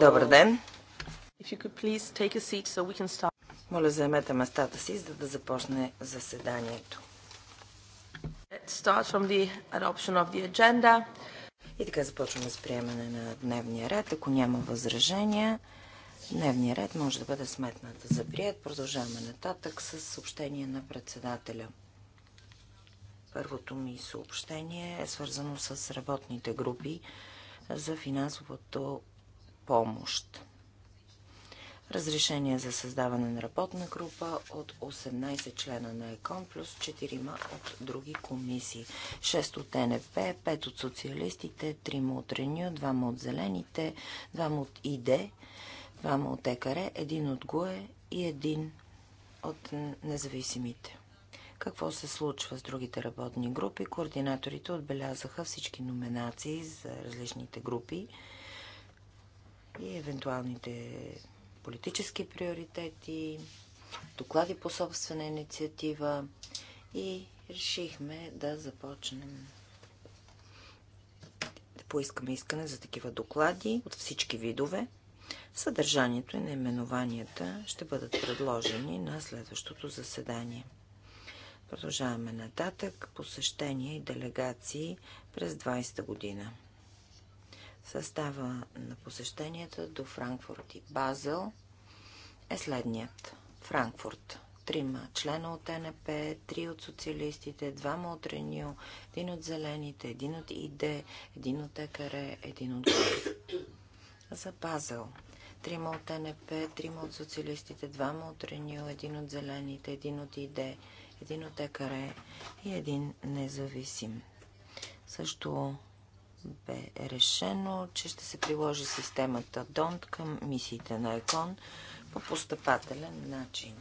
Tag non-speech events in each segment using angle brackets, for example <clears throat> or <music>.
Добър ден. Моля, заемете местата си, за да започне заседанието. И така започваме с приемане на дневния ред. Ако няма възражения, дневния ред може да бъде сметната за прият. Продължаваме нататък с съобщение на председателя. Първото ми съобщение е свързано с работните групи, за финансовото помощ. Разрешение за създаване на работна група от 18 члена на ЕКОН плюс 4 от други комисии. 6 от НП, 5 от социалистите, 3 от Реню, 2 от Зелените, 2 от ИД, 2 от ЕКАРЕ, 1 от ГУЕ и 1 от независимите. Какво се случва с другите работни групи? Координаторите отбелязаха всички номинации за различните групи и евентуалните политически приоритети, доклади по собствена инициатива и решихме да започнем да поискаме искане за такива доклади от всички видове. Съдържанието и наименованията ще бъдат предложени на следващото заседание. Продължаваме нататък. Посещения и делегации през 20-та година. Състава на посещенията до Франкфурт и Базел е следният. Франкфурт. Трима члена от НП, три от социалистите, двама от Реню, един от Зелените, един от ИД, един от ЕКР, един от ГОЛ. За Базел трима от НП, трима от социалистите, двама от Реню, един от зелените, един от ИД, един от и един независим. Също бе решено, че ще се приложи системата ДОНТ към мисиите на ЕКОН по постъпателен начин.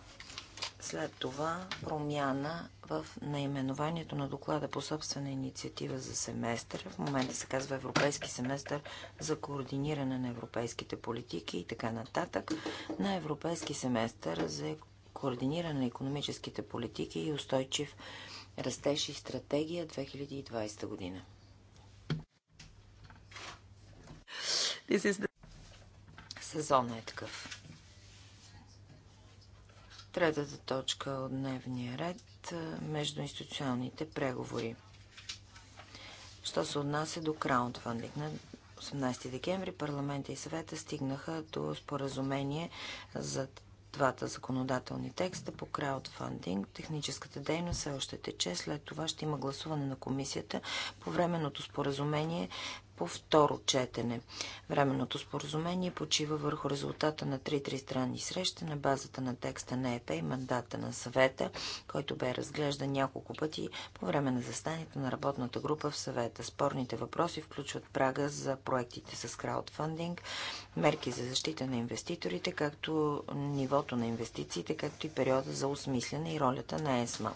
След това промяна в наименованието на доклада по собствена инициатива за семестър. В момента се казва Европейски семестър за координиране на европейските политики и така нататък. На Европейски семестър за координиране на економическите политики и устойчив растеж и стратегия 2020 година. The... Сезона е такъв. Третата точка от дневния ред между институционалните преговори. Що се отнася до краундфандинг? На 18 декември парламента и съвета стигнаха до споразумение за двата законодателни текста по краудфандинг. Техническата дейност е още тече. След това ще има гласуване на комисията по временното споразумение по второ четене. Временното споразумение почива върху резултата на три тристранни срещи на базата на текста на ЕП и мандата на съвета, който бе разглеждан няколко пъти по време на застанието на работната група в съвета. Спорните въпроси включват прага за проектите с краудфандинг, мерки за защита на инвеститорите, както нивото на инвестициите, както и периода за осмислене и ролята на ЕСМА.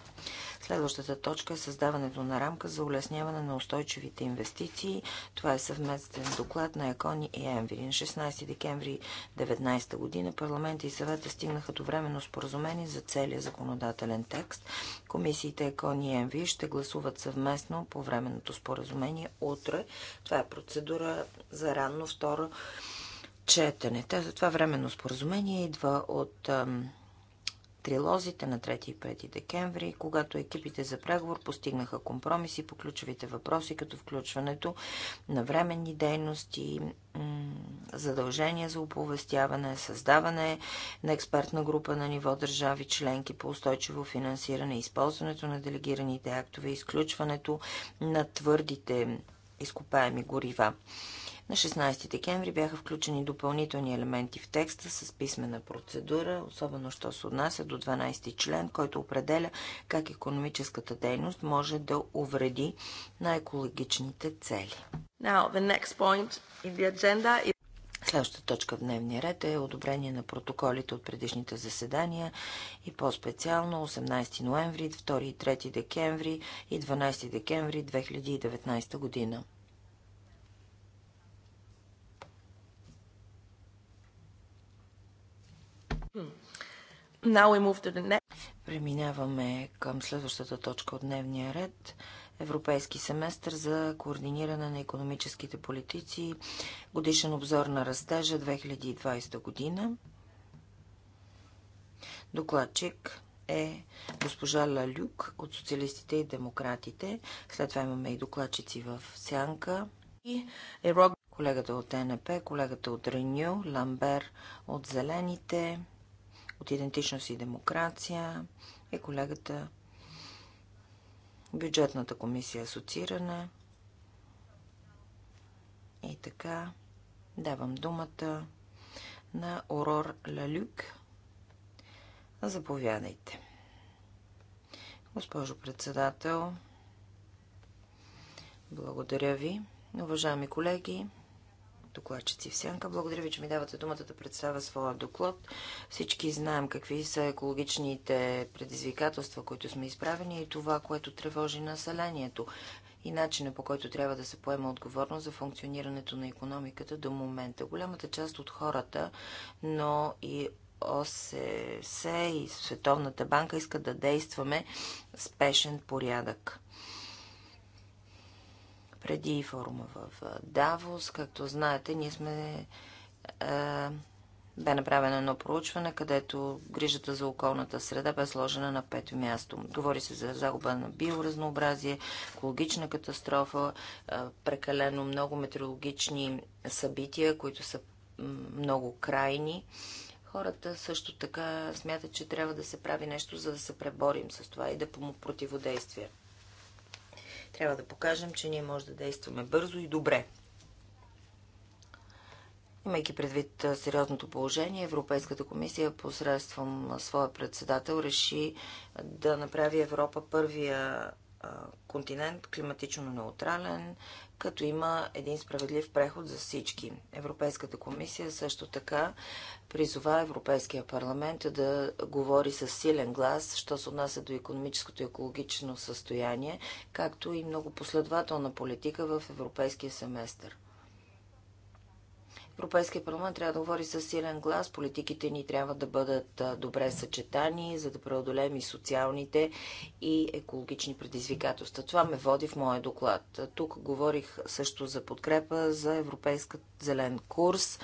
Следващата точка е създаването на рамка за улесняване на устойчивите инвестиции. Това е съвместен доклад на Екони и Енви. На 16 декември 2019 година парламента и съвета стигнаха до временно споразумение за целия законодателен текст. Комисиите Екони и Енви ще гласуват съвместно по временното споразумение утре. Това е процедура за ранно второ четене. Това временно споразумение идва от ам, трилозите на 3 и 5 декември, когато екипите за преговор постигнаха компромиси по ключовите въпроси, като включването на временни дейности, задължения за оповестяване, създаване на експертна група на ниво държави членки по устойчиво финансиране, използването на делегираните актове, изключването на твърдите изкопаеми горива. На 16 декември бяха включени допълнителни елементи в текста с писмена процедура, особено що се отнася до 12 член, който определя как економическата дейност може да увреди на екологичните цели. Now, the next point in the agenda is... Следващата точка в дневния ред е одобрение на протоколите от предишните заседания и по-специално 18 ноември, 2 и 3 декември и 12 декември 2019 година. Преминаваме към следващата точка от дневния ред. Европейски семестър за координиране на економическите политици. Годишен обзор на растежа 2020 година. Докладчик е госпожа Лалюк от Социалистите и Демократите. След това имаме и докладчици в Сянка. И Ерог колегата от НП, колегата от Реню, Ламбер от Зелените от идентичност и демокрация и е колегата бюджетната комисия е асоцииране. И така давам думата на Орор Лалюк. Заповядайте. Госпожо председател, благодаря ви. Уважаеми колеги, докладчици в Сянка. Благодаря ви, че ми давате думата да представя своя доклад. Всички знаем какви са екологичните предизвикателства, които сме изправени и това, което тревожи населението и начина по който трябва да се поема отговорност за функционирането на економиката до момента. Голямата част от хората, но и ОССЕ и Световната банка искат да действаме спешен порядък преди форума в Давос. Както знаете, ние сме е, бе направено едно проучване, където грижата за околната среда бе сложена на пето място. Говори се за загуба на биоразнообразие, екологична катастрофа, е, прекалено много метеорологични събития, които са много крайни. Хората също така смятат, че трябва да се прави нещо, за да се преборим с това и да му противодействие. Трябва да покажем, че ние може да действаме бързо и добре. Имайки предвид сериозното положение, Европейската комисия посредством своя председател реши да направи Европа първия континент климатично неутрален, като има един справедлив преход за всички. Европейската комисия също така призова Европейския парламент да говори с силен глас, що се отнася до економическото и екологично състояние, както и много последователна политика в европейския семестър. Европейския парламент трябва да говори с силен глас. Политиките ни трябва да бъдат добре съчетани, за да преодолеем и социалните и екологични предизвикателства. Това ме води в моя доклад. Тук говорих също за подкрепа за Европейска зелен курс,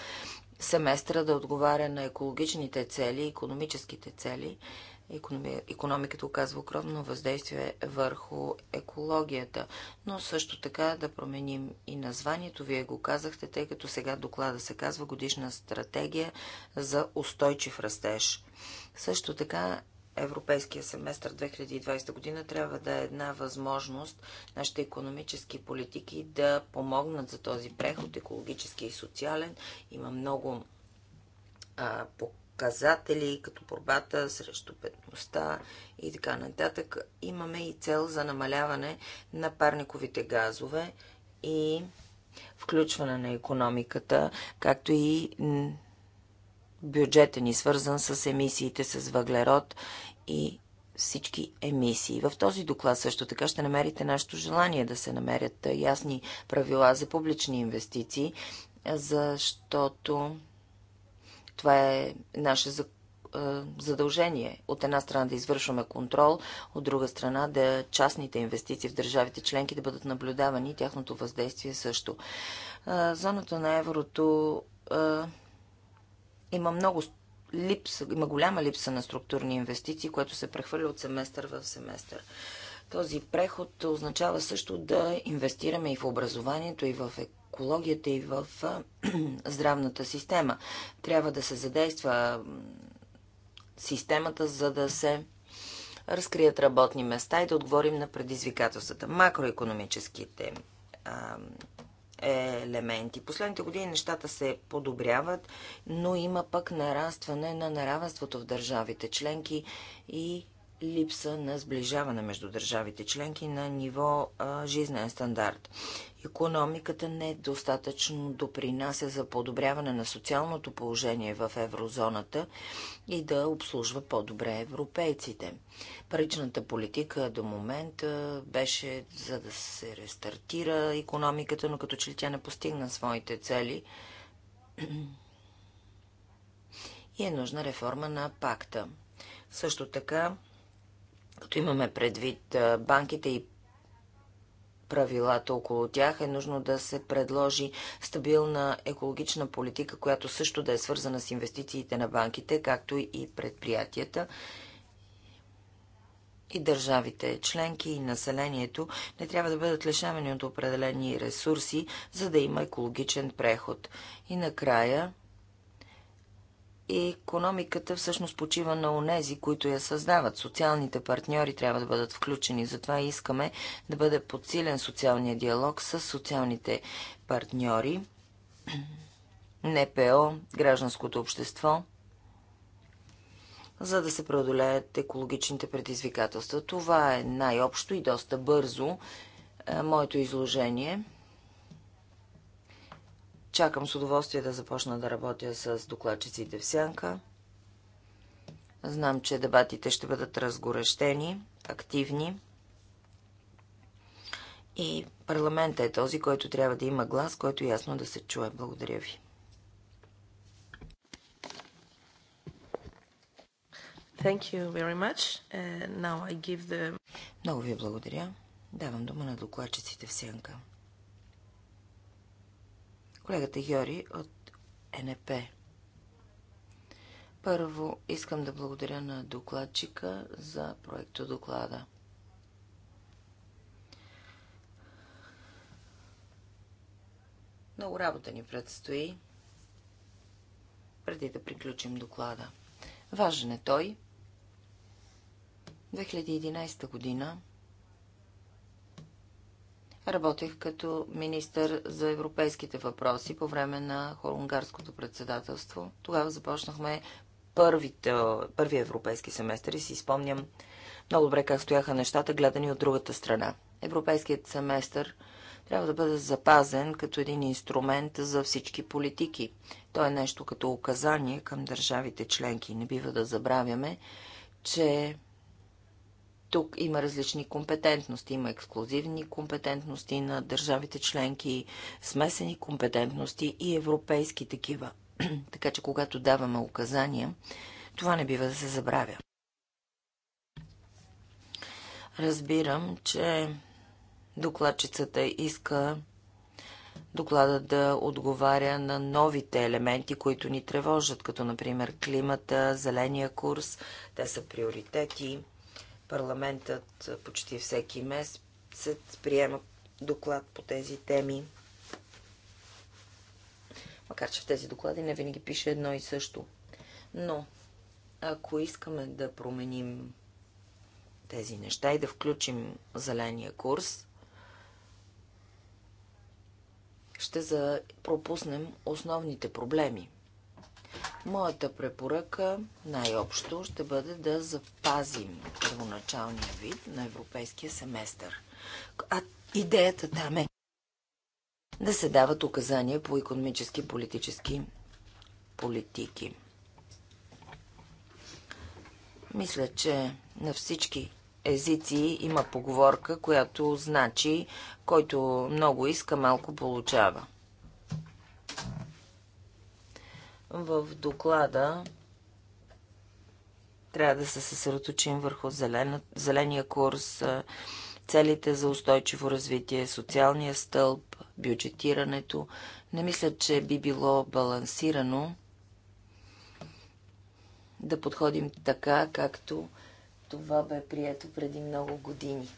семестра да отговаря на екологичните цели, економическите цели, Економиката оказва огромно въздействие върху екологията, но също така да променим и названието. Вие го казахте, тъй като сега доклада се казва Годишна стратегия за устойчив растеж. Също така Европейския семестър 2020 година трябва да е една възможност нашите економически политики да помогнат за този преход, екологически и социален. Има много а, по показатели, като борбата срещу бедността и така нататък. Имаме и цел за намаляване на парниковите газове и включване на економиката, както и бюджета ни, свързан с емисиите с въглерод и всички емисии. В този доклад също така ще намерите нашето желание да се намерят ясни правила за публични инвестиции, защото това е наше задължение. От една страна да извършваме контрол, от друга страна да частните инвестиции в държавите членки да бъдат наблюдавани и тяхното въздействие също. Зоната на еврото има много липса, има голяма липса на структурни инвестиции, което се прехвърля от семестър в семестър. Този преход означава също да инвестираме и в образованието, и в екологията и в <clears throat> здравната система. Трябва да се задейства системата, за да се разкрият работни места и да отговорим на предизвикателствата. Макроекономическите елементи. Последните години нещата се подобряват, но има пък нарастване на неравенството в държавите членки и липса на сближаване между държавите членки на ниво а, жизнен стандарт. Економиката не е достатъчно допринася за подобряване на социалното положение в еврозоната и да обслужва по-добре европейците. Паричната политика до момента беше за да се рестартира економиката, но като че ли тя не постигна своите цели и е нужна реформа на пакта. Също така като имаме предвид банките и правилата около тях, е нужно да се предложи стабилна екологична политика, която също да е свързана с инвестициите на банките, както и предприятията. И държавите, членки и населението не трябва да бъдат лишавани от определени ресурси, за да има екологичен преход. И накрая и економиката всъщност почива на онези, които я създават. Социалните партньори трябва да бъдат включени. Затова искаме да бъде подсилен социалния диалог с социалните партньори, НПО, гражданското общество, за да се преодолеят екологичните предизвикателства. Това е най-общо и доста бързо е, моето изложение. Чакам с удоволствие да започна да работя с докладчиците в сянка. Знам, че дебатите ще бъдат разгорещени, активни. И парламента е този, който трябва да има глас, който ясно да се чуе. Благодаря ви. Thank you very much. And now I give the... Много ви благодаря. Давам дума на докладчиците в сянка. Колегата Йори от НП. Първо искам да благодаря на докладчика за проекто доклада. Много работа ни предстои, преди да приключим доклада. Важен е той. 2011 година Работех като министър за европейските въпроси по време на холунгарското председателство. Тогава започнахме първите, първи европейски семестър и си спомням много добре как стояха нещата, гледани от другата страна. Европейският семестър трябва да бъде запазен като един инструмент за всички политики. То е нещо като указание към държавите членки. Не бива да забравяме, че тук има различни компетентности. Има ексклюзивни компетентности на държавите членки, смесени компетентности и европейски такива. <clears throat> така че, когато даваме указания, това не бива да се забравя. Разбирам, че докладчицата иска доклада да отговаря на новите елементи, които ни тревожат, като например климата, зеления курс. Те са приоритети. Парламентът почти всеки месец приема доклад по тези теми. Макар, че в тези доклади не винаги пише едно и също. Но, ако искаме да променим тези неща и да включим зеления курс, ще пропуснем основните проблеми – Моята препоръка най-общо ще бъде да запазим първоначалния вид на европейския семестър. А идеята там е да се дават указания по економически и политически политики. Мисля, че на всички езици има поговорка, която значи който много иска, малко получава. В доклада трябва да се съсредоточим върху зелена, зеления курс, целите за устойчиво развитие, социалния стълб, бюджетирането. Не мисля, че би било балансирано да подходим така, както това бе прието преди много години.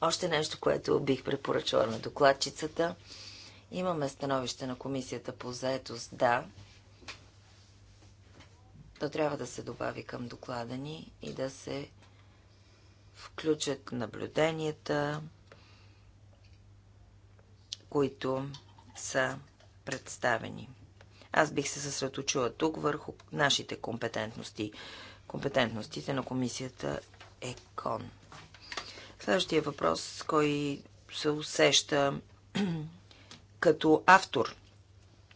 Още нещо, което бих препоръчала на докладчицата – Имаме становище на комисията по заетост, да. То трябва да се добави към доклада ни и да се включат наблюденията, които са представени. Аз бих се съсредоточила тук върху нашите компетентности, компетентностите на комисията ЕКОН. Следващия въпрос, кой се усеща като автор.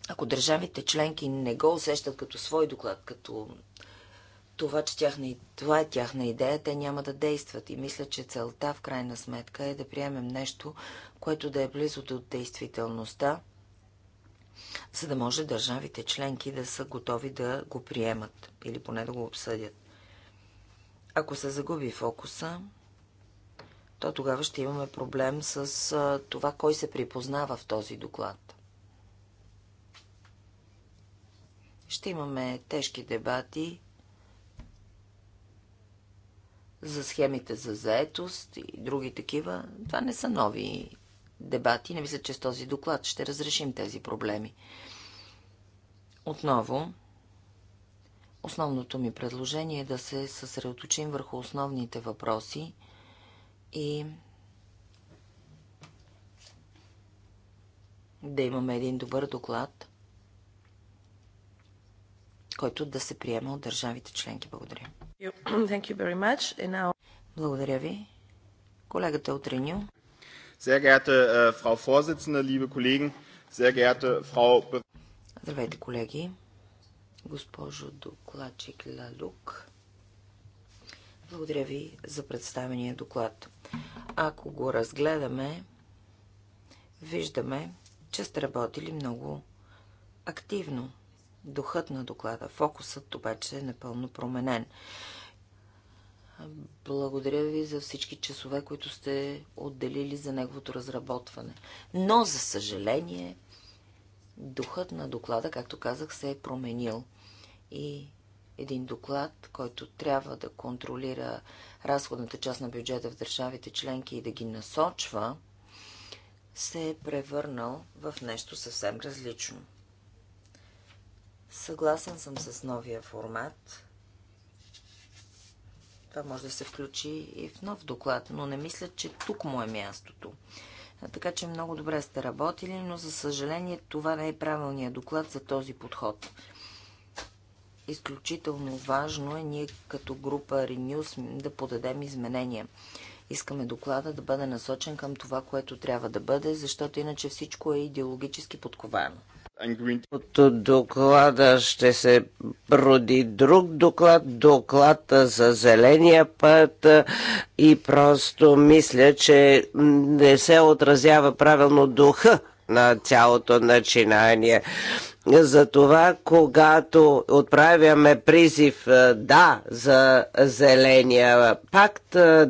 Ако държавите членки не го усещат като свой доклад, като това, че тяхна, това е тяхна идея, те няма да действат. И мисля, че целта в крайна сметка е да приемем нещо, което да е близо до действителността, за да може държавите членки да са готови да го приемат или поне да го обсъдят. Ако се загуби фокуса, то тогава ще имаме проблем с това, кой се припознава в този доклад. Ще имаме тежки дебати за схемите за заетост и други такива. Това не са нови дебати. Не мисля, че с този доклад ще разрешим тези проблеми. Отново, основното ми предложение е да се съсредоточим върху основните въпроси – и да имаме един добър доклад, който да се приема от държавите членки. Благодаря. Now... Благодаря ви. Колегата от Реню. Sehr geehrte äh, Vorsitzende, liebe Kollegen, sehr geehrte Frau... Здравейте, колеги. Госпожо докладчик Лалук. Благодаря ви за представения доклад. Ако го разгледаме, виждаме, че сте работили много активно. Духът на доклада, фокусът обаче е напълно променен. Благодаря ви за всички часове, които сте отделили за неговото разработване. Но, за съжаление, духът на доклада, както казах, се е променил. И един доклад, който трябва да контролира разходната част на бюджета в държавите членки и да ги насочва, се е превърнал в нещо съвсем различно. Съгласен съм с новия формат. Това може да се включи и в нов доклад, но не мисля, че тук му е мястото. Така че много добре сте работили, но за съжаление това не е правилният доклад за този подход изключително важно е ние като група Renews да подадем изменения. Искаме доклада да бъде насочен към това, което трябва да бъде, защото иначе всичко е идеологически подковано. От доклада ще се роди друг доклад, доклад за зеления път и просто мисля, че не се отразява правилно духа на цялото начинание за това, когато отправяме призив е, да за зеления пакт, е,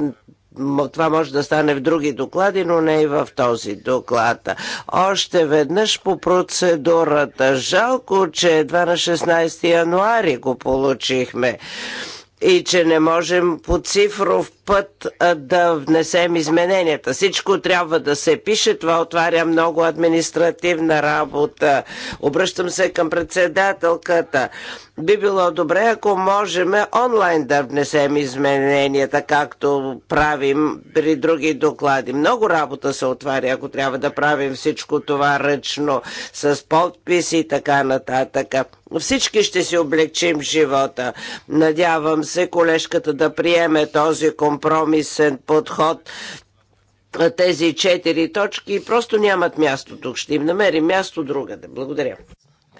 това може да стане в други доклади, но не и в този доклад. Още веднъж по процедурата. Жалко, че едва на 16 януари го получихме и че не можем по цифров път да внесем измененията. Всичко трябва да се пише, това отваря много административна работа. Обръщам се към председателката би било добре, ако можем онлайн да внесем измененията, както правим при други доклади. Много работа се отваря, ако трябва да правим всичко това ръчно, с подписи и така нататък. Всички ще си облегчим живота. Надявам се колежката да приеме този компромисен подход, тези четири точки просто нямат място тук. Ще им намерим място другаде. Благодаря.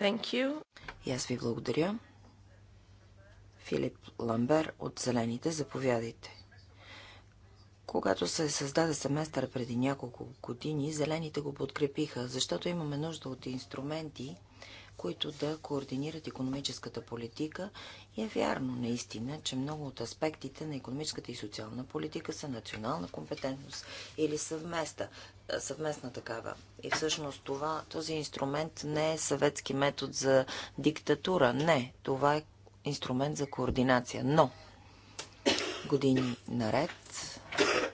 Thank you. И аз ви благодаря. Филип Ламбер от Зелените. Заповядайте. Когато се създаде семестър преди няколко години, зелените го подкрепиха, защото имаме нужда от инструменти, които да координират економическата политика и е вярно наистина, че много от аспектите на економическата и социална политика са национална компетентност или съвместа, съвместна такава. И всъщност това, този инструмент не е съветски метод за диктатура. Не, това е инструмент за координация. Но години наред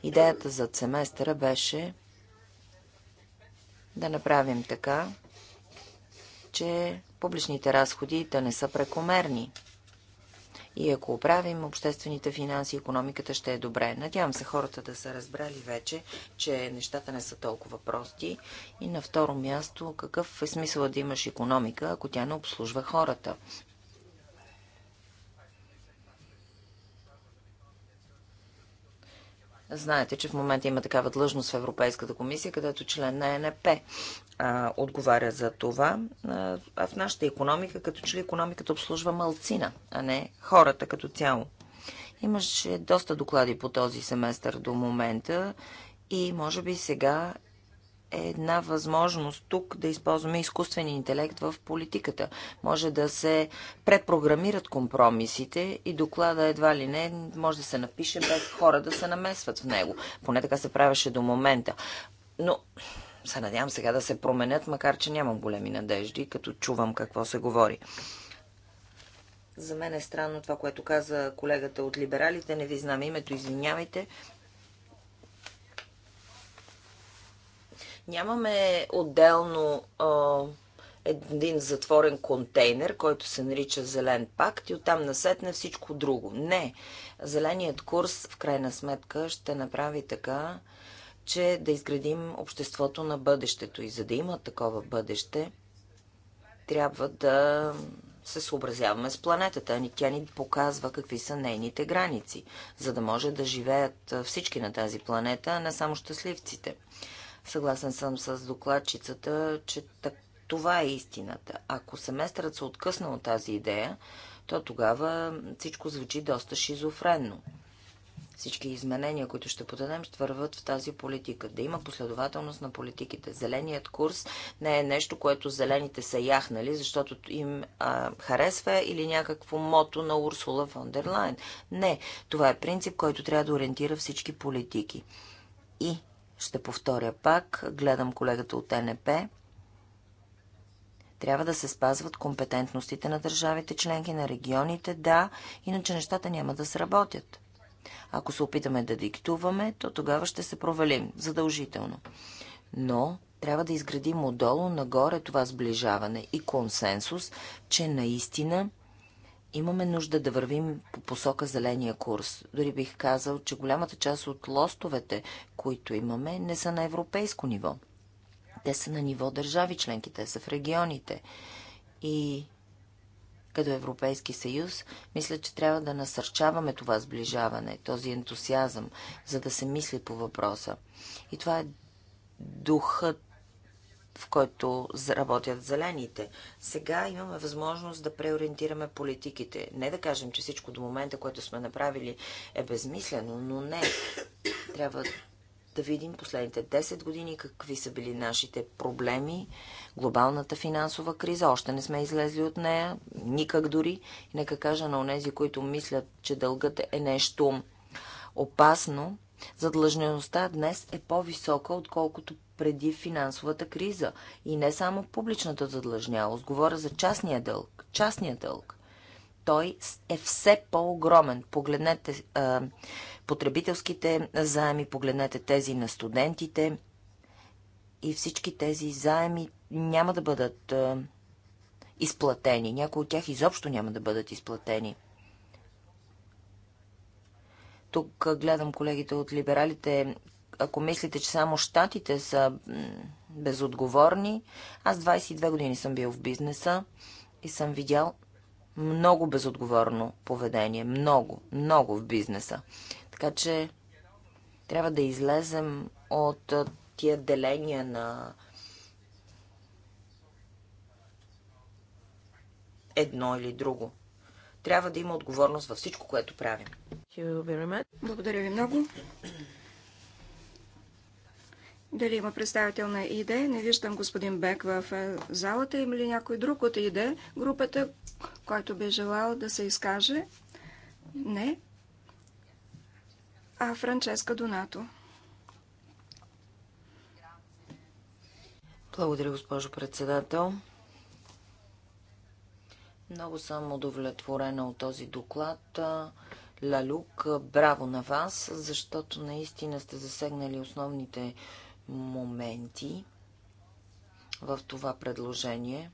идеята за семестъра беше да направим така, че публичните разходи да не са прекомерни. И ако оправим обществените финанси, економиката ще е добре. Надявам се хората да са разбрали вече, че нещата не са толкова прости. И на второ място, какъв е смисъл да имаш економика, ако тя не обслужва хората? Знаете, че в момента има такава длъжност в Европейската комисия, където член на ЕНП а, отговаря за това. А, а в нашата економика, като че ли економиката обслужва малцина, а не хората като цяло. Имаше доста доклади по този семестър до момента и може би сега е една възможност тук да използваме изкуствен интелект в политиката. Може да се препрограмират компромисите и доклада едва ли не може да се напише без хора да се намесват в него. Поне така се правеше до момента. Но се надявам сега да се променят, макар че нямам големи надежди, като чувам какво се говори. За мен е странно това, което каза колегата от либералите. Не ви знам името, извинявайте. Нямаме отделно а, един затворен контейнер, който се нарича Зелен пакт и оттам насетне всичко друго. Не. Зеленият курс в крайна сметка ще направи така, че да изградим обществото на бъдещето. И за да има такова бъдеще, трябва да се съобразяваме с планетата. Тя ни показва какви са нейните граници, за да може да живеят всички на тази планета, а не само щастливците. Съгласен съм с докладчицата, че това е истината. Ако семестърът се откъсна от тази идея, то тогава всичко звучи доста шизофренно. Всички изменения, които ще подадем, ще върват в тази политика. Да има последователност на политиките. Зеленият курс не е нещо, което зелените са яхнали, защото им а, харесва или някакво мото на Урсула фон дер Лайн. Не, това е принцип, който трябва да ориентира всички политики. И ще повторя пак, гледам колегата от НП. Трябва да се спазват компетентностите на държавите, членки на регионите, да, иначе нещата няма да сработят. Ако се опитаме да диктуваме, то тогава ще се провалим, задължително. Но трябва да изградим отдолу нагоре това сближаване и консенсус, че наистина Имаме нужда да вървим по посока зеления курс. Дори бих казал, че голямата част от лостовете, които имаме, не са на европейско ниво. Те са на ниво държави членки, те са в регионите. И като Европейски съюз, мисля, че трябва да насърчаваме това сближаване, този ентусиазъм, за да се мисли по въпроса. И това е духът в който работят зелените. Сега имаме възможност да преориентираме политиките. Не да кажем, че всичко до момента, което сме направили, е безмислено, но не. Трябва да видим последните 10 години какви са били нашите проблеми, глобалната финансова криза. Още не сме излезли от нея, никак дори. И нека кажа на онези, които мислят, че дългът е нещо опасно. Задлъжнеността днес е по-висока, отколкото преди финансовата криза. И не само публичната задлъжнялост, говоря за частния дълг. Частния дълг. Той е все по-огромен. Погледнете а, потребителските заеми, погледнете тези на студентите. И всички тези заеми няма да бъдат а, изплатени. Някои от тях изобщо няма да бъдат изплатени. Тук гледам колегите от либералите, ако мислите, че само щатите са безотговорни, аз 22 години съм бил в бизнеса и съм видял много безотговорно поведение. Много, много в бизнеса. Така че трябва да излезем от тия деления на едно или друго. Трябва да има отговорност във всичко, което правим. Благодаря ви много. Дали има представител на ИД? Не виждам господин Бек в е, залата. Има ли някой друг от ИД? Групата, който би желал да се изкаже? Не. А Франческа Донато. Благодаря, госпожо председател. Много съм удовлетворена от този доклад. Лалюк, браво на вас, защото наистина сте засегнали основните моменти в това предложение.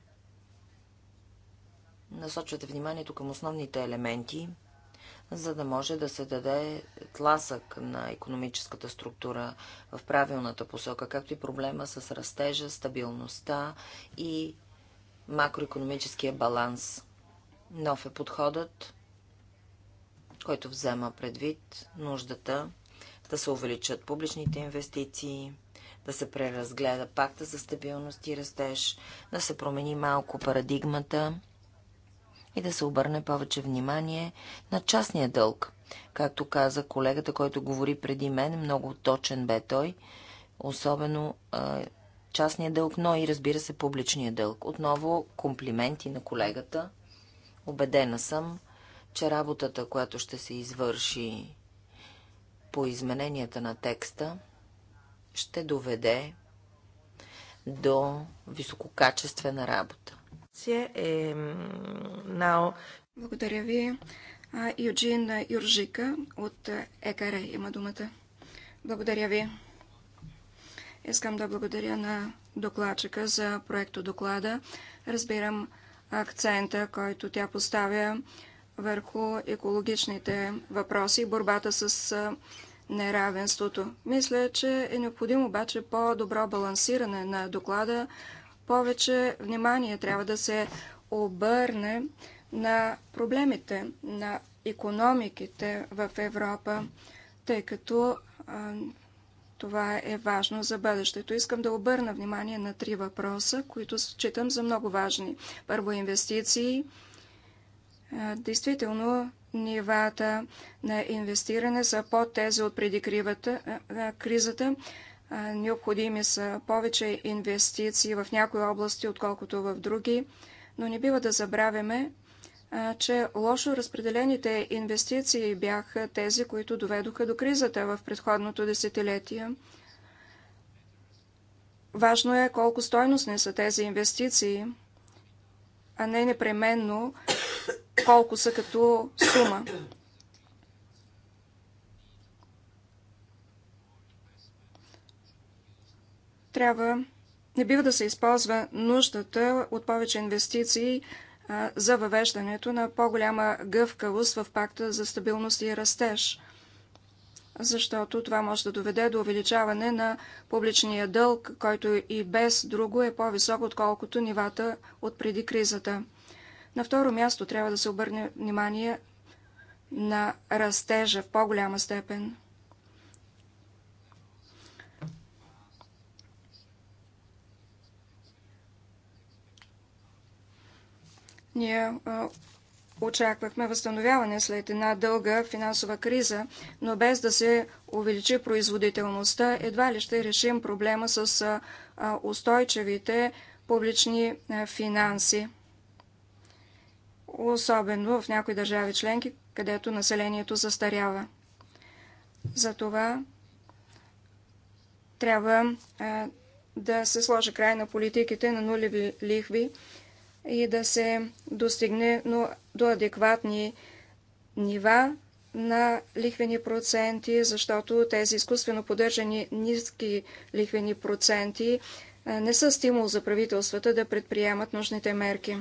Насочвате вниманието към основните елементи, за да може да се даде тласък на економическата структура в правилната посока, както и проблема с растежа, стабилността и макроекономическия баланс. Нов е подходът, който взема предвид нуждата да се увеличат публичните инвестиции, да се преразгледа пакта за стабилност и растеж, да се промени малко парадигмата и да се обърне повече внимание на частния дълг. Както каза колегата, който говори преди мен, много точен бе той, особено а, частния дълг, но и разбира се публичния дълг. Отново комплименти на колегата. Обедена съм, че работата, която ще се извърши по измененията на текста, ще доведе до висококачествена работа. Е, е, благодаря ви. Юджин Юржика от ЕКР има думата. Благодаря ви. Искам да благодаря на докладчика за проекто доклада. Разбирам акцента, който тя поставя върху екологичните въпроси, борбата с неравенството. Мисля, че е необходимо обаче по-добро балансиране на доклада. Повече внимание трябва да се обърне на проблемите на економиките в Европа, тъй като а, това е важно за бъдещето. Искам да обърна внимание на три въпроса, които считам за много важни. Първо, инвестиции. Действително, нивата на инвестиране са под тези от преди кризата. Необходими са повече инвестиции в някои области, отколкото в други, но не бива да забравяме, че лошо разпределените инвестиции бяха тези, които доведоха до кризата в предходното десетилетие. Важно е колко стойностни са тези инвестиции, а не непременно колко са като сума. Трябва, не бива да се използва нуждата от повече инвестиции а, за въвеждането на по-голяма гъвкавост в пакта за стабилност и растеж защото това може да доведе до увеличаване на публичния дълг, който и без друго е по-висок, отколкото нивата от преди кризата. На второ място трябва да се обърне внимание на растежа в по-голяма степен. Ние очаквахме възстановяване след една дълга финансова криза, но без да се увеличи производителността, едва ли ще решим проблема с устойчивите публични финанси особено в някои държави членки, където населението застарява. Затова трябва да се сложи край на политиките на нулеви лихви и да се достигне до адекватни нива на лихвени проценти, защото тези изкуствено поддържани ниски лихвени проценти не са стимул за правителствата да предприемат нужните мерки.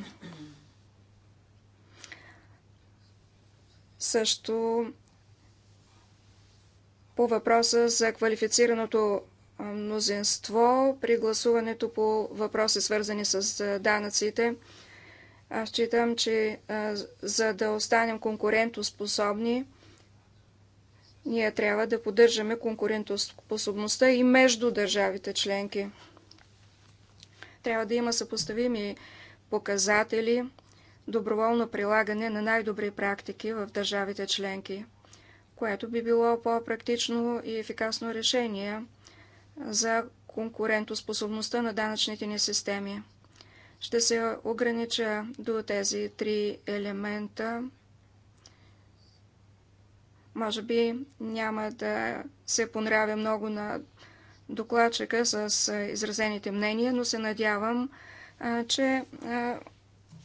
Също по въпроса за квалифицираното мнозинство при гласуването по въпроси, свързани с данъците. Аз считам, че за да останем конкурентоспособни, ние трябва да поддържаме конкурентоспособността и между държавите членки. Трябва да има съпоставими показатели доброволно прилагане на най-добри практики в държавите членки, което би било по-практично и ефикасно решение за конкурентоспособността на данъчните ни системи. Ще се огранича до тези три елемента. Може би няма да се понравя много на докладчика с изразените мнения, но се надявам, че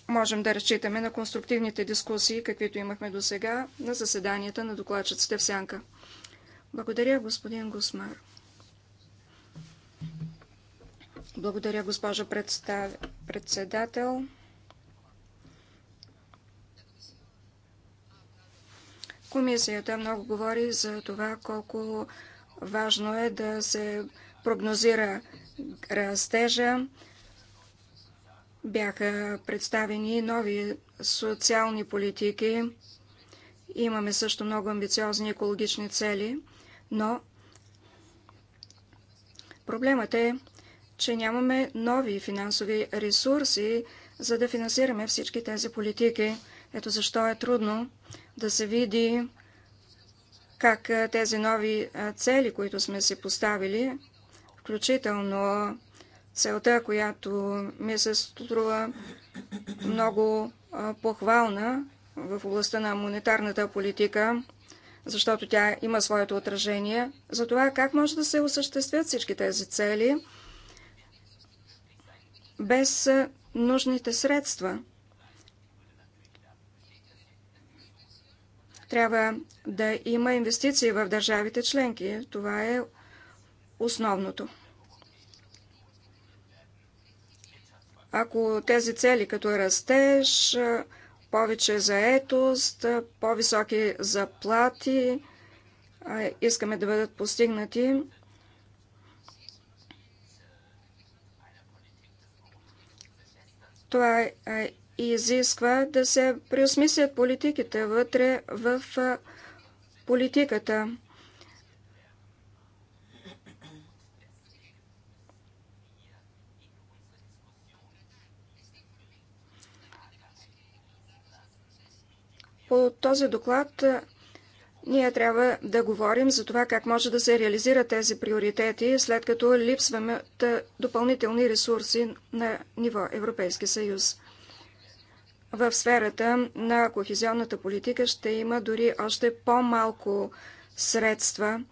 можем да разчитаме на конструктивните дискусии, каквито имахме до сега на заседанията на докладчиците в Сянка. Благодаря, господин Гусмар. Благодаря, госпожа представ... председател. Комисията много говори за това колко важно е да се прогнозира растежа, бяха представени нови социални политики. Имаме също много амбициозни екологични цели, но проблемът е, че нямаме нови финансови ресурси, за да финансираме всички тези политики. Ето защо е трудно да се види как тези нови цели, които сме си поставили, включително целта, която ми се струва много похвална в областта на монетарната политика, защото тя има своето отражение, за това как може да се осъществят всички тези цели без нужните средства. Трябва да има инвестиции в държавите членки. Това е основното. ако тези цели като растеж, повече заетост, по-високи заплати искаме да бъдат постигнати, това изисква да се преосмислят политиките вътре в политиката. По този доклад ние трябва да говорим за това как може да се реализират тези приоритети, след като липсваме допълнителни ресурси на ниво Европейски съюз. В сферата на кохезионната политика ще има дори още по-малко средства.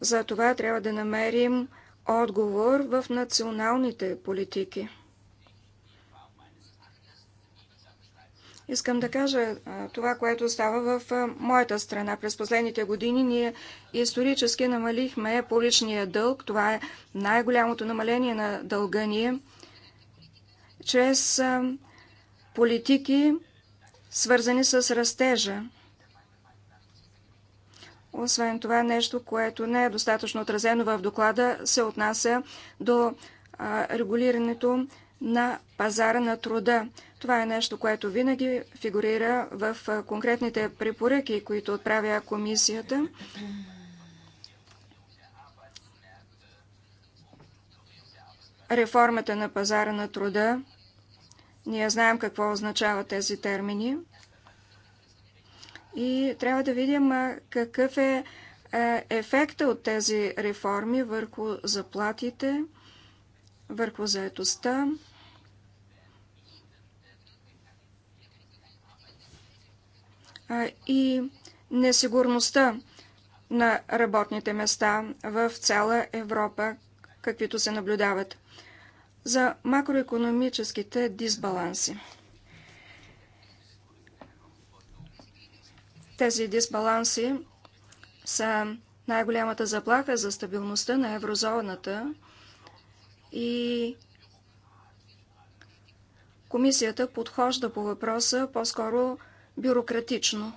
За това трябва да намерим отговор в националните политики. Искам да кажа това, което става в моята страна. През последните години ние исторически намалихме поличния дълг. Това е най-голямото намаление на дълга ни чрез политики, свързани с растежа. Освен това, нещо, което не е достатъчно отразено в доклада, се отнася до регулирането на пазара на труда. Това е нещо, което винаги фигурира в конкретните препоръки, които отправя комисията. Реформата на пазара на труда. Ние знаем какво означават тези термини. И трябва да видим какъв е ефекта от тези реформи върху заплатите, върху заетостта. и несигурността на работните места в цяла Европа, каквито се наблюдават. За макроекономическите дисбаланси. Тези дисбаланси са най-голямата заплаха за стабилността на еврозоната и комисията подхожда по въпроса по-скоро бюрократично.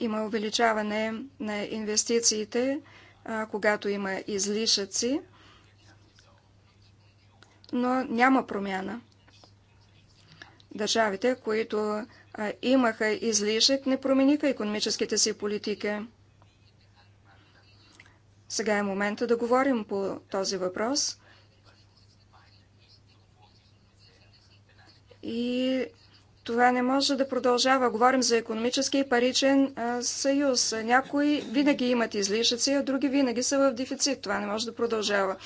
Има увеличаване на инвестициите, когато има излишъци, но няма промяна. Държавите, които имаха излишък, не промениха економическите си политики. Сега е момента да говорим по този въпрос – и това не може да продължава. Говорим за економически и паричен съюз. Някои винаги имат излишъци, а други винаги са в дефицит. Това не може да продължава.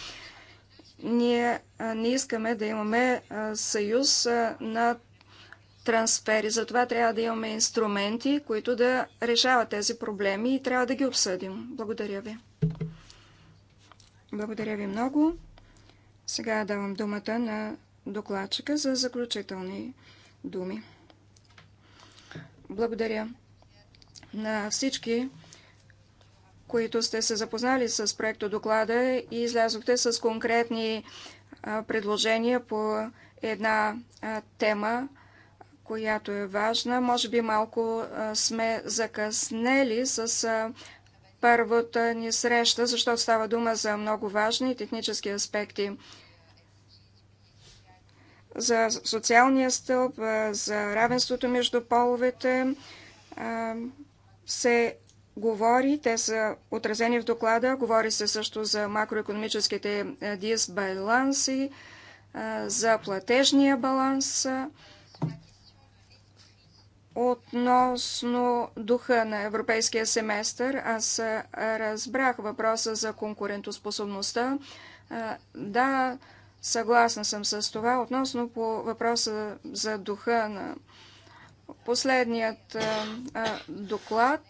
Ние не искаме да имаме съюз на трансфери. Затова трябва да имаме инструменти, които да решават тези проблеми и трябва да ги обсъдим. Благодаря ви. Благодаря ви много. Сега давам думата на докладчика за заключителни думи. Благодаря на всички, които сте се запознали с проекто доклада и излязохте с конкретни предложения по една тема, която е важна. Може би малко сме закъснели с първата ни среща, защото става дума за много важни технически аспекти за социалния стълб, за равенството между половете се говори, те са отразени в доклада, говори се също за макроекономическите дисбаланси, за платежния баланс, Относно духа на европейския семестър, аз разбрах въпроса за конкурентоспособността. Да, Съгласна съм с това. Относно по въпроса за духа на последният доклад,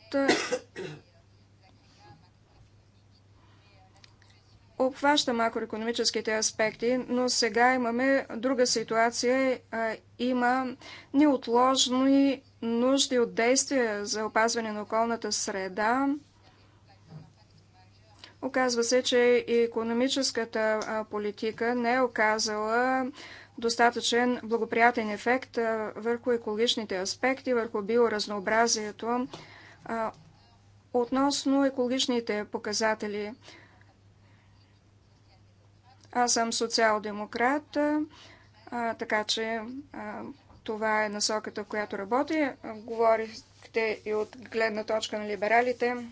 обхваща макроекономическите аспекти, но сега имаме друга ситуация. Има неотложни нужди от действия за опазване на околната среда. Оказва се, че и економическата политика не е оказала достатъчен благоприятен ефект върху екологичните аспекти, върху биоразнообразието. Относно екологичните показатели, аз съм социал-демократ, така че това е насоката, в която работя. Говорихте и от гледна точка на либералите.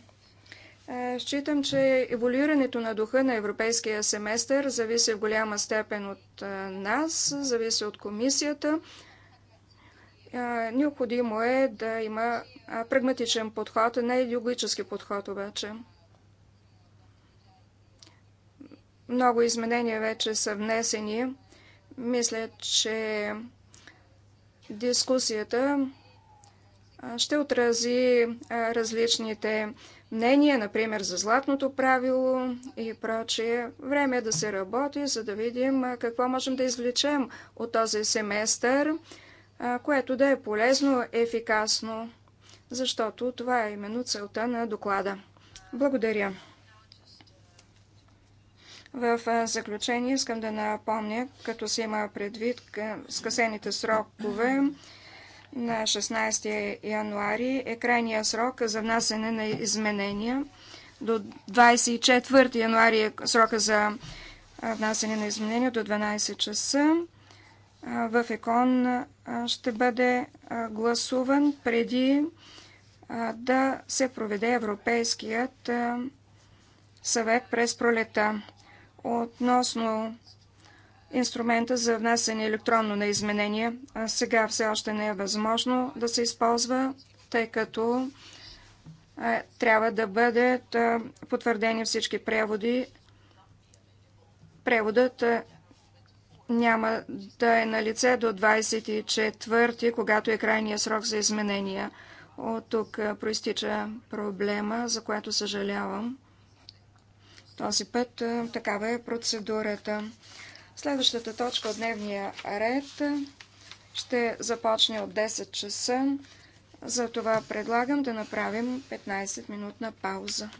Е, считам, че еволюирането на духа на европейския семестър зависи в голяма степен от е, нас, зависи от комисията. Е, необходимо е да има прагматичен подход, не идеологически подход обаче. Много изменения вече са внесени. Мисля, че дискусията ще отрази различните мнение, например, за златното правило и прочее. Време е да се работи, за да видим какво можем да извлечем от този семестър, което да е полезно, ефикасно, защото това е именно целта на доклада. Благодаря. В заключение искам да напомня, като се има предвид скъсените срокове, на 16 януари е крайния срок за внасене на изменения. До 24 януари е срока за внасене на изменения до 12 часа. В ЕКОН ще бъде гласуван преди да се проведе Европейският съвет през пролета. Относно инструмента за внасяне електронно на изменения сега все още не е възможно да се използва, тъй като трябва да бъдат потвърдени всички преводи. Преводът няма да е на лице до 24-ти, когато е крайният срок за изменения. От тук проистича проблема, за която съжалявам. Този път такава е процедурата. Следващата точка от дневния ред ще започне от 10 часа. Затова предлагам да направим 15-минутна пауза.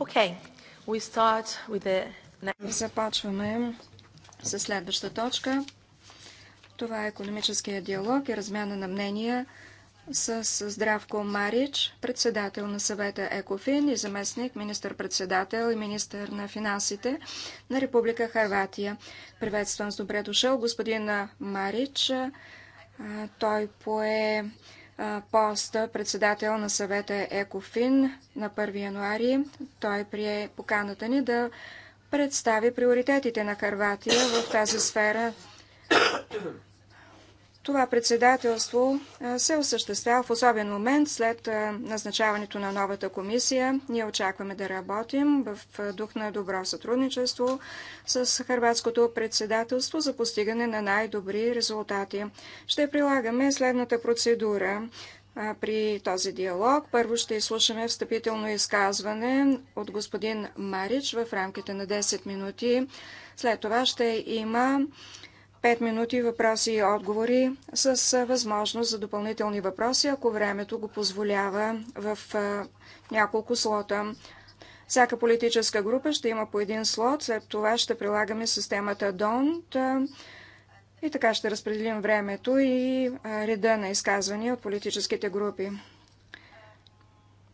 Okay. We start with the... Започваме с следваща точка. Това е економическия диалог и размяна на мнения с Здравко Марич, председател на съвета ЕКОФИН и заместник министър-председател и министър на финансите на Република Харватия. Приветствам с добре дошъл господин Марич. Той пое поста председател на съвета ЕКОФИН на 1 януари. Той прие поканата ни да представи приоритетите на Харватия в тази сфера. Това председателство се осъществява в особен момент след назначаването на новата комисия. Ние очакваме да работим в дух на добро сътрудничество с Харватското председателство за постигане на най-добри резултати. Ще прилагаме следната процедура при този диалог. Първо ще изслушаме встъпително изказване от господин Марич в рамките на 10 минути. След това ще има 5 минути въпроси и отговори с възможност за допълнителни въпроси, ако времето го позволява в няколко слота. Всяка политическа група ще има по един слот, след това ще прилагаме системата DONT и така ще разпределим времето и реда на изказвания от политическите групи.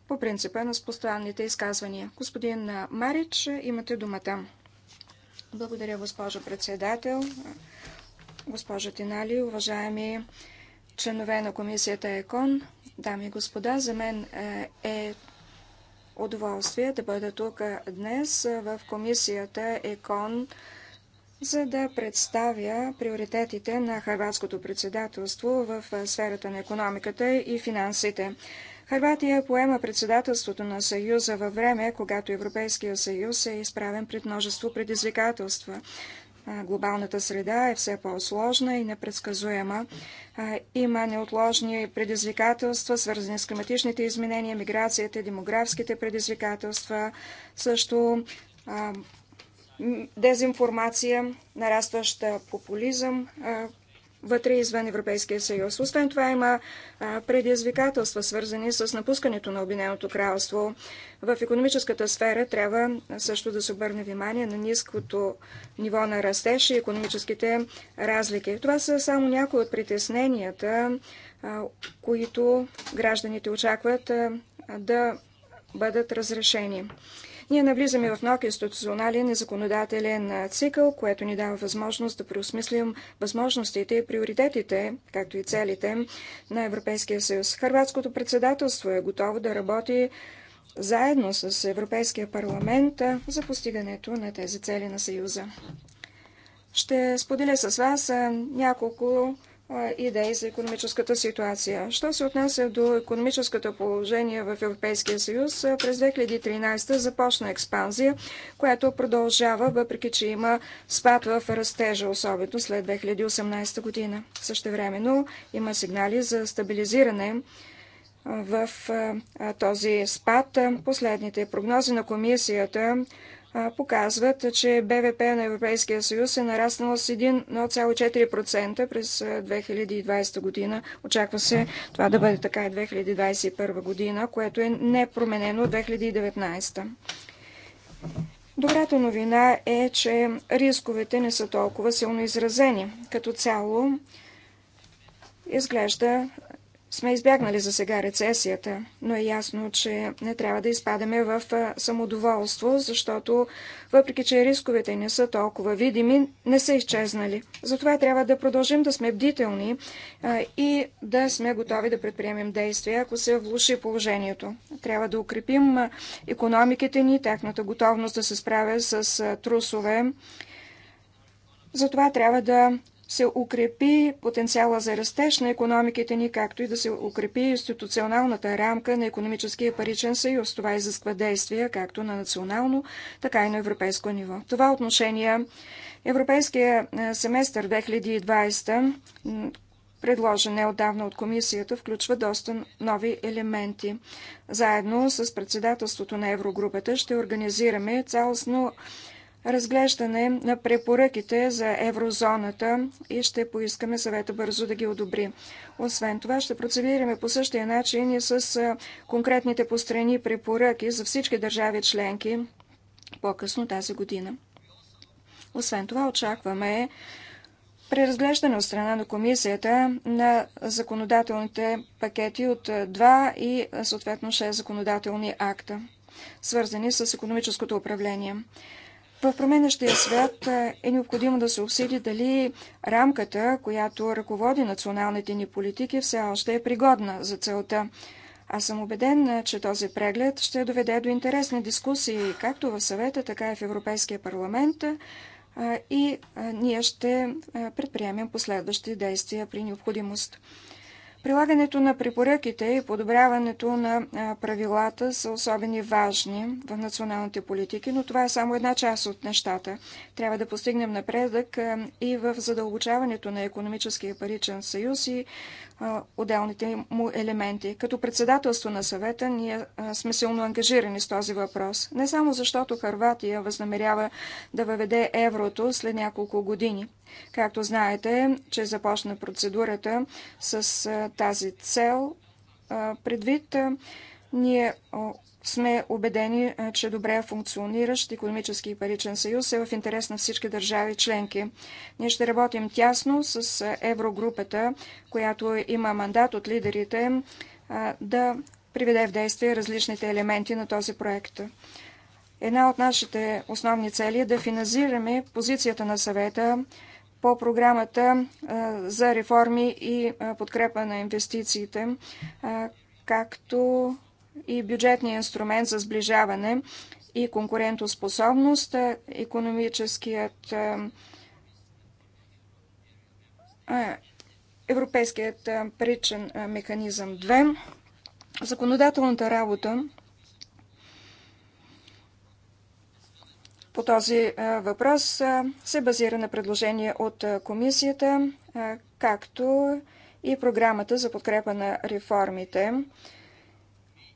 По принципа на постоянните изказвания. Господин Марич, имате думата. Благодаря, госпожо председател, госпожа Тинали, уважаеми членове на комисията ЕКОН, дами и господа, за мен е удоволствие да бъда тук днес в комисията ЕКОН за да представя приоритетите на Харватското председателство в сферата на економиката и финансите. Харватия поема председателството на Съюза във време, когато Европейския съюз е изправен пред множество предизвикателства. Глобалната среда е все по-сложна и непредсказуема. Има неотложни предизвикателства, свързани с климатичните изменения, миграцията, демографските предизвикателства, също дезинформация, нарастващ популизъм вътре и извън Европейския съюз. Освен това има предизвикателства, свързани с напускането на Обединеното кралство. В економическата сфера трябва също да се обърне внимание на ниското ниво на растеж и економическите разлики. Това са само някои от притесненията, които гражданите очакват да бъдат разрешени. Ние навлизаме в нов институционален и законодателен цикъл, което ни дава възможност да преосмислим възможностите и приоритетите, както и целите на Европейския съюз. Хрватското председателство е готово да работи заедно с Европейския парламент за постигането на тези цели на Съюза. Ще споделя с вас няколко идеи за економическата ситуация. Що се отнася до економическото положение в Европейския съюз, през 2013 започна експанзия, която продължава, въпреки че има спад в растежа, особено след 2018 година. Същевременно има сигнали за стабилизиране в този спад. Последните прогнози на комисията показват, че БВП на Европейския съюз е нараснал с 1,4% през 2020 година. Очаква се това да бъде така и 2021 година, което е непроменено от 2019. Добрата новина е, че рисковете не са толкова силно изразени. Като цяло изглежда сме избягнали за сега рецесията, но е ясно, че не трябва да изпадаме в самодоволство, защото въпреки, че рисковете не са толкова видими, не са изчезнали. Затова трябва да продължим да сме бдителни и да сме готови да предприемем действия, ако се влуши положението. Трябва да укрепим економиките ни, тяхната готовност да се справя с трусове. Затова трябва да се укрепи потенциала за растеж на економиките ни, както и да се укрепи институционалната рамка на економическия паричен съюз. Това изисква действия както на национално, така и на европейско ниво. Това отношение Европейския е, семестър 2020, предложен отдавна от комисията, включва доста нови елементи. Заедно с председателството на Еврогрупата ще организираме цялостно разглеждане на препоръките за еврозоната и ще поискаме съвета бързо да ги одобри. Освен това, ще процедираме по същия начин и с конкретните пострани препоръки за всички държави членки по-късно тази година. Освен това, очакваме преразглеждане от страна на комисията на законодателните пакети от 2 и съответно 6 законодателни акта, свързани с економическото управление. В променящия свят е, е необходимо да се обсъди дали рамката, която ръководи националните ни политики, все още е пригодна за целта. Аз съм убеден, е, че този преглед ще доведе до интересни дискусии както в съвета, така и в Европейския парламент е, и ние ще предприемем последващи действия при необходимост. Прилагането на препоръките и подобряването на правилата са особени важни в националните политики, но това е само една част от нещата. Трябва да постигнем напредък и в задълбочаването на економическия паричен съюз и отделните му елементи. Като председателство на съвета ние сме силно ангажирани с този въпрос. Не само защото Харватия възнамерява да въведе еврото след няколко години. Както знаете, че започна процедурата с тази цел предвид ние сме убедени, е, че добре функциониращ економически и паричен съюз е в интерес на всички държави членки. Ние ще работим тясно с е, еврогрупата, която има мандат от лидерите е, да приведе в действие различните елементи на този проект. Една от нашите основни цели е да финансираме позицията на съвета по програмата за реформи и подкрепа на инвестициите, както и бюджетния инструмент за сближаване и конкурентоспособност, економическият Европейският паричен механизъм 2, законодателната работа по този въпрос се базира на предложение от комисията, както и програмата за подкрепа на реформите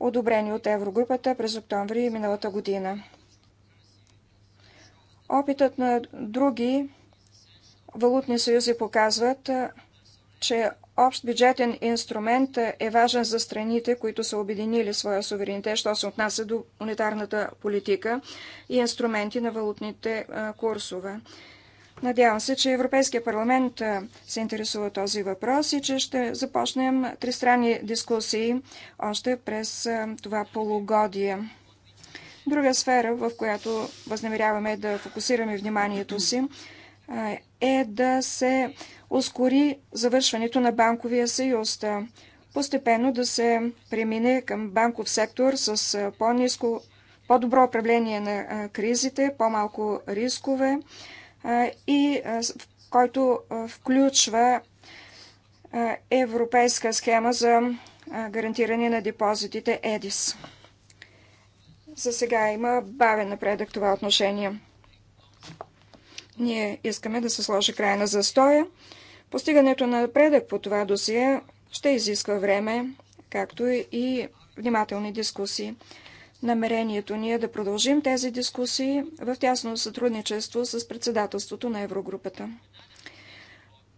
одобрени от Еврогрупата през октомври миналата година. Опитът на други валутни съюзи показват, че общ бюджетен инструмент е важен за страните, които са обединили своя суверенитет, що се отнася до монетарната политика и инструменти на валутните курсове. Надявам се, че Европейския парламент се интересува този въпрос и че ще започнем тристранни дискусии още през това полугодие. Друга сфера, в която възнамеряваме да фокусираме вниманието си, е да се ускори завършването на банковия съюз. Постепенно да се премине към банков сектор с по ниско по-добро управление на кризите, по-малко рискове, и в който включва европейска схема за гарантиране на депозитите ЕДИС. За сега има бавен напредък това отношение. Ние искаме да се сложи край на застоя. Постигането на напредък по това досие ще изисква време, както и внимателни дискусии. Намерението ни е да продължим тези дискусии в тясно сътрудничество с председателството на Еврогрупата.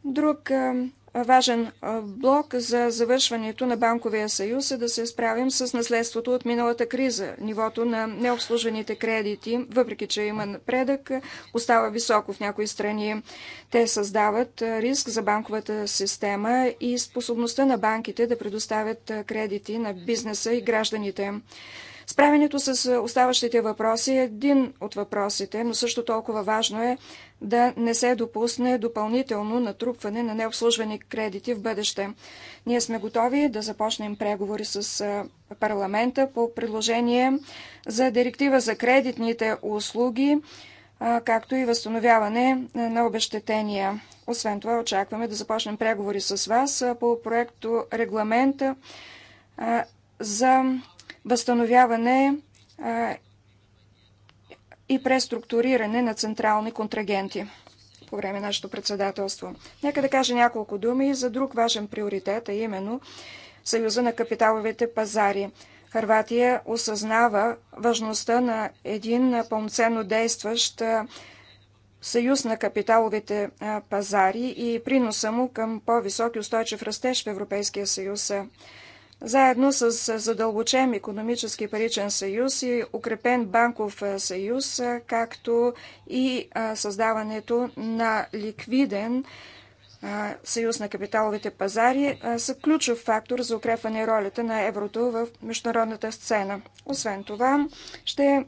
Друг е, важен е, блок за завършването на банковия съюз е да се справим с наследството от миналата криза. Нивото на необслужените кредити, въпреки че има напредък, остава високо в някои страни. Те създават е, риск за банковата система и способността на банките да предоставят кредити на бизнеса и гражданите. Справенето с е, оставащите въпроси е един от въпросите, но също толкова важно е да не се допусне допълнително натрупване на необслужвани кредити в бъдеще. Ние сме готови да започнем преговори с е, парламента по предложение за директива за кредитните услуги, е, както и възстановяване на обещетения. Освен това, очакваме да започнем преговори с вас по проекто регламента за възстановяване и преструктуриране на централни контрагенти по време на нашето председателство. Нека да кажа няколко думи за друг важен приоритет, а именно Съюза на капиталовите пазари. Харватия осъзнава важността на един пълноценно действащ съюз на капиталовите пазари и приноса му към по-висок и устойчив растеж в Европейския съюз. Заедно с задълбочен економически паричен съюз и укрепен банков съюз, както и създаването на ликвиден съюз на капиталовите пазари, са ключов фактор за укрепване ролята на еврото в международната сцена. Освен това, ще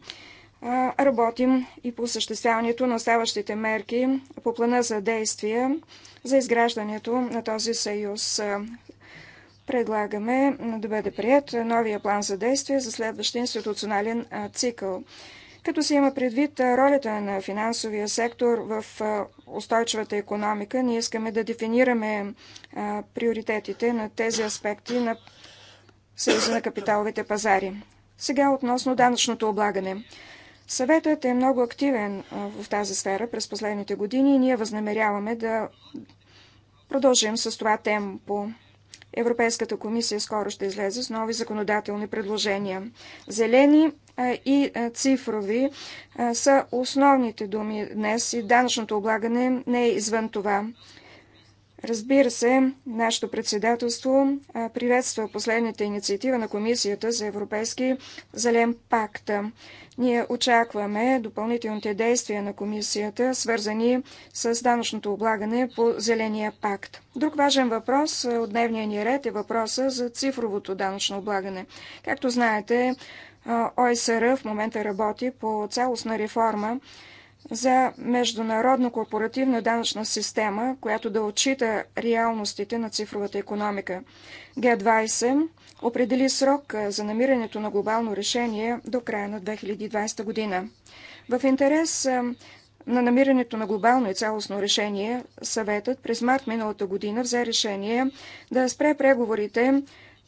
работим и по осъществяването на оставащите мерки по плана за действие за изграждането на този съюз предлагаме да бъде прият новия план за действие за следващия институционален цикъл. Като се има предвид ролята на финансовия сектор в устойчивата економика, ние искаме да дефинираме приоритетите на тези аспекти на Съюза на капиталовите пазари. Сега относно данъчното облагане. Съветът е много активен в тази сфера през последните години и ние възнамеряваме да продължим с това темпо. Европейската комисия скоро ще излезе с нови законодателни предложения. Зелени и цифрови са основните думи днес и данъчното облагане не е извън това. Разбира се, нашето председателство приветства последната инициатива на Комисията за Европейски зелен пакт. Ние очакваме допълнителните действия на Комисията, свързани с данъчното облагане по Зеления пакт. Друг важен въпрос от дневния ни ред е въпроса за цифровото данъчно облагане. Както знаете, ОСР в момента работи по цялостна реформа за международна корпоративна данъчна система, която да отчита реалностите на цифровата економика. Г20 определи срок за намирането на глобално решение до края на 2020 година. В интерес на намирането на глобално и цялостно решение, съветът през март миналата година взе решение да спре преговорите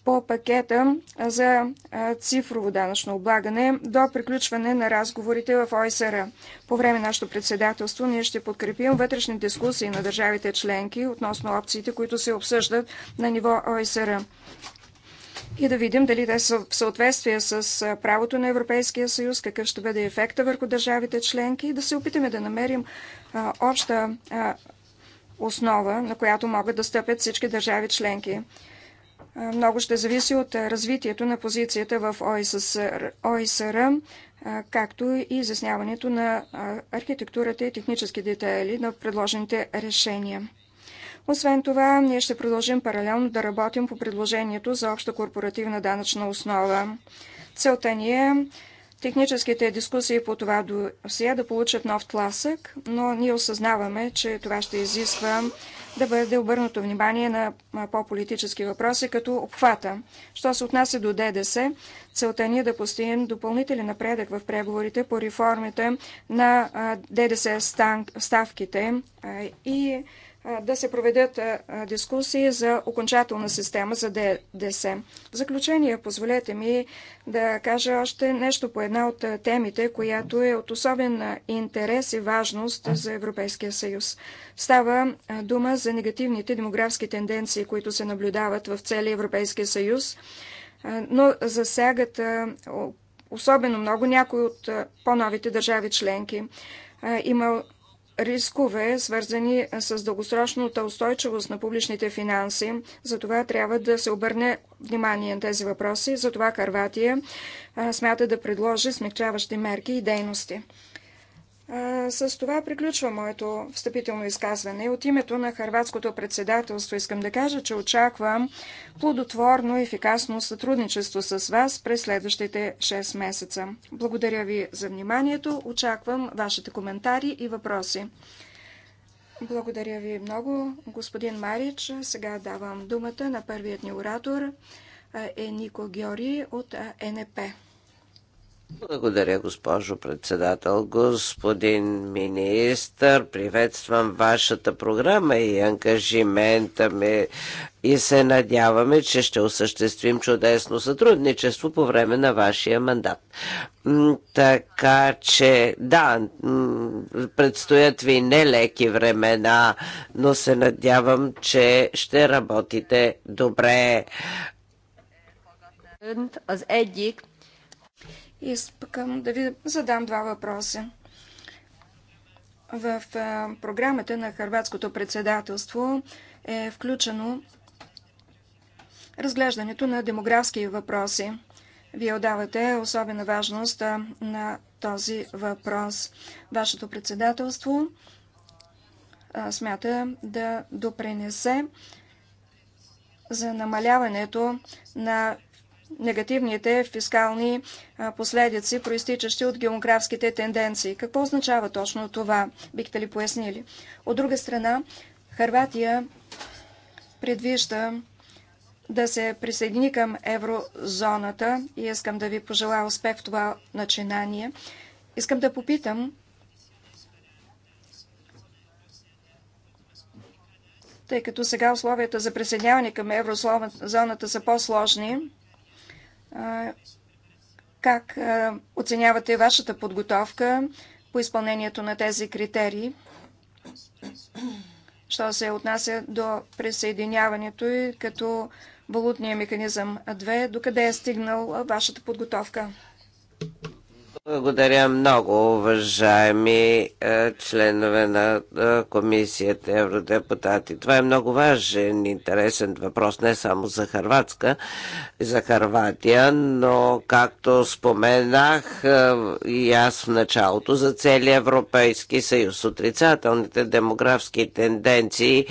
по пакета за цифрово данъчно облагане до приключване на разговорите в ОСР. По време на нашето председателство ние ще подкрепим вътрешни дискусии на държавите членки относно опциите, които се обсъждат на ниво ОСР и да видим дали те са в съответствие с правото на Европейския съюз, какъв ще бъде ефекта върху държавите членки и да се опитаме да намерим а, обща а, основа, на която могат да стъпят всички държави членки. Много ще зависи от развитието на позицията в ОИСР, както и изясняването на архитектурата и технически детайли на предложените решения. Освен това, ние ще продължим паралелно да работим по предложението за обща корпоративна данъчна основа. Целта ни е техническите дискусии по това сега да получат нов тласък, но ние осъзнаваме, че това ще изисква да бъде обърнато внимание на по-политически въпроси, като обхвата. Що се отнася до ДДС, целта ни е да постигнем допълнителен напредък в преговорите по реформите на ДДС ставките и да се проведат дискусии за окончателна система за ДДС. В заключение, позволете ми да кажа още нещо по една от темите, която е от особен интерес и важност за Европейския съюз. Става дума за негативните демографски тенденции, които се наблюдават в целия Европейския съюз, но засягат особено много някои от по-новите държави членки. Има рискове, свързани с дългосрочната устойчивост на публичните финанси. За това трябва да се обърне внимание на тези въпроси. За това Харватия смята да предложи смягчаващи мерки и дейности. С това приключва моето встъпително изказване. От името на Харватското председателство искам да кажа, че очаквам плодотворно и ефикасно сътрудничество с вас през следващите 6 месеца. Благодаря ви за вниманието. Очаквам вашите коментари и въпроси. Благодаря ви много, господин Марич. Сега давам думата на първият ни оратор Енико Георги от НП. Благодаря, госпожо председател. Господин министър, приветствам вашата програма и ангажимента ми и се надяваме, че ще осъществим чудесно сътрудничество по време на вашия мандат. Така че, да, предстоят ви нелеки времена, но се надявам, че ще работите добре искам да ви задам два въпроса. В програмата на Харватското председателство е включено разглеждането на демографски въпроси. Вие отдавате особена важност на този въпрос. Вашето председателство смята да допринесе за намаляването на негативните фискални последици, проистичащи от географските тенденции. Какво означава точно това? Бихте ли пояснили? От друга страна, Харватия предвижда да се присъедини към еврозоната и искам да ви пожелая успех в това начинание. Искам да попитам, тъй като сега условията за присъединяване към еврозоната са по-сложни, как оценявате вашата подготовка по изпълнението на тези критерии? Що се отнася до присъединяването и като валутния механизъм 2, докъде е стигнал вашата подготовка? Благодаря много, уважаеми е, членове на е, комисията евродепутати. Това е много важен, интересен въпрос не само за Харватска, за Харватия, но както споменах е, и аз в началото за целия Европейски съюз. Отрицателните демографски тенденции,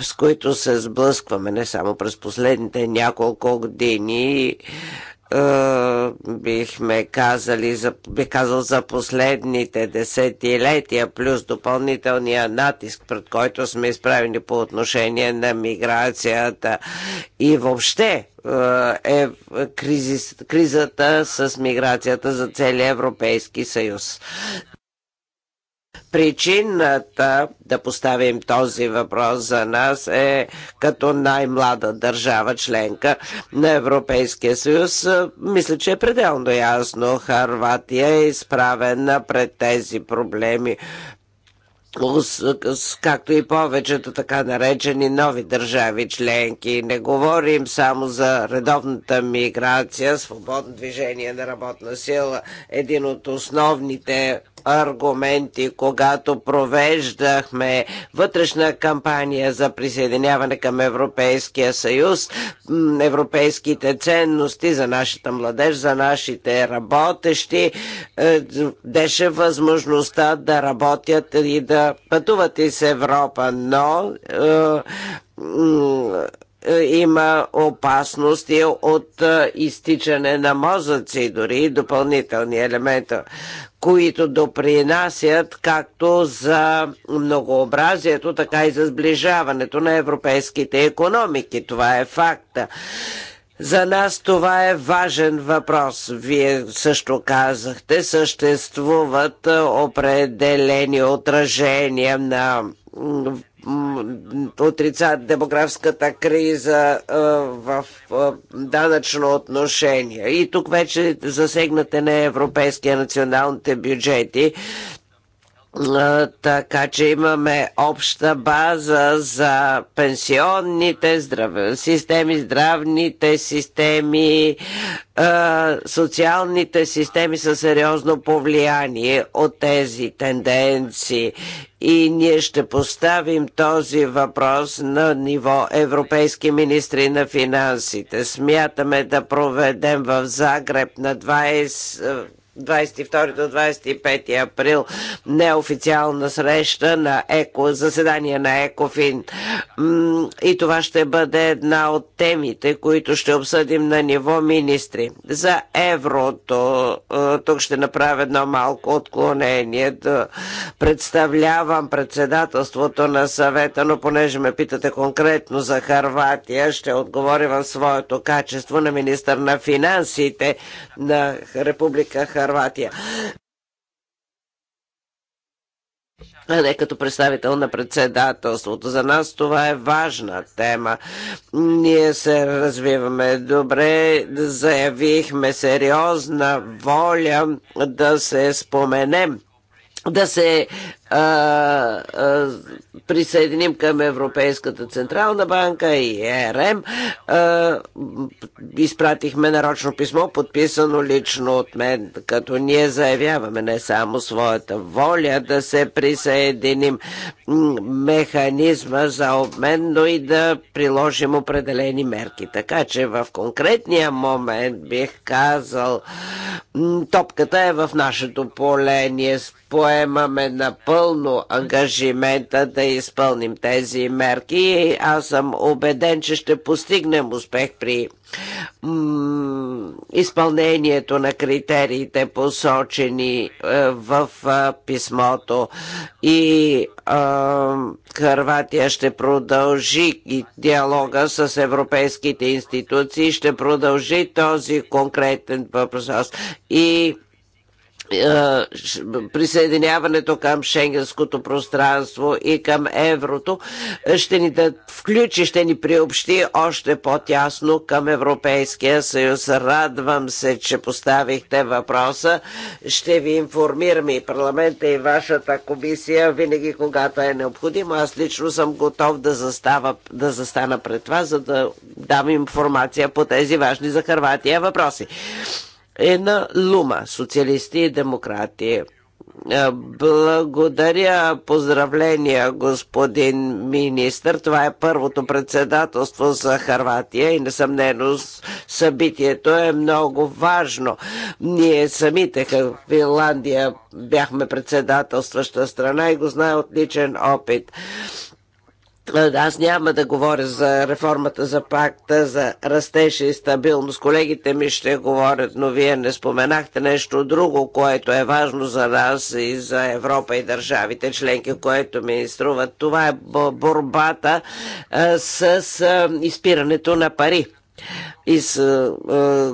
с които се сблъскваме не само през последните няколко години, е, бихме казали, за, бих казал за последните десетилетия, плюс допълнителния натиск, пред който сме изправени по отношение на миграцията и въобще е, е кризис, кризата с миграцията за целия Европейски съюз. Причината да поставим този въпрос за нас е като най-млада държава членка на Европейския съюз. Мисля, че е пределно ясно. Харватия е изправена пред тези проблеми както и повечето така наречени нови държави членки. Не говорим само за редовната миграция, свободно движение на работна сила, един от основните аргументи, когато провеждахме вътрешна кампания за присъединяване към Европейския съюз, европейските ценности за нашата младеж, за нашите работещи, е, беше възможността да работят и да пътуват из Европа, но е, е, има опасности от изтичане на мозъци, дори и допълнителни елементи които допринасят както за многообразието, така и за сближаването на европейските економики. Това е факта. За нас това е важен въпрос. Вие също казахте, съществуват определени отражения на отрица демографската криза е, в е, данъчно отношение. И тук вече засегнате не европейския националните бюджети, така че имаме обща база за пенсионните здрав... системи, здравните системи, социалните системи са сериозно повлияние от тези тенденции и ние ще поставим този въпрос на ниво европейски министри на финансите. Смятаме да проведем в Загреб на 20 22 до 25 април неофициална среща на ЕКО, заседание на ЕКОФИН. И това ще бъде една от темите, които ще обсъдим на ниво министри. За еврото, е, тук ще направя едно малко отклонение. Да представлявам председателството на съвета, но понеже ме питате конкретно за Харватия, ще отговоря в своето качество на министър на финансите на Република Харватия Харватия. не като представител на председателството. За нас това е важна тема. Ние се развиваме добре, заявихме сериозна воля да се споменем да се а, а, присъединим към Европейската Централна банка и ЕРМ. А, изпратихме нарочно писмо, подписано лично от мен, като ние заявяваме не само своята воля да се присъединим механизма за обмен, но и да приложим определени мерки. Така че в конкретния момент бих казал, топката е в нашето поле. Ние поемаме напълно Пълно ангажимента да изпълним тези мерки и аз съм убеден, че ще постигнем успех при изпълнението на критериите посочени е, в е, писмото и е, Харватия ще продължи и диалога с европейските институции, ще продължи този конкретен въпрос и е, присъединяването към шенгенското пространство и към еврото е, ще ни да включи, ще ни приобщи още по-тясно към Европейския съюз. Радвам се, че поставихте въпроса. Ще ви информираме и парламента и вашата комисия винаги, когато е необходимо. Аз лично съм готов да, застава, да застана пред това, за да дам информация по тези важни за Харватия въпроси е на Лума, социалисти и демократи. Е, благодаря, поздравления, господин министр. Това е първото председателство за Харватия и несъмнено събитието е много важно. Ние самите в Финландия бяхме председателстваща страна и го знае отличен опит. Аз няма да говоря за реформата за пакта, за растеж и стабилност. Колегите ми ще говорят, но вие не споменахте нещо друго, което е важно за нас и за Европа и държавите членки, което ми изтруват. Това е борбата с изпирането на пари. И с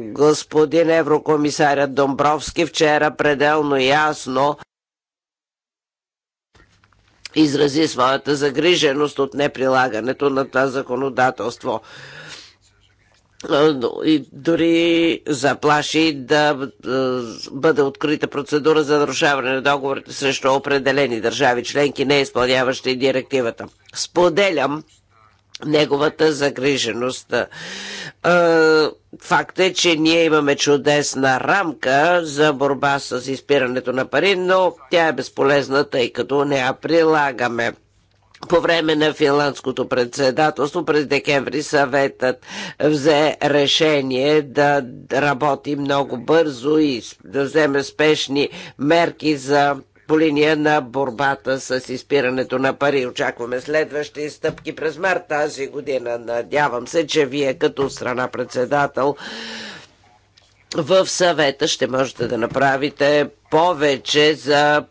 господин еврокомисарят Домбровски вчера пределно ясно изрази своята загриженост от неприлагането на това законодателство и дори заплаши да бъде открита процедура за нарушаване на договорите срещу определени държави членки, не изпълняващи директивата. Споделям неговата загриженост. Факт е, че ние имаме чудесна рамка за борба с изпирането на пари, но тя е безполезна, тъй като не я прилагаме. По време на финландското председателство през декември съветът взе решение да работи много бързо и да вземе спешни мерки за по линия на борбата с изпирането на пари. Очакваме следващи стъпки през март тази година. Надявам се, че вие като страна председател в съвета ще можете да направите повече за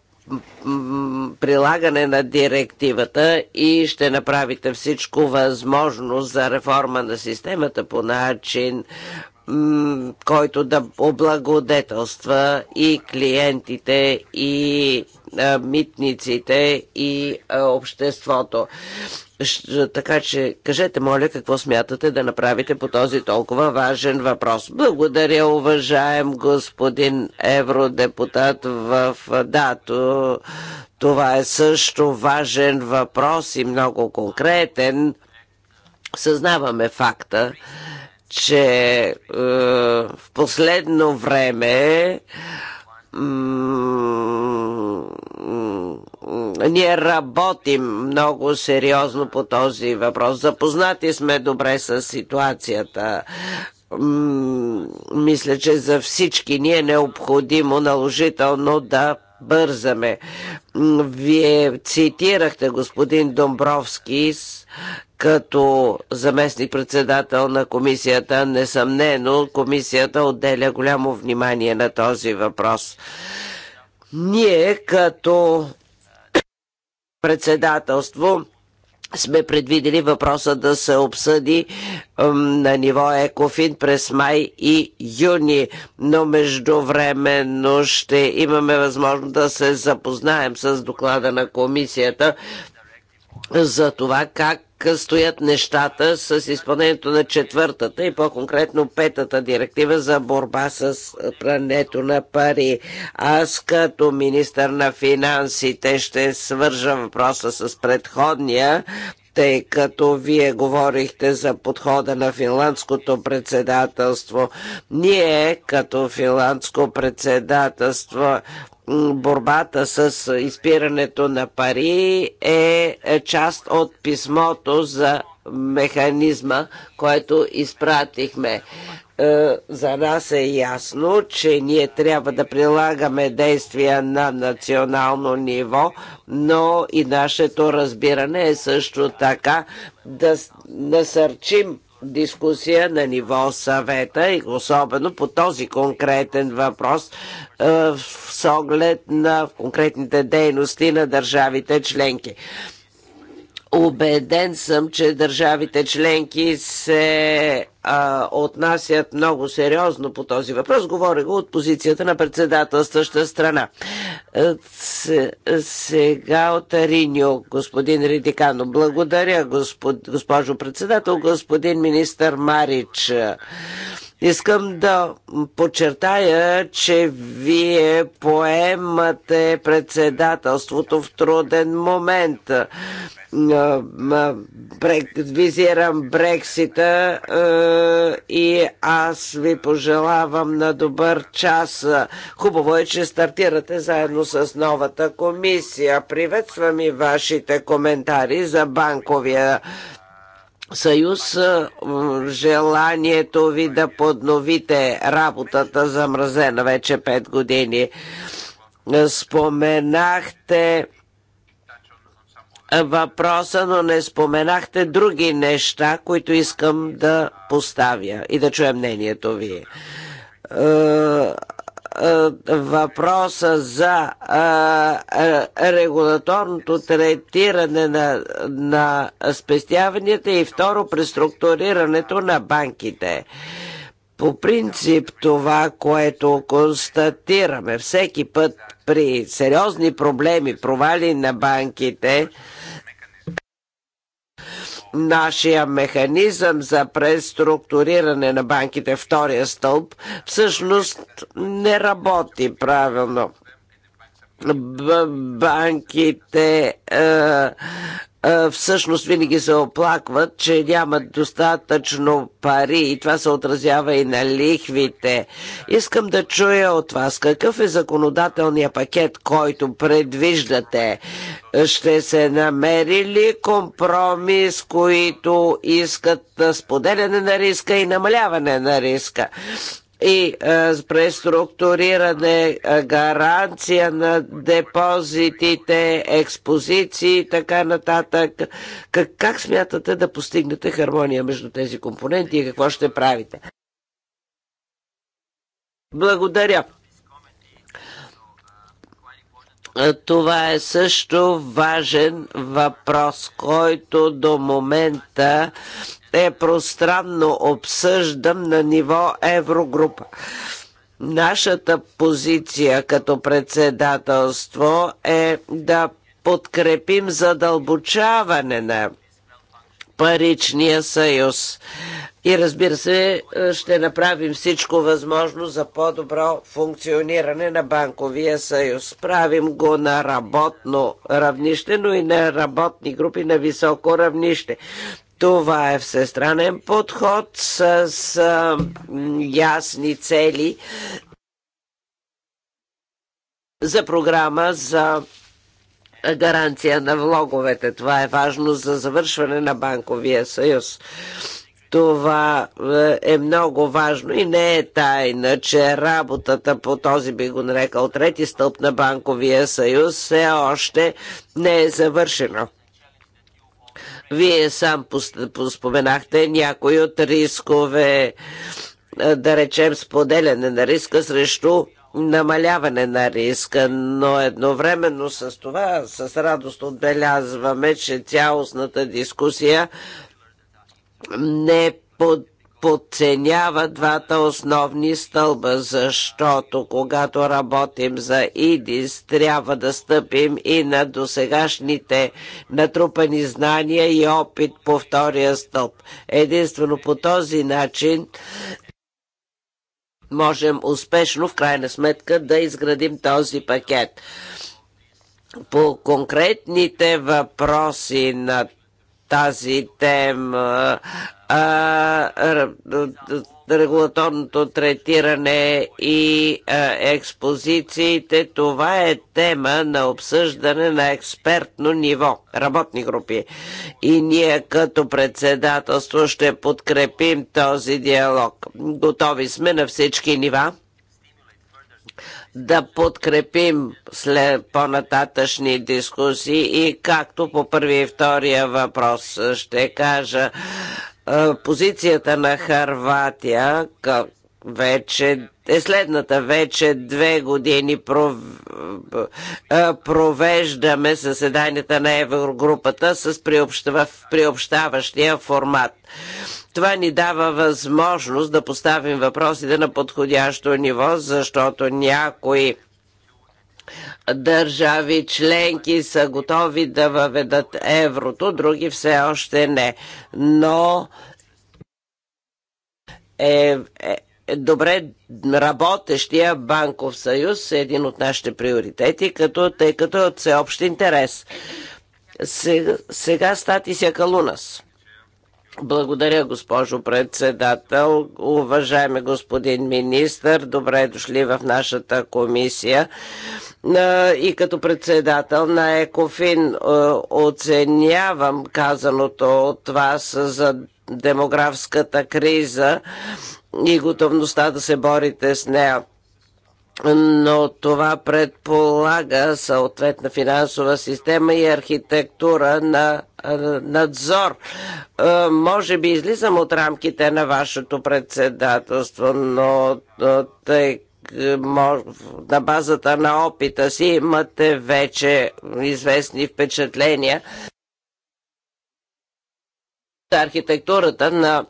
прилагане на директивата и ще направите всичко възможно за реформа на системата по начин, който да облагодетелства и клиентите, и митниците, и обществото. Така че кажете, моля, какво смятате да направите по този толкова важен въпрос. Благодаря, уважаем господин евродепутат в дато. Това е също важен въпрос и много конкретен. Съзнаваме факта, че е, в последно време ние работим много сериозно по този въпрос. Запознати сме добре с ситуацията. Мисля, че за всички ни е необходимо наложително да бързаме. Вие цитирахте господин Домбровски като заместник-председател на комисията, несъмнено комисията отделя голямо внимание на този въпрос. Ние като председателство сме предвидели въпроса да се обсъди на ниво Екофин през май и юни, но междувременно ще имаме възможност да се запознаем с доклада на комисията за това как стоят нещата с изпълнението на четвъртата и по-конкретно петата директива за борба с прането на пари. Аз като министър на финансите ще свържа въпроса с предходния, тъй като вие говорихте за подхода на финландското председателство. Ние като финландско председателство борбата с изпирането на пари е част от писмото за механизма, който изпратихме. Е, за нас е ясно, че ние трябва да прилагаме действия на национално ниво, но и нашето разбиране е също така да насърчим дискусия на ниво съвета и особено по този конкретен въпрос е, с оглед на конкретните дейности на държавите членки. Убеден съм, че държавите членки се а, отнасят много сериозно по този въпрос. Говоря го от позицията на председателстваща страна. Е, С, сега от Риньо, господин Ридикано. Благодаря, господ, госпожо председател, господин министър Марич. Искам да подчертая, че вие поемате председателството в труден момент. Визирам Брексита и аз ви пожелавам на добър час. Хубаво е, че стартирате заедно с новата комисия. Приветствам и вашите коментари за банковия съюз, желанието ви да подновите работата замразена вече 5 години. Споменахте въпроса, но не споменахте други неща, които искам да поставя и да чуя мнението ви е, е, въпроса за е, е, регулаторното третиране на, на спестяванията и второ преструктурирането на банките. По принцип това, което констатираме всеки път при сериозни проблеми, провали на банките, нашия механизъм за преструктуриране на банките втория стълб всъщност не работи правилно банките е, всъщност винаги се оплакват, че нямат достатъчно пари и това се отразява и на лихвите. Искам да чуя от вас какъв е законодателният пакет, който предвиждате. Ще се намери ли компромис, които искат споделяне на риска и намаляване на риска? и е, преструктуриране, е, гаранция на депозитите, експозиции и така нататък. Как, как смятате да постигнете хармония между тези компоненти и какво ще правите? Благодаря. Това е също важен въпрос, който до момента е пространно обсъждан на ниво Еврогрупа. Нашата позиция като председателство е да подкрепим задълбочаване на паричния съюз. И разбира се, ще направим всичко възможно за по-добро функциониране на банковия съюз. Правим го на работно равнище, но и на работни групи на високо равнище. Това е всестранен подход с, с ясни цели за програма за гаранция на влоговете. Това е важно за завършване на банковия съюз. Това е, е много важно и не е тайна, че работата по този би го нарекал трети стълб на банковия съюз все още не е завършена. Вие сам споменахте някои от рискове, да речем споделяне на риска срещу намаляване на риска, но едновременно с това с радост отбелязваме, че цялостната дискусия не под подценява двата основни стълба, защото когато работим за ИДИС, трябва да стъпим и на досегашните натрупани знания и опит по втория стълб. Единствено по този начин можем успешно, в крайна сметка, да изградим този пакет. По конкретните въпроси на тази тема а, регулаторното третиране и а, експозициите. Това е тема на обсъждане на експертно ниво, работни групи. И ние като председателство ще подкрепим този диалог. Готови сме на всички нива да подкрепим след по-нататъчни дискусии и както по първи и втория въпрос ще кажа, позицията на Харватия вече е следната. Вече две години провеждаме съседанията на Еврогрупата с приобщаващия формат. Това ни дава възможност да поставим въпросите на подходящо ниво, защото някои Държави членки са готови да въведат еврото, други все още не. Но е, е, е, добре работещия банков съюз е един от нашите приоритети, като, тъй като е от всеобщ интерес. Сега, сега стати Сякалунас. Благодаря, госпожо председател. Уважаеми господин министр, добре дошли в нашата комисия. И като председател на ЕКОФИН оценявам казаното от вас за демографската криза и готовността да се борите с нея но това предполага съответна финансова система и архитектура на надзор. Може би излизам от рамките на вашето председателство, но тъй на базата на опита си имате вече известни впечатления архитектурата на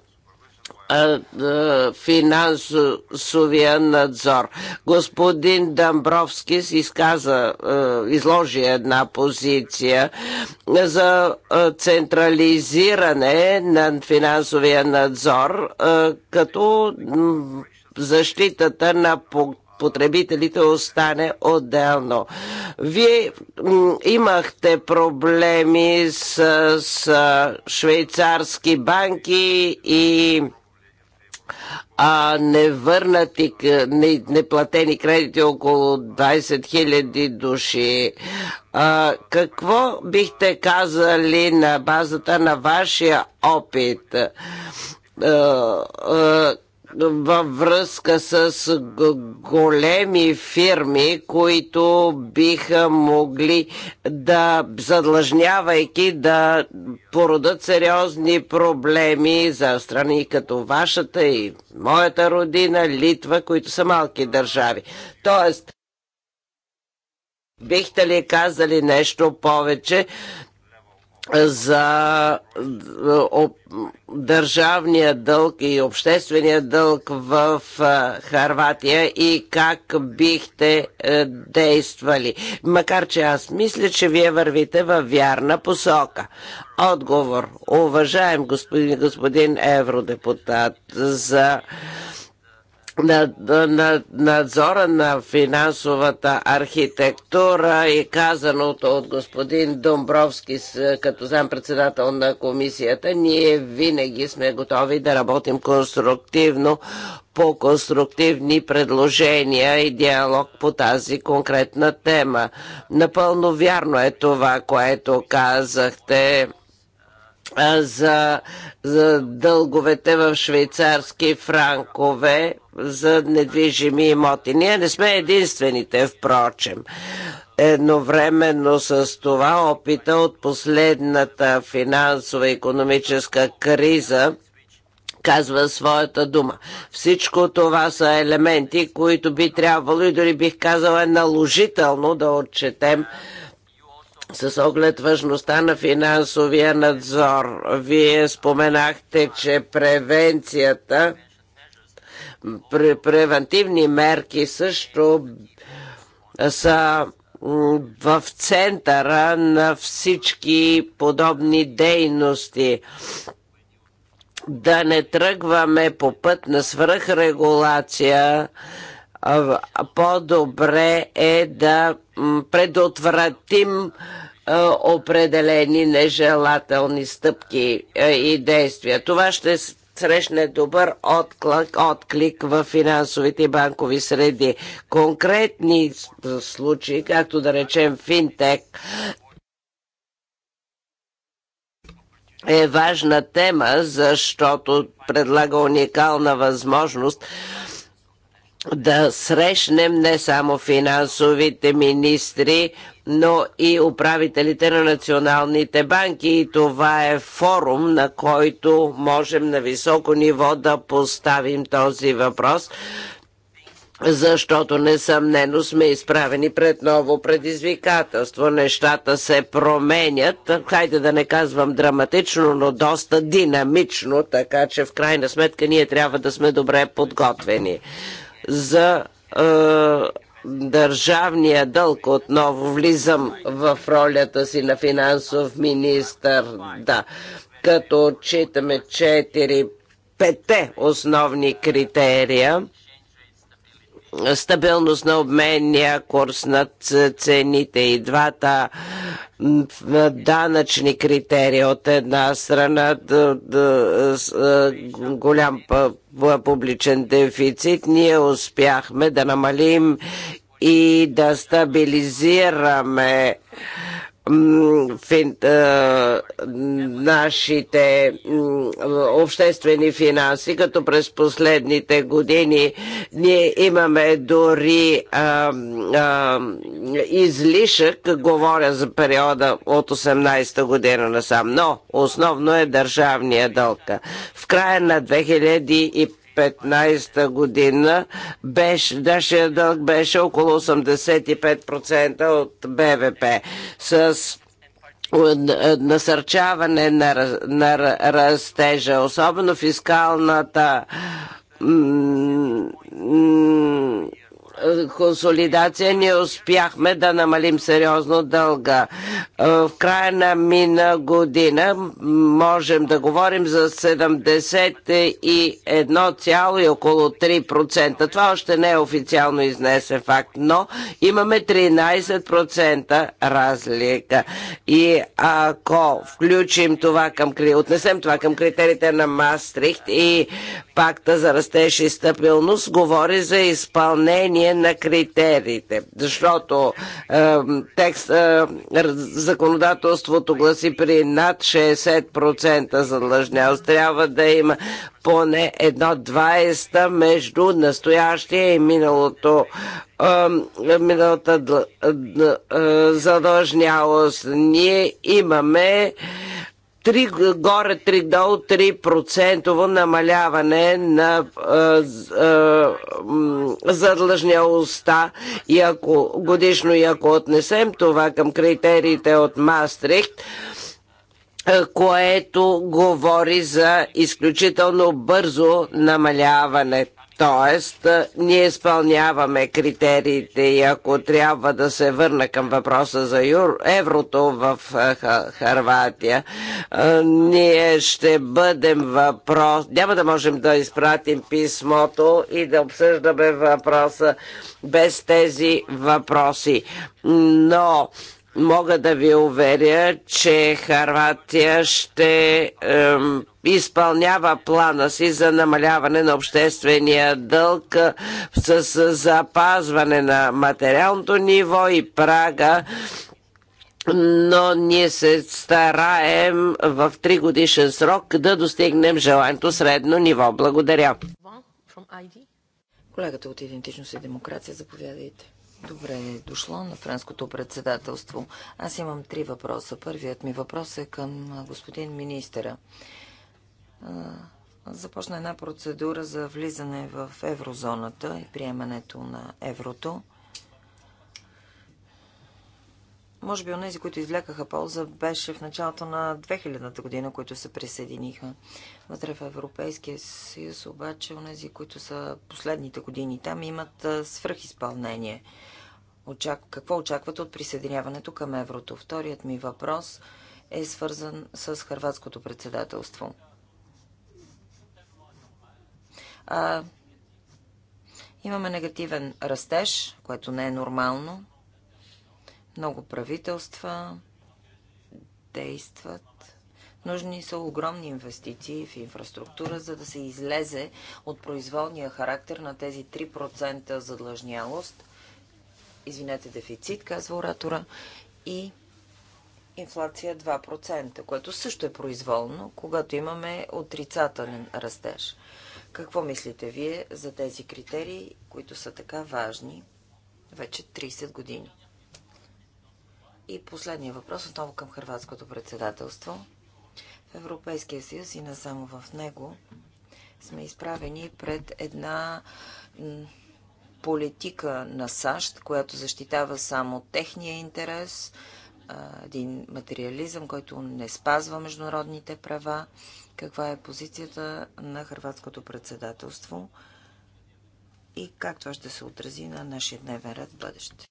финансовия надзор. Господин Дамбровски изказа, изложи една позиция за централизиране на финансовия надзор, като защитата на потребителите остане отделно. Вие имахте проблеми с, с швейцарски банки и а невърнати, неплатени кредити около 20 000 души. А, какво бихте казали на базата на вашия опит? във връзка с големи фирми, които биха могли да, задлъжнявайки, да породат сериозни проблеми за страни като вашата и моята родина, Литва, които са малки държави. Тоест, бихте ли казали нещо повече за е, държавния дълг и обществения дълг в е, Харватия и как бихте е, действали. Макар, че аз мисля, че вие вървите във вярна посока. Отговор. Уважаем господин, господин евродепутат за на, на надзора на финансовата архитектура и казаното от господин Домбровски като зампредседател на комисията, ние винаги сме готови да работим конструктивно по конструктивни предложения и диалог по тази конкретна тема. Напълно вярно е това, което казахте за, за дълговете в швейцарски франкове за недвижими имоти. Ние не сме единствените, впрочем. Едновременно с това опита от последната финансова и економическа криза казва своята дума. Всичко това са елементи, които би трябвало и дори бих казала е наложително да отчетем с оглед важността на финансовия надзор. Вие споменахте, че превенцията превентивни мерки също са в центъра на всички подобни дейности. Да не тръгваме по път на свръхрегулация, по-добре е да предотвратим определени нежелателни стъпки и действия. Това ще срещне добър отклик, отклик в финансовите банкови среди. Конкретни случаи, както да речем финтек, е важна тема, защото предлага уникална възможност да срещнем не само финансовите министри, но и управителите на националните банки. И това е форум, на който можем на високо ниво да поставим този въпрос защото несъмнено сме изправени пред ново предизвикателство. Нещата се променят, хайде да не казвам драматично, но доста динамично, така че в крайна сметка ние трябва да сме добре подготвени за е, държавния дълг. Отново влизам в ролята си на финансов министър. Да, като отчитаме 4 пете основни критерия, стабилност на обменния курс на цените и двата данъчни критерии от една страна да, да, с, голям публичен дефицит, ние успяхме да намалим и да стабилизираме фин, а, нашите обществени финанси, като през последните години ние имаме дори а, а, излишък, говоря за периода от 18-та година насам, но основно е държавния дълг. В края на 2015 2015 година беше, нашия дълг беше около 85% от БВП. С насърчаване на, на растежа, особено фискалната консолидация ние успяхме да намалим сериозно дълга. В края на мина година можем да говорим за 71, около 3%. Това още не е официално изнесен факт, но имаме 13% разлика. И ако включим това към, отнесем това към критериите на Мастрихт и пакта за растеж и стабилност, говори за изпълнение изпълнение на критериите. Защото е, текст, е, законодателството гласи при над 60% задлъжнялост трябва да има поне едно 20 между настоящия и миналото миналата е, задължнялост. Ние имаме три, горе три долу 3% намаляване на задлъжнялостта и ако, годишно и ако отнесем това към критериите от Мастрихт, което говори за изключително бързо намаляване. Тоест, ние изпълняваме критериите и ако трябва да се върна към въпроса за юр, еврото в Харватия, ние ще бъдем въпрос... Няма да можем да изпратим писмото и да обсъждаме въпроса без тези въпроси. Но Мога да ви уверя, че Харватия ще ем, изпълнява плана си за намаляване на обществения дълг е, с запазване на материалното ниво и прага но ние се стараем в три годишен срок да достигнем желаното средно ниво. Благодаря. Колегата от Идентичност и демокрация, заповядайте. Добре дошло на френското председателство. Аз имам три въпроса. Първият ми въпрос е към господин министъра. Започна една процедура за влизане в еврозоната и приемането на еврото. Може би онези, които извлекаха полза, беше в началото на 2000-та година, които се присъединиха. Вътре в Европейския съюз, обаче, онези, които са последните години там, имат свръхизпълнение. Очак... Какво очаквате от присъединяването към еврото? Вторият ми въпрос е свързан с хрватското председателство. А, имаме негативен растеж, което не е нормално. Много правителства действат. Нужни са огромни инвестиции в инфраструктура, за да се излезе от произволния характер на тези 3% задлъжнялост, извинете, дефицит, казва оратора, и инфлация 2%, което също е произволно, когато имаме отрицателен растеж. Какво мислите вие за тези критерии, които са така важни вече 30 години? И последния въпрос отново към хрватското председателство. В Европейския съюз и не само в него сме изправени пред една политика на САЩ, която защитава само техния интерес, един материализъм, който не спазва международните права. Каква е позицията на хрватското председателство и как това ще се отрази на нашия дневен ред в бъдеще?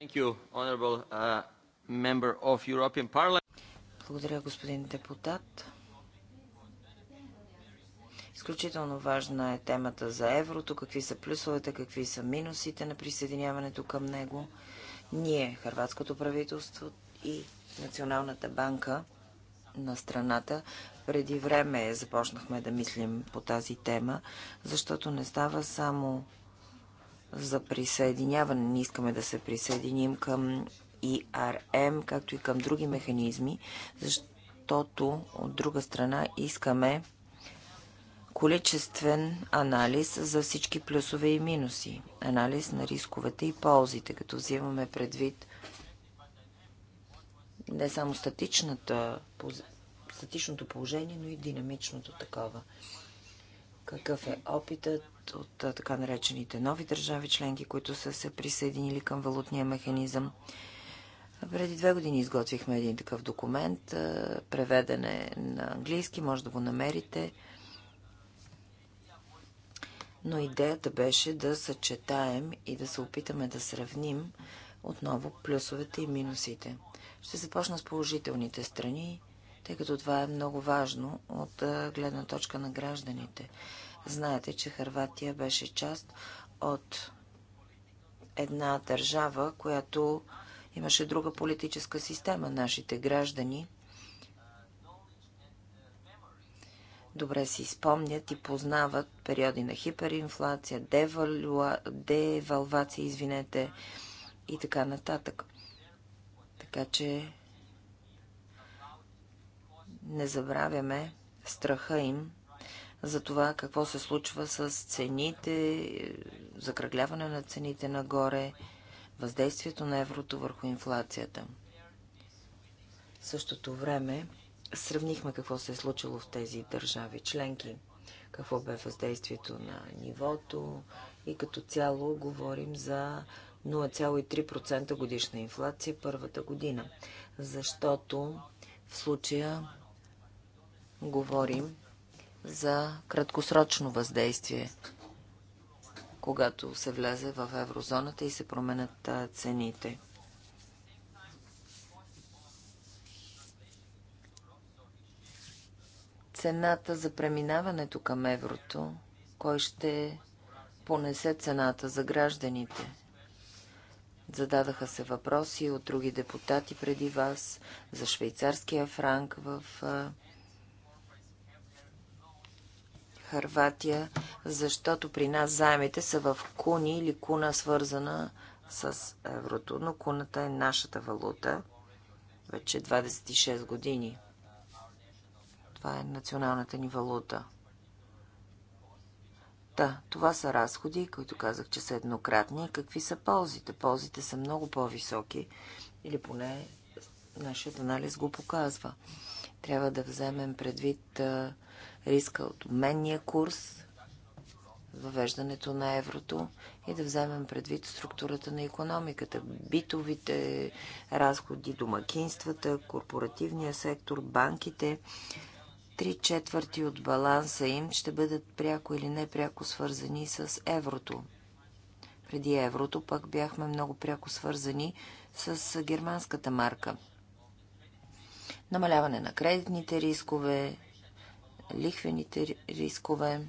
Uh, Благодаря, господин депутат. Изключително важна е темата за еврото, какви са плюсовете, какви са минусите на присъединяването към него. Ние, Харватското правителство и Националната банка на страната, преди време започнахме да мислим по тази тема, защото не става само за присъединяване. Не искаме да се присъединим към ИРМ, както и към други механизми, защото от друга страна искаме количествен анализ за всички плюсове и минуси, анализ на рисковете и ползите, като взимаме предвид не само статичната, статичното положение, но и динамичното такова. Какъв е опитът от така наречените нови държави членки, които са се присъединили към валутния механизъм. Преди две години изготвихме един такъв документ, преведен е на английски, може да го намерите. Но идеята беше да съчетаем и да се опитаме да сравним отново плюсовете и минусите. Ще започна с положителните страни, тъй като това е много важно от гледна точка на гражданите. Знаете, че Харватия беше част от една държава, която имаше друга политическа система. Нашите граждани добре си спомнят и познават периоди на хиперинфлация, девалва, девалвация, извинете, и така нататък. Така че не забравяме страха им за това какво се случва с цените, закръгляване на цените нагоре, въздействието на еврото върху инфлацията. В същото време сравнихме какво се е случило в тези държави членки, какво бе въздействието на нивото и като цяло говорим за 0,3% годишна инфлация първата година, защото в случая говорим за краткосрочно въздействие, когато се влезе в еврозоната и се променят цените. Цената за преминаването към еврото, кой ще понесе цената за гражданите? Зададаха се въпроси от други депутати преди вас за швейцарския франк в Харватия, защото при нас заемите са в куни или куна свързана с еврото, но куната е нашата валута вече 26 години. Това е националната ни валута. Да, това са разходи, които казах, че са еднократни. Какви са ползите? Ползите са много по-високи, или поне нашият анализ го показва. Трябва да вземем предвид а, риска от обменния курс, въвеждането на еврото и да вземем предвид структурата на економиката, битовите разходи, домакинствата, корпоративния сектор, банките. Три четвърти от баланса им ще бъдат пряко или непряко свързани с еврото. Преди еврото пък бяхме много пряко свързани с германската марка. Намаляване на кредитните рискове, лихвените рискове.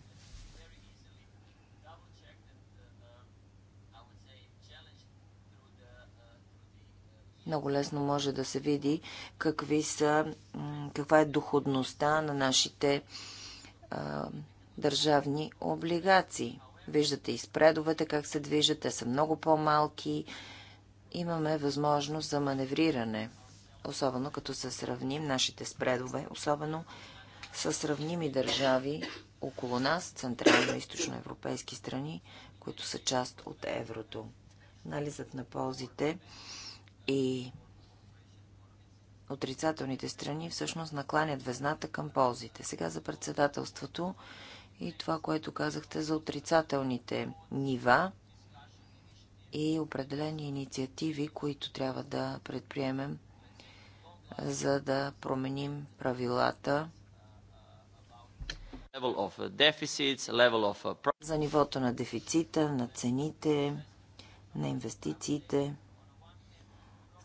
Много лесно може да се види какви са, каква е доходността на нашите а, държавни облигации. Виждате и спредовете как се движат, те са много по-малки. Имаме възможност за маневриране, особено като се сравним нашите спредове, особено са сравними държави около нас, централно и източно европейски страни, които са част от еврото. Анализът на ползите и отрицателните страни всъщност накланят везната към ползите. Сега за председателството и това, което казахте за отрицателните нива и определени инициативи, които трябва да предприемем, за да променим правилата Uh, uh, за нивото на дефицита, на цените, на инвестициите.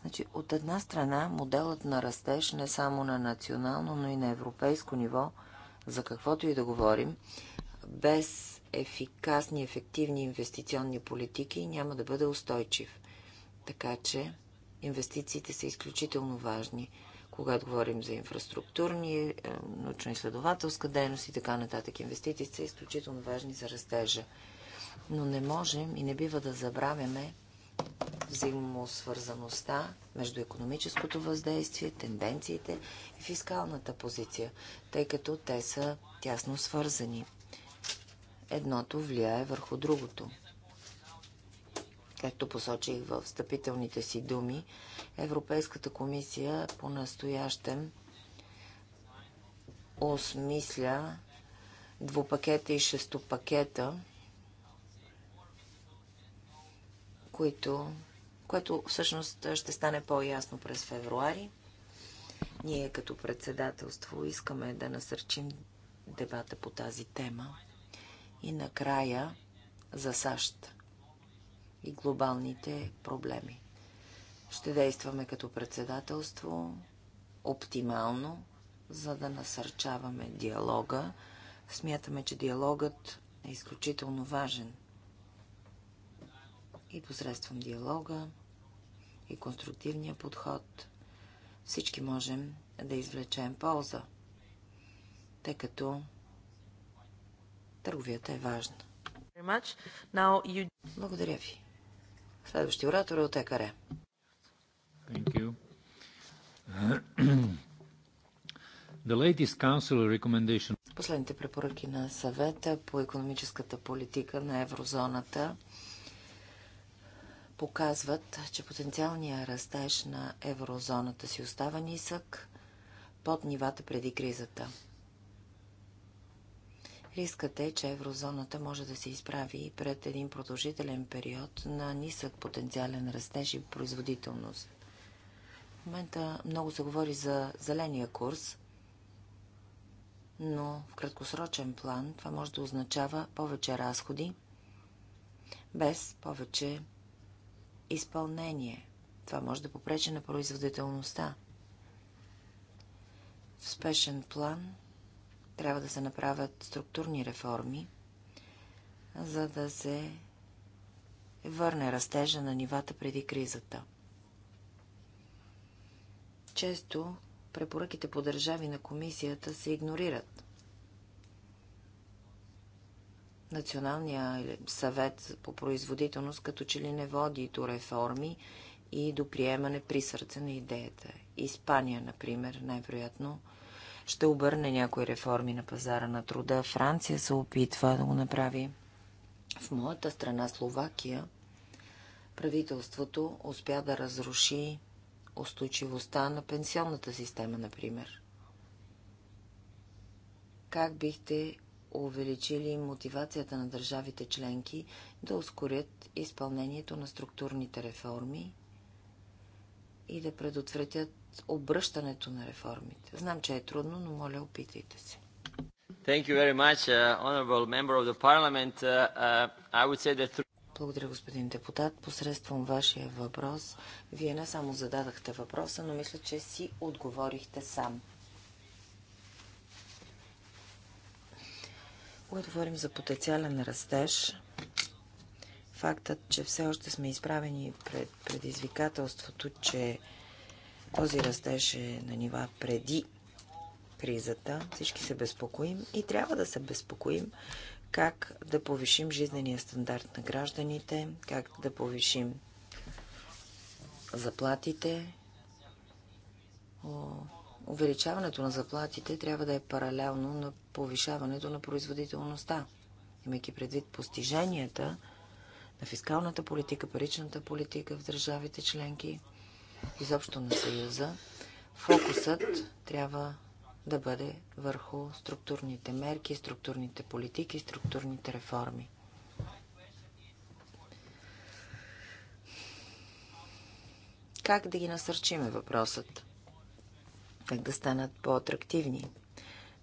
Значи, от една страна, моделът на растеж не само на национално, но и на европейско ниво, за каквото и да говорим, без ефикасни, ефективни инвестиционни политики няма да бъде устойчив. Така че инвестициите са изключително важни – когато говорим за инфраструктурни, е, научно-изследователска дейност и така нататък. Инвестициите са изключително важни за растежа. Но не можем и не бива да забравяме взаимосвързаността между економическото въздействие, тенденциите и фискалната позиция, тъй като те са тясно свързани. Едното влияе върху другото. Както посочих в встъпителните си думи, Европейската комисия по-настоящем осмисля двупакета и шестопакета, които, което всъщност ще стане по-ясно през февруари. Ние като председателство искаме да насърчим дебата по тази тема. И накрая за САЩ и глобалните проблеми. Ще действаме като председателство оптимално, за да насърчаваме диалога. Смятаме, че диалогът е изключително важен. И посредством диалога и конструктивния подход всички можем да извлечем полза, тъй като търговията е важна. Благодаря ви. Следващия оратор е от ЕКАРЕ. Последните препоръки на съвета по економическата политика на еврозоната показват, че потенциалният растеж на еврозоната си остава нисък под нивата преди кризата. Рискът е, че еврозоната може да се изправи пред един продължителен период на нисък потенциален растеж и производителност. В момента много се говори за зеления курс, но в краткосрочен план това може да означава повече разходи, без повече изпълнение. Това може да попречи на производителността. В спешен план трябва да се направят структурни реформи, за да се върне растежа на нивата преди кризата. Често препоръките по държави на комисията се игнорират. Националния съвет по производителност като че ли не води до реформи и до приемане при сърце на идеята. Испания, например, най-вероятно ще обърне някои реформи на пазара на труда. Франция се опитва да го направи. В моята страна, Словакия, правителството успя да разруши устойчивостта на пенсионната система, например. Как бихте увеличили мотивацията на държавите членки да ускорят изпълнението на структурните реформи и да предотвратят обръщането на реформите. Знам, че е трудно, но моля, опитайте се. Uh, uh, uh, благодаря, господин депутат. Посредством вашия въпрос, вие не само зададахте въпроса, но мисля, че си отговорихте сам. Когато говорим за потенциален растеж, фактът, че все още сме изправени пред предизвикателството, че този растеж е на нива преди кризата. Всички се безпокоим и трябва да се безпокоим как да повишим жизнения стандарт на гражданите, как да повишим заплатите. Увеличаването на заплатите трябва да е паралелно на повишаването на производителността. Имайки предвид постиженията на фискалната политика, паричната политика в държавите членки – изобщо на Съюза, фокусът трябва да бъде върху структурните мерки, структурните политики, структурните реформи. Как да ги насърчим е въпросът? Как да станат по-атрактивни?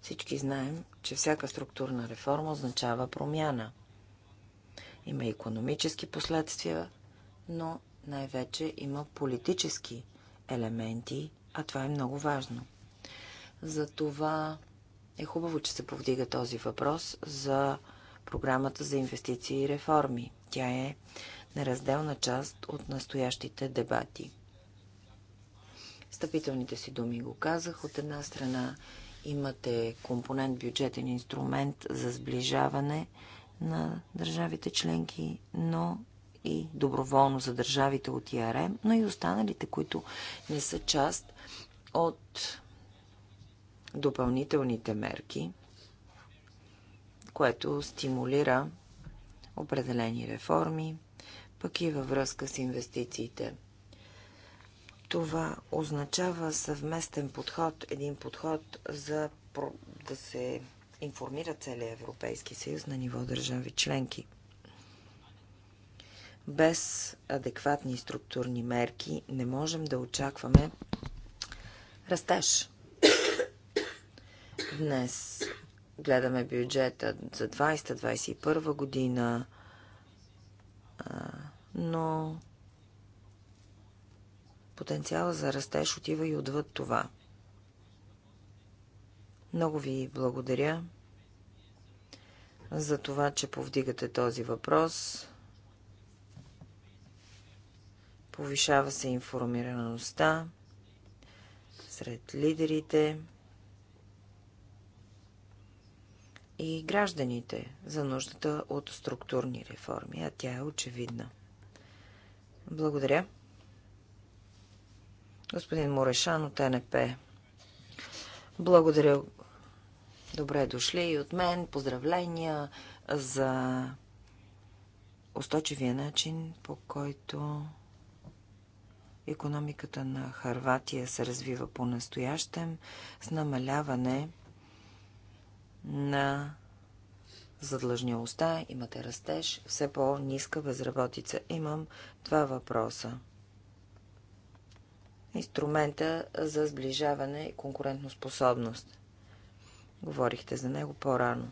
Всички знаем, че всяка структурна реформа означава промяна. Има економически последствия, но най-вече има политически елементи, а това е много важно. Затова е хубаво, че се повдига този въпрос за програмата за инвестиции и реформи. Тя е неразделна част от настоящите дебати. Стъпителните си думи го казах. От една страна имате компонент бюджетен инструмент за сближаване на държавите членки, но и доброволно за държавите от ИРМ, но и останалите, които не са част от допълнителните мерки, което стимулира определени реформи, пък и във връзка с инвестициите. Това означава съвместен подход, един подход за да се информира целият Европейски съюз на ниво държави членки без адекватни структурни мерки не можем да очакваме растеж. Днес гледаме бюджета за 2021 година, но потенциала за растеж отива и отвъд това. Много ви благодаря за това, че повдигате този въпрос. Повишава се информираността сред лидерите и гражданите за нуждата от структурни реформи, а тя е очевидна. Благодаря. Господин Морешан от НП. Благодаря. Добре дошли и от мен. Поздравления за устойчивия начин, по който Економиката на Харватия се развива по-настоящем с намаляване на задлъжнялостта, имате растеж, все по-ниска безработица. Имам два въпроса. Инструмента за сближаване и конкурентоспособност. Говорихте за него по-рано.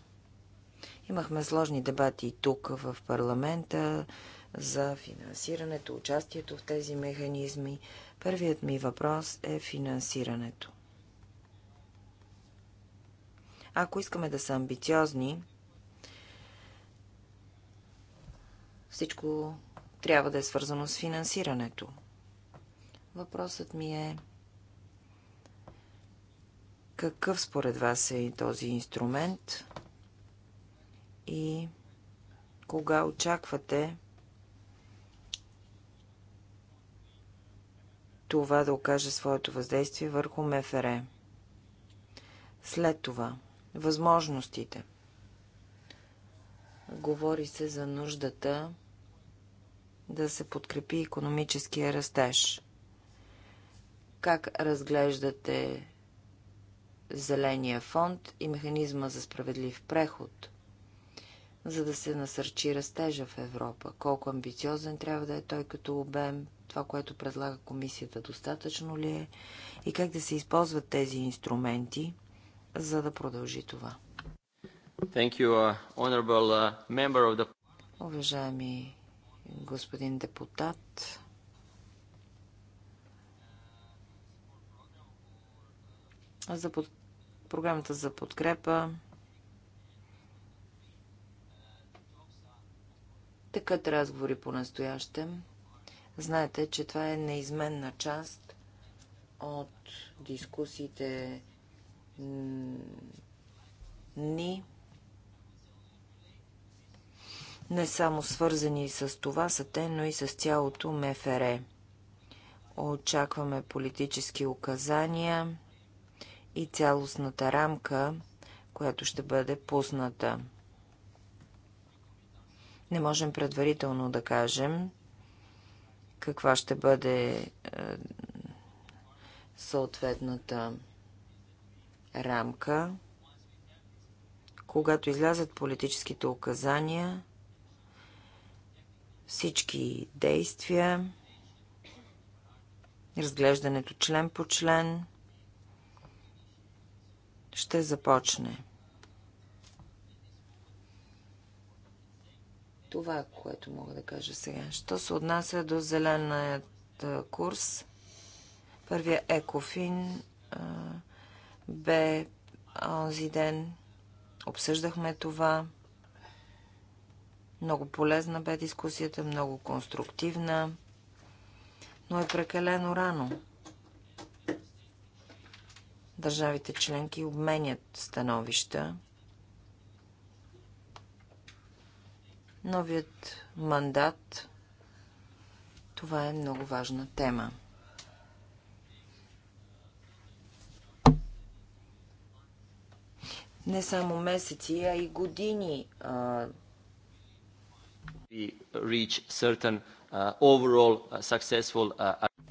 Имахме сложни дебати и тук в парламента за финансирането, участието в тези механизми. Първият ми въпрос е финансирането. Ако искаме да са амбициозни, всичко трябва да е свързано с финансирането. Въпросът ми е какъв според вас е този инструмент и кога очаквате това да окаже своето въздействие върху МФР. След това, възможностите. Говори се за нуждата да се подкрепи економическия растеж. Как разглеждате Зеления фонд и механизма за справедлив преход, за да се насърчи растежа в Европа? Колко амбициозен трябва да е той като обем – това, което предлага комисията, достатъчно ли е? И как да се използват тези инструменти, за да продължи това? Thank you, uh, honorable uh, member of the... Уважаеми господин депутат, за под... програмата за подкрепа Текат разговори по настоящем. Знаете, че това е неизменна част от дискусиите ни, не само свързани с това са те, но и с цялото МФР. Очакваме политически указания и цялостната рамка, която ще бъде пусната. Не можем предварително да кажем каква ще бъде е, съответната рамка. Когато излязат политическите указания, всички действия, разглеждането член по член ще започне. Това, което мога да кажа сега. Що се отнася до зеленият курс, първия екофин бе онзи ден. Обсъждахме това. Много полезна бе дискусията, много конструктивна, но е прекалено рано. Държавите членки обменят становища новият мандат. Това е много важна тема. Не само месеци, а и години. Uh, uh, uh,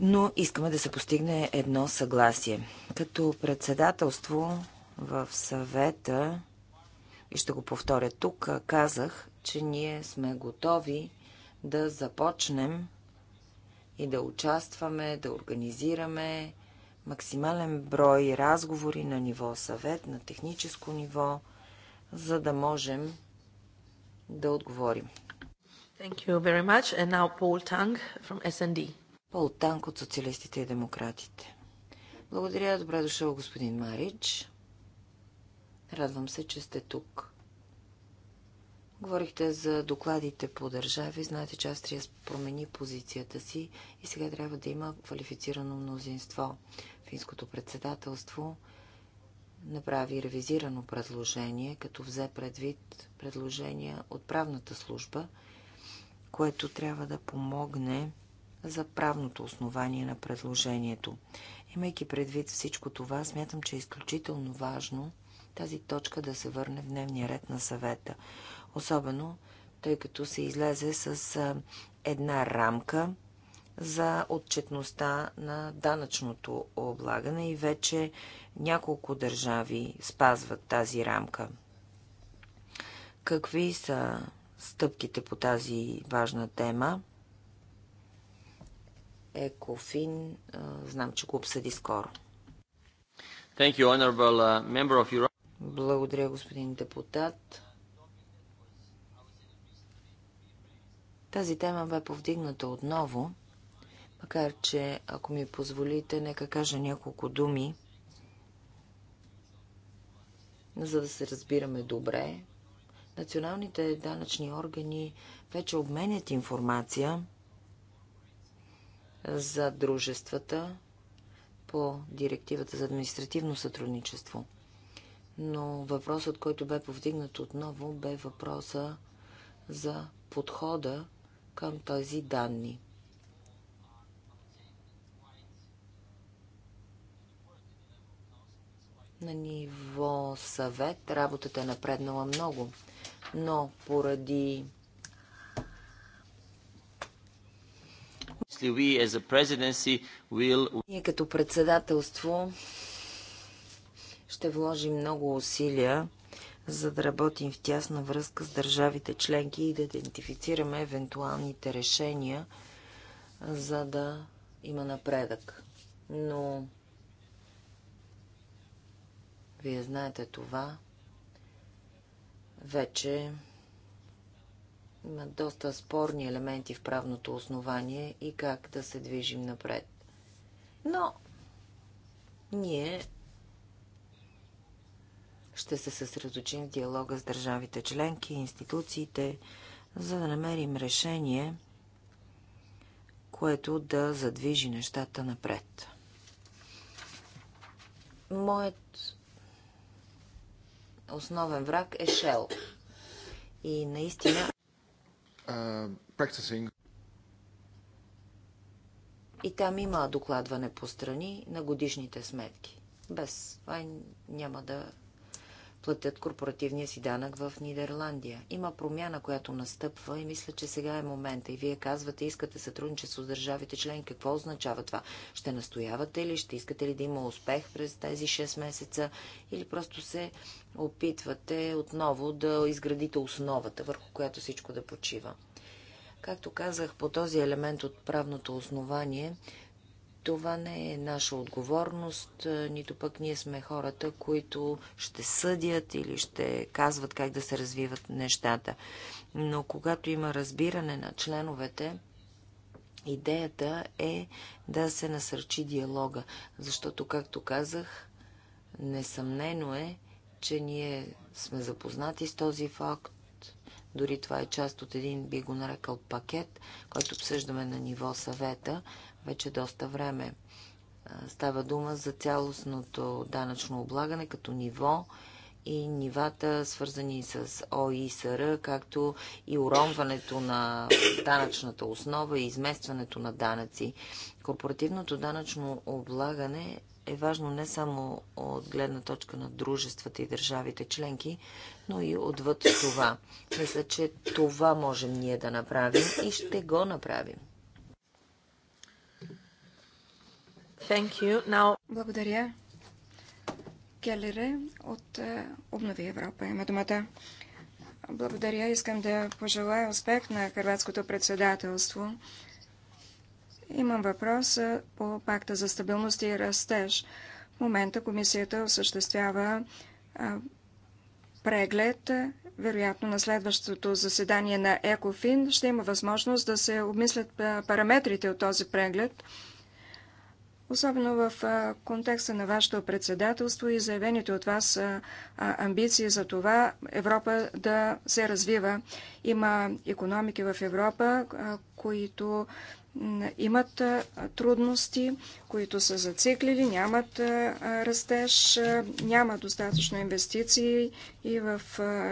но искаме да се постигне едно съгласие. Като председателство в съвета, и ще го повторя тук, казах, че ние сме готови да започнем и да участваме, да организираме максимален брой разговори на ниво съвет, на техническо ниво, за да можем да отговорим. Thank you very much. And now Paul Tang from SND. Paul Tang от Социалистите и Демократите. Благодаря, добре дошъл господин Марич. Радвам се, че сте тук. Говорихте за докладите по държави. Знаете, че Австрия промени позицията си и сега трябва да има квалифицирано мнозинство. Финското председателство направи ревизирано предложение, като взе предвид предложения от правната служба, което трябва да помогне за правното основание на предложението. Имайки предвид всичко това, смятам, че е изключително важно тази точка да се върне в дневния ред на съвета. Особено тъй като се излезе с една рамка за отчетността на данъчното облагане и вече няколко държави спазват тази рамка. Какви са стъпките по тази важна тема? Екофин, знам, че го обсъди скоро. Thank you, honorable member of Europe. Благодаря, господин депутат. Тази тема бе повдигната отново, макар че, ако ми позволите, нека кажа няколко думи, за да се разбираме добре. Националните данъчни органи вече обменят информация за дружествата по Директивата за административно сътрудничество. Но въпросът, който бе повдигнат отново, бе въпроса за подхода към тези данни. На ниво съвет работата е напреднала много, но поради Ние като председателство ще вложим много усилия за да работим в тясна връзка с държавите членки и да идентифицираме евентуалните решения, за да има напредък. Но вие знаете това. Вече има доста спорни елементи в правното основание и как да се движим напред. Но ние ще се съсредоточим в диалога с държавите членки, и институциите, за да намерим решение, което да задвижи нещата напред. Моят основен враг е Шел. И наистина... Uh, и там има докладване по страни на годишните сметки. Без това няма да платят корпоративния си данък в Нидерландия. Има промяна, която настъпва и мисля, че сега е момента. И вие казвате, искате сътрудничество с държавите член. Какво означава това? Ще настоявате ли? Ще искате ли да има успех през тези 6 месеца? Или просто се опитвате отново да изградите основата, върху която всичко да почива? Както казах, по този елемент от правното основание – това не е наша отговорност, нито пък ние сме хората, които ще съдят или ще казват как да се развиват нещата. Но когато има разбиране на членовете, идеята е да се насърчи диалога, защото, както казах, несъмнено е, че ние сме запознати с този факт. Дори това е част от един, би го нарекал, пакет, който обсъждаме на ниво съвета, вече доста време. Става дума за цялостното данъчно облагане като ниво и нивата, свързани с ОИСР, както и уронването на данъчната основа и изместването на данъци. Корпоративното данъчно облагане е важно не само от гледна точка на дружествата и държавите членки, но и отвъд това. Мисля, че това можем ние да направим и ще го направим. Now... Благодаря. Келере от е, Обнови Европа има думата. Благодаря. Искам да пожелая успех на хрватското председателство. Имам въпрос е, по пакта за стабилност и растеж. В момента комисията осъществява е, преглед. Вероятно на следващото заседание на ЕКОФИН ще има възможност да се обмислят параметрите от този преглед особено в контекста на вашето председателство и заявените от вас амбиции за това Европа да се развива. Има економики в Европа, които имат трудности, които са зациклили, нямат растеж, няма достатъчно инвестиции и в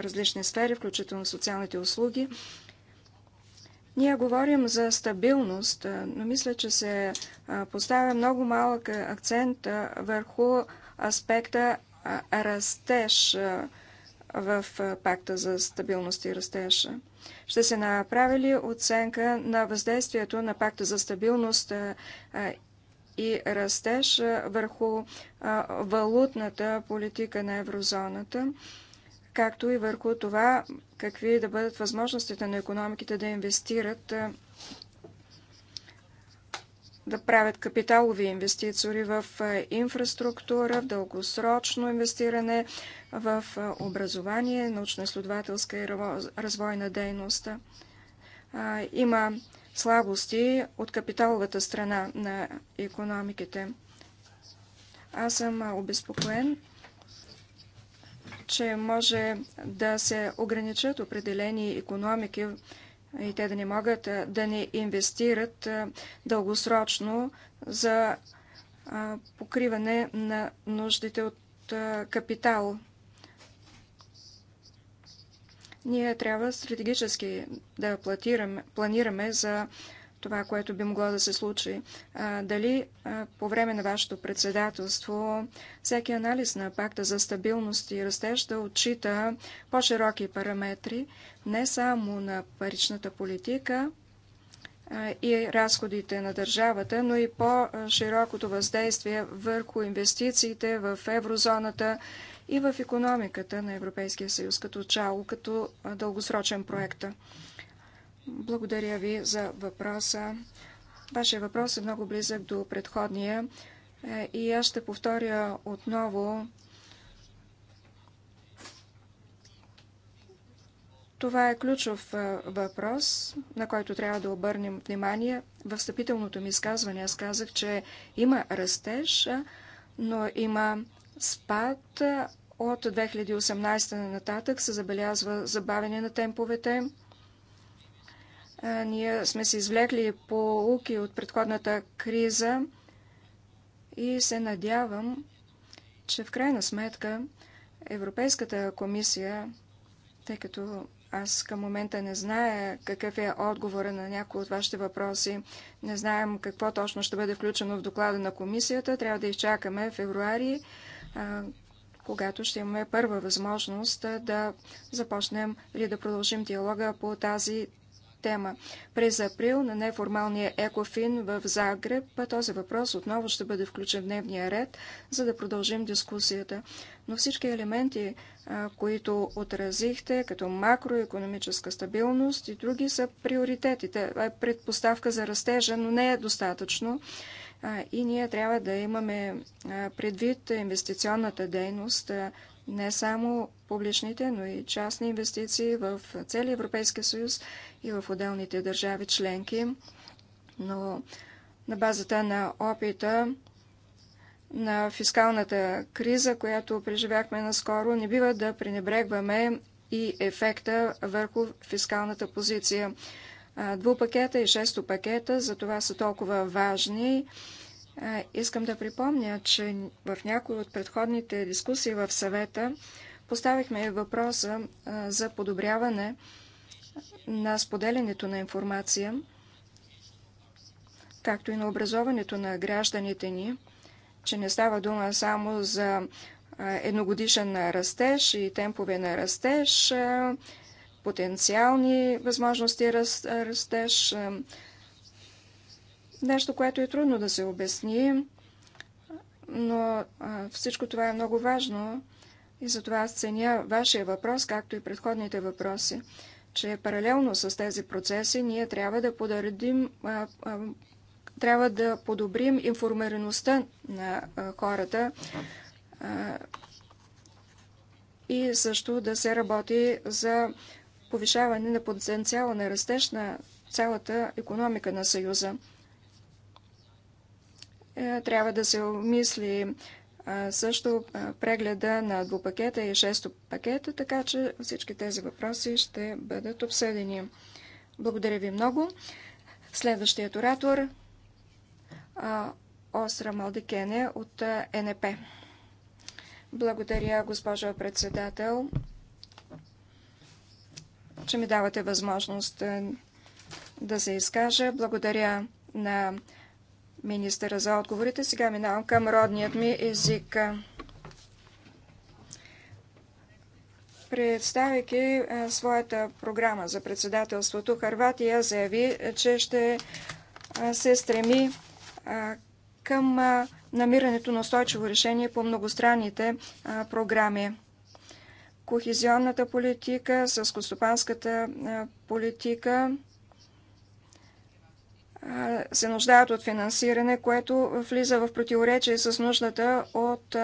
различни сфери, включително социалните услуги. Ние говорим за стабилност, но мисля, че се поставя много малък акцент върху аспекта растеж в пакта за стабилност и растеж. Ще се направи ли оценка на въздействието на пакта за стабилност и растеж върху валутната политика на еврозоната? както и върху това какви да бъдат възможностите на економиките да инвестират, да правят капиталови инвестиции в инфраструктура, в дългосрочно инвестиране, в образование, научно-изследователска и развойна дейност. Има слабости от капиталовата страна на економиките. Аз съм обезпокоен че може да се ограничат определени економики и те да не могат да не инвестират дългосрочно за покриване на нуждите от капитал. Ние трябва стратегически да планираме за това, което би могло да се случи. Дали по време на вашето председателство всеки анализ на пакта за стабилност и растеж да отчита по-широки параметри, не само на паричната политика и разходите на държавата, но и по-широкото въздействие върху инвестициите в еврозоната и в економиката на Европейския съюз като чало, като дългосрочен проект. Благодаря ви за въпроса. Вашия въпрос е много близък до предходния е, и аз ще повторя отново Това е ключов е, въпрос, на който трябва да обърнем внимание. В встъпителното ми изказване аз казах, че има растеж, е, но има спад. От 2018 нататък се забелязва забавяне на темповете. Ние сме се извлекли полуки от предходната криза и се надявам, че в крайна сметка Европейската комисия, тъй като аз към момента не зная какъв е отговора на някои от вашите въпроси. Не знаем какво точно ще бъде включено в доклада на комисията. Трябва да изчакаме февруари, когато ще имаме първа възможност да започнем или да продължим диалога по тази тема. През април на неформалния екофин в Загреб този въпрос отново ще бъде включен в дневния ред, за да продължим дискусията. Но всички елементи, които отразихте, като макроекономическа стабилност и други, са приоритетите. Това е предпоставка за растежа, но не е достатъчно. И ние трябва да имаме предвид инвестиционната дейност не само публичните, но и частни инвестиции в целия Европейски съюз и в отделните държави членки. Но на базата на опита на фискалната криза, която преживяхме наскоро, не бива да пренебрегваме и ефекта върху фискалната позиция. Двупакета и шесто пакета за това са толкова важни Искам да припомня, че в някои от предходните дискусии в съвета поставихме въпроса за подобряване на споделянето на информация, както и на образоването на гражданите ни, че не става дума само за едногодишен растеж и темпове на растеж, потенциални възможности растеж, Нещо, което е трудно да се обясни, но всичко това е много важно и затова аз ценя вашия въпрос, както и предходните въпроси, че паралелно с тези процеси ние трябва да а, трябва да подобрим информираността на хората и също да се работи за повишаване на потенциала на растеж на цялата економика на Съюза. Е, трябва да се мисли е, също е, прегледа на двупакета и шесто пакета, така че всички тези въпроси ще бъдат обсъдени. Благодаря ви много. Следващият оратор Осра Малдикене от НП. Благодаря, госпожо председател, че ми давате възможност да се изкажа. Благодаря на министъра за отговорите. Сега минавам към родният ми език. Представяйки своята програма за председателството, Харватия заяви, че ще се стреми към намирането на устойчиво решение по многостранните програми. Кохезионната политика, съскостопанската политика – се нуждаят от финансиране, което влиза в противоречие с нуждата от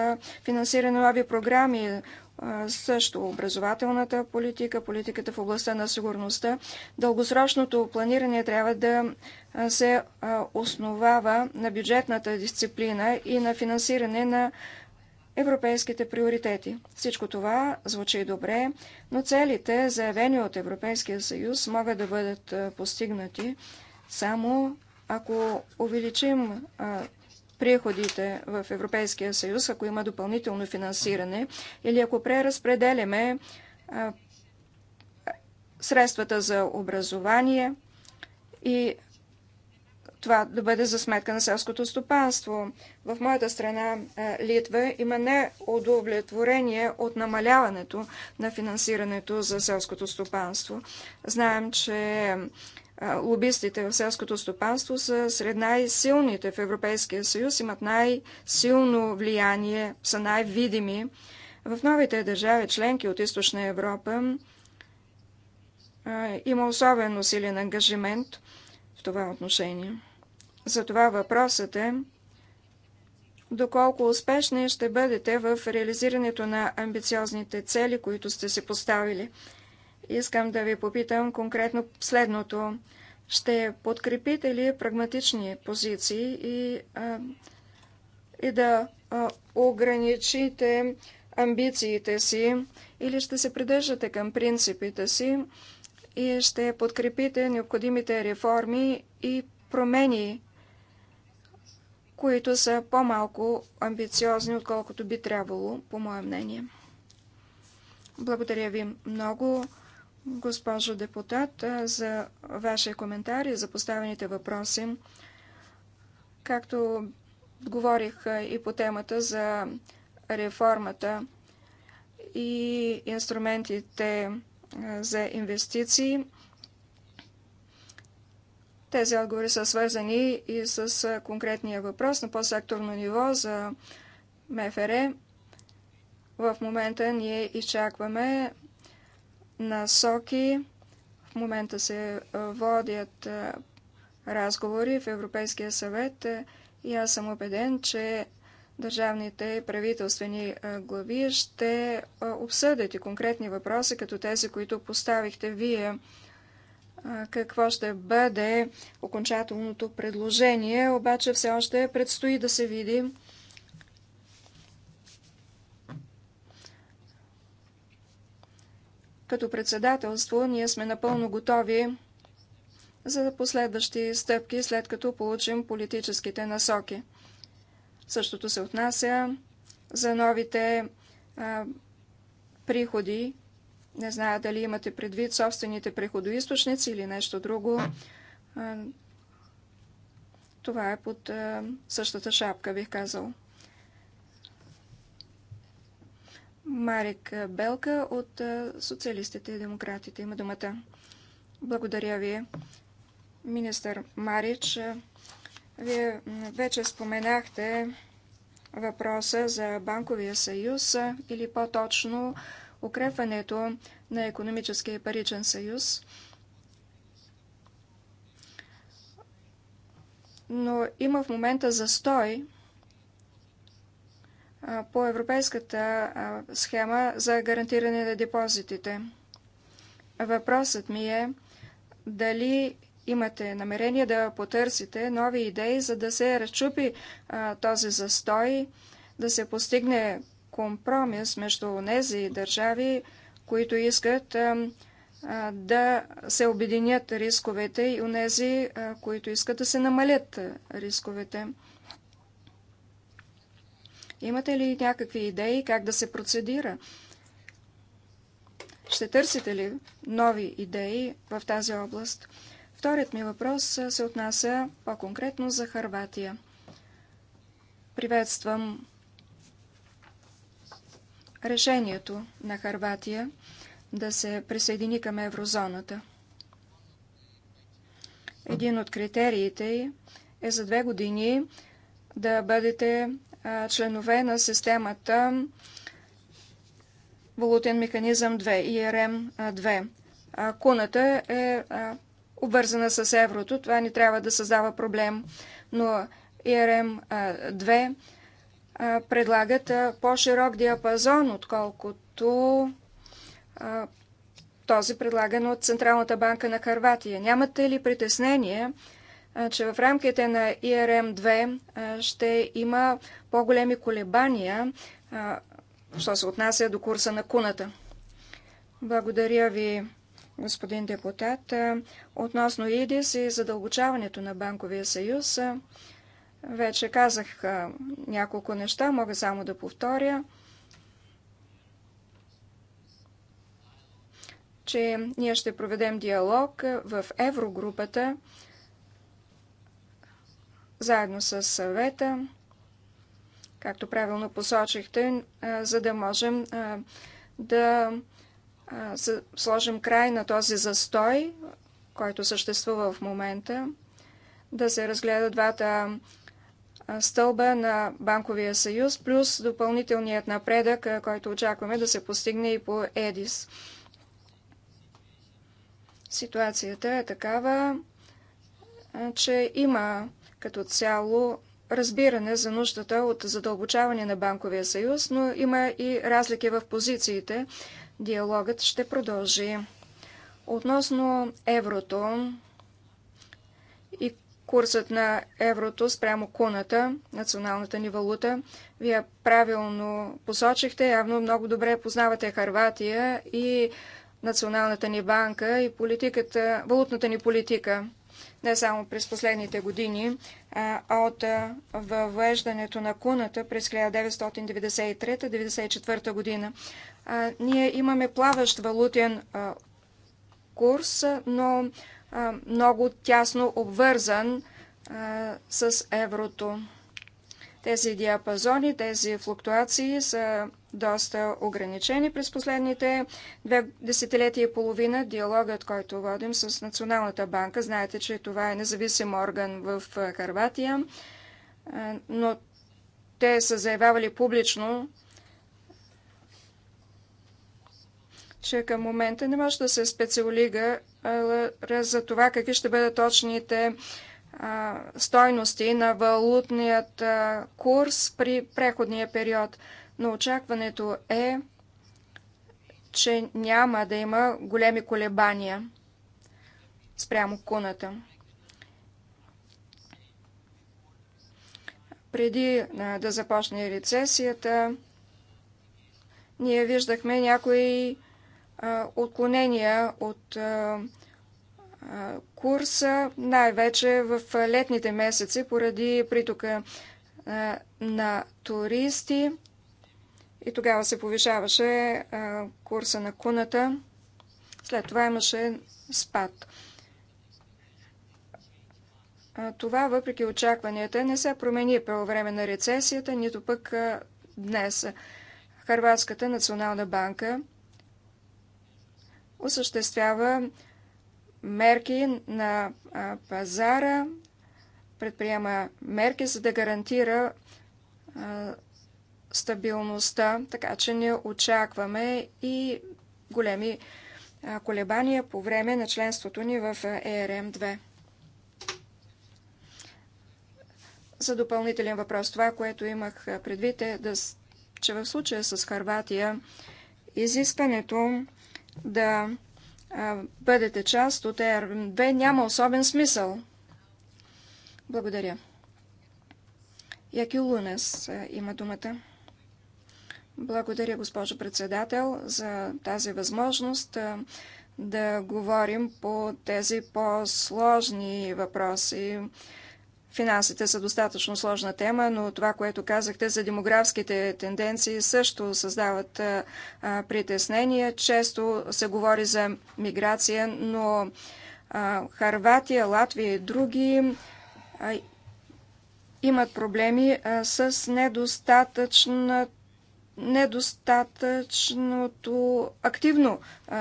финансиране на нови програми, също образователната политика, политиката в областта на сигурността. Дългосрочното планиране трябва да се основава на бюджетната дисциплина и на финансиране на европейските приоритети. Всичко това звучи добре, но целите, заявени от Европейския съюз, могат да бъдат постигнати само ако увеличим приходите в Европейския съюз, ако има допълнително финансиране, или ако преразпределяме средствата за образование и това да бъде за сметка на селското стопанство. В моята страна Литва има неудовлетворение от намаляването на финансирането за селското стопанство. Знаем, че лобистите в селското стопанство са сред най-силните в Европейския съюз, имат най-силно влияние, са най-видими. В новите държави, членки от Източна Европа, има особено силен ангажимент в това отношение. Затова въпросът е доколко успешни ще бъдете в реализирането на амбициозните цели, които сте си поставили – Искам да ви попитам конкретно следното. Ще подкрепите ли прагматични позиции и, а, и да а, ограничите амбициите си или ще се придържате към принципите си и ще подкрепите необходимите реформи и промени, които са по-малко амбициозни, отколкото би трябвало, по мое мнение. Благодаря ви много госпожо депутат, за вашия коментар и за поставените въпроси. Както говорих и по темата за реформата и инструментите за инвестиции, тези отговори са свързани и с конкретния въпрос на по-секторно ниво за МФР. В момента ние изчакваме насоки. В момента се е, водят е, разговори в Европейския съвет е, и аз съм убеден, че държавните правителствени глави ще обсъдят и конкретни въпроси, като тези, които поставихте вие. Какво ще бъде окончателното предложение, обаче все още предстои да се види. Като председателство ние сме напълно готови за последващи стъпки, след като получим политическите насоки. Същото се отнася за новите а, приходи. Не зная дали имате предвид собствените приходоисточници или нещо друго. А, това е под а, същата шапка, бих казал. Марик Белка от Социалистите и Демократите. Има думата. Благодаря ви, министър Марич. Вие вече споменахте въпроса за банковия съюз или по-точно укрепването на економическия и паричен съюз. Но има в момента застой по европейската схема за гарантиране на депозитите. Въпросът ми е дали имате намерение да потърсите нови идеи, за да се разчупи а, този застой, да се постигне компромис между тези държави, които искат а, а, да се обединят рисковете и унези, които искат да се намалят рисковете. Имате ли някакви идеи как да се процедира? Ще търсите ли нови идеи в тази област? Вторият ми въпрос се отнася по-конкретно за Харватия. Приветствам решението на Харватия да се присъедини към еврозоната. Един от критериите е за две години да бъдете членове на системата Валутен механизъм 2, ИРМ 2. Куната е обвързана с еврото. Това не трябва да създава проблем, но ИРМ 2 предлагат по-широк диапазон, отколкото този предлаган от Централната банка на Харватия. Нямате ли притеснение, че в рамките на ИРМ-2 ще има по-големи колебания, що се отнася до курса на куната. Благодаря ви, господин депутат. Относно ИДИС и задълбочаването на Банковия съюз, вече казах няколко неща, мога само да повторя, че ние ще проведем диалог в Еврогрупата, заедно с съвета, както правилно посочихте, за да можем да сложим край на този застой, който съществува в момента, да се разгледа двата стълба на Банковия съюз, плюс допълнителният напредък, който очакваме да се постигне и по ЕДИС. Ситуацията е такава, че има като цяло разбиране за нуждата от задълбочаване на банковия съюз, но има и разлики в позициите. Диалогът ще продължи. Относно еврото и курсът на еврото спрямо куната, националната ни валута, вие правилно посочихте, явно много добре познавате Харватия и националната ни банка и политиката, валутната ни политика не само през последните години, а от въвеждането на куната през 1993-1994 година. Ние имаме плаващ валутен курс, но много тясно обвързан с еврото. Тези диапазони, тези флуктуации са доста ограничени през последните две десетилетия и половина. Диалогът, който водим с Националната банка, знаете, че това е независим орган в Харватия, но те са заявявали публично, че към момента не може да се специалига за това какви ще бъдат точните стойности на валутният курс при преходния период. Но очакването е, че няма да има големи колебания спрямо куната. Преди да започне рецесията, ние виждахме някои отклонения от Курс най-вече в летните месеци, поради притока на туристи. И тогава се повишаваше курса на куната. След това имаше спад. Това, въпреки очакванията, не се промени по време на рецесията, нито пък днес. Харватската национална банка осъществява мерки на пазара, предприема мерки, за да гарантира стабилността, така че не очакваме и големи колебания по време на членството ни в ЕРМ-2. За допълнителен въпрос, това, което имах предвид е, да, че в случая с Харватия изискването да бъдете част от ЕРБ, няма особен смисъл. Благодаря. Яки Лунес има думата. Благодаря, госпожо председател, за тази възможност да говорим по тези по-сложни въпроси Финансите са достатъчно сложна тема, но това, което казахте за демографските тенденции, също създават притеснения. Често се говори за миграция, но Харватия, Латвия и други имат проблеми с недостатъчната недостатъчното активно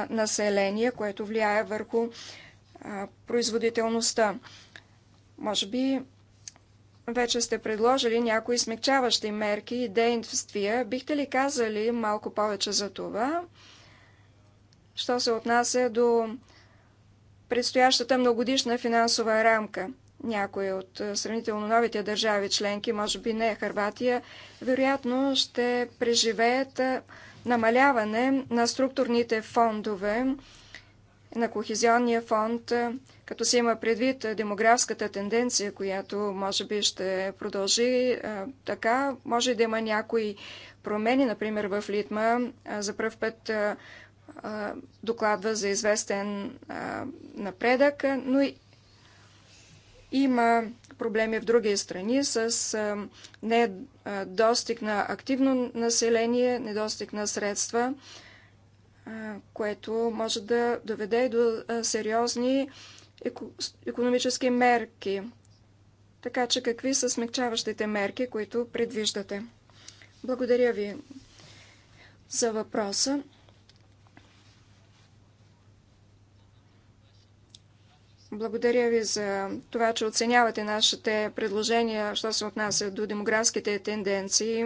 население, което влияе върху производителността. Може би вече сте предложили някои смягчаващи мерки и действия. Бихте ли казали малко повече за това? Що се отнася до предстоящата многодишна финансова рамка? Някои от е, сравнително новите държави членки, може би не Харватия, вероятно ще преживеят е, намаляване на структурните фондове на Кохезионния фонд, е, като се има предвид демографската тенденция, която може би ще продължи е, така, може да има някои промени, например в Литма. Е, за първ път докладва за известен напредък, но и има проблеми в други страни с недостиг на активно население, недостиг на средства което може да доведе и до сериозни економически мерки. Така че какви са смягчаващите мерки, които предвиждате? Благодаря ви за въпроса. Благодаря ви за това, че оценявате нашите предложения, що се отнася до демографските тенденции,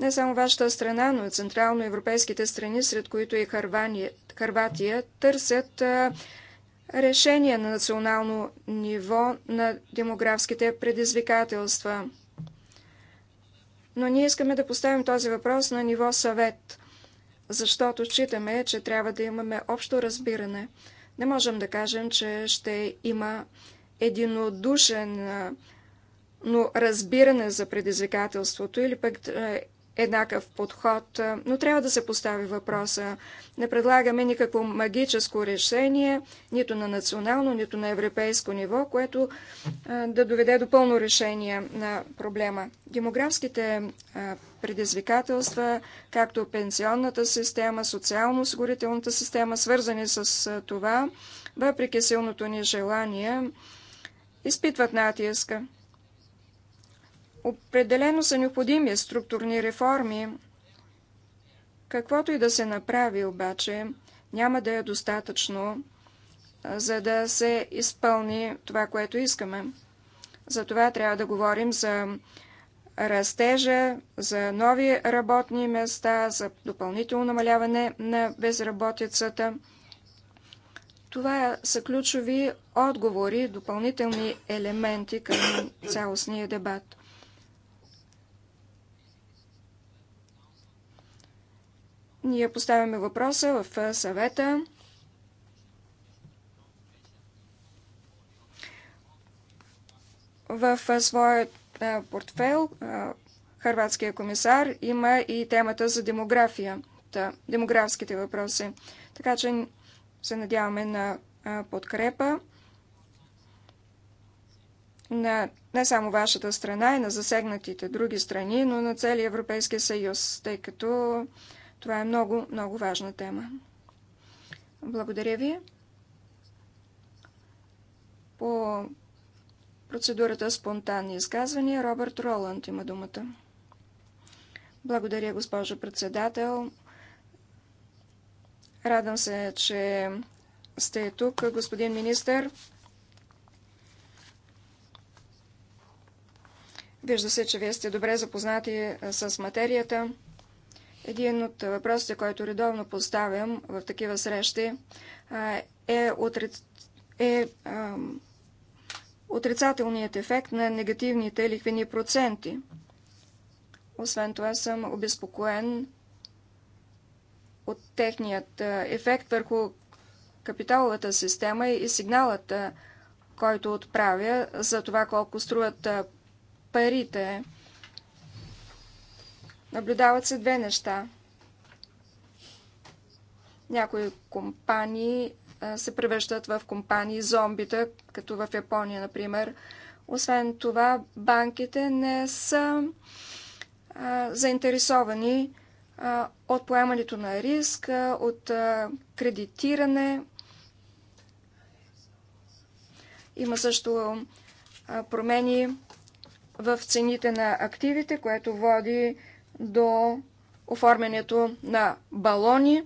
не само вашата страна, но и централноевропейските страни, сред които и Харватия, търсят решение на национално ниво на демографските предизвикателства. Но ние искаме да поставим този въпрос на ниво съвет, защото считаме, че трябва да имаме общо разбиране. Не можем да кажем, че ще има единодушен но разбиране за предизвикателството или пък еднакъв подход, но трябва да се постави въпроса. Не предлагаме никакво магическо решение, нито на национално, нито на европейско ниво, което да доведе до пълно решение на проблема. Демографските предизвикателства, както пенсионната система, социално-осигурителната система, свързани с това, въпреки силното ни желание, изпитват натиска. Определено са необходими структурни реформи. Каквото и да се направи обаче, няма да е достатъчно, за да се изпълни това, което искаме. Затова трябва да говорим за растежа, за нови работни места, за допълнително намаляване на безработицата. Това са ключови отговори, допълнителни елементи към цялостния дебат. Ние поставяме въпроса в съвета. В своят портфел хрватския комисар има и темата за демографията, демографските въпроси. Така че се надяваме на подкрепа на не само вашата страна и на засегнатите други страни, но на целия Европейския съюз, тъй като това е много, много важна тема. Благодаря ви. По процедурата спонтанни изказвания Робърт Роланд има думата. Благодаря, госпожо председател. Радвам се, че сте тук, господин министър. Вижда се, че вие сте добре запознати с материята. Един от въпросите, който редовно поставям в такива срещи, е, отри... е ам... отрицателният ефект на негативните лихвени проценти. Освен това съм обезпокоен от техният ефект върху капиталовата система и сигналата, който отправя за това колко струват парите Наблюдават се две неща. Някои компании се превръщат в компании зомбита, като в Япония, например. Освен това, банките не са а, заинтересовани а, от поемането на риск, а, от а, кредитиране. Има също а, промени в цените на активите, което води до оформянето на балони.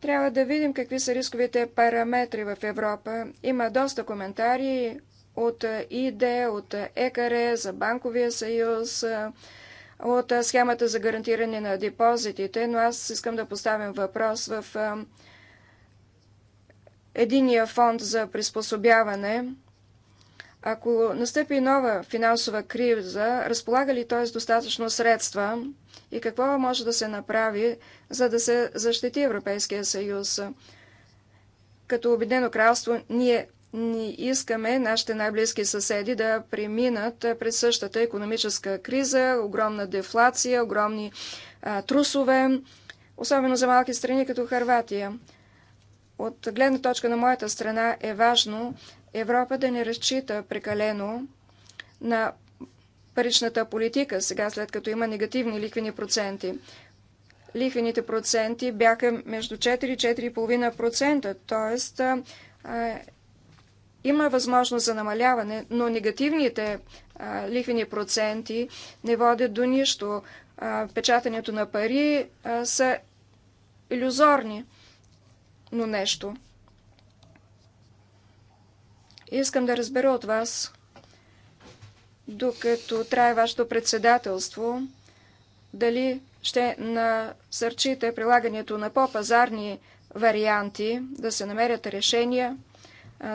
Трябва да видим какви са рисковите параметри в Европа. Има доста коментари от ИД, от ЕКАРЕ, за Банковия съюз, от схемата за гарантиране на депозитите, но аз искам да поставям въпрос в единия фонд за приспособяване, ако настъпи нова финансова криза, разполага ли той с достатъчно средства и какво може да се направи, за да се защити Европейския съюз? Като Обединено кралство ние ни искаме нашите най-близки съседи да преминат през същата економическа криза, огромна дефлация, огромни а, трусове, особено за малки страни като Харватия. От гледна точка на моята страна е важно Европа да не разчита прекалено на паричната политика, сега след като има негативни ликвени проценти. Лихвените проценти бяха между 4 и 4,5%, т.е. има възможност за намаляване, но негативните лихвени проценти не водят до нищо. печатането на пари са иллюзорни но нещо. Искам да разбера от вас, докато трае вашето председателство, дали ще насърчите прилагането на по-пазарни варианти, да се намерят решения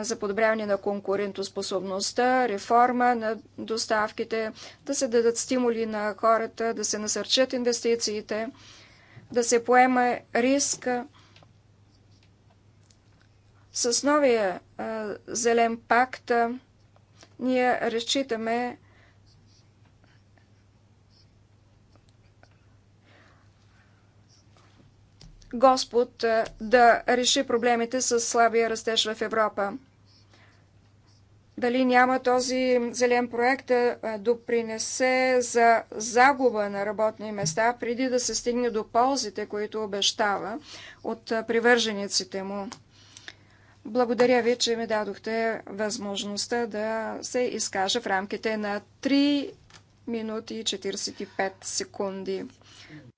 за подобряване на конкурентоспособността, реформа на доставките, да се дадат стимули на хората, да се насърчат инвестициите, да се поема риска с новия зелен пакт ние разчитаме Господ да реши проблемите с слабия растеж в Европа. Дали няма този зелен проект да допринесе за загуба на работни места, преди да се стигне до ползите, които обещава от привържениците му. Благодаря ви, че ми дадохте възможността да се изкажа в рамките на 3 минути и 45 секунди.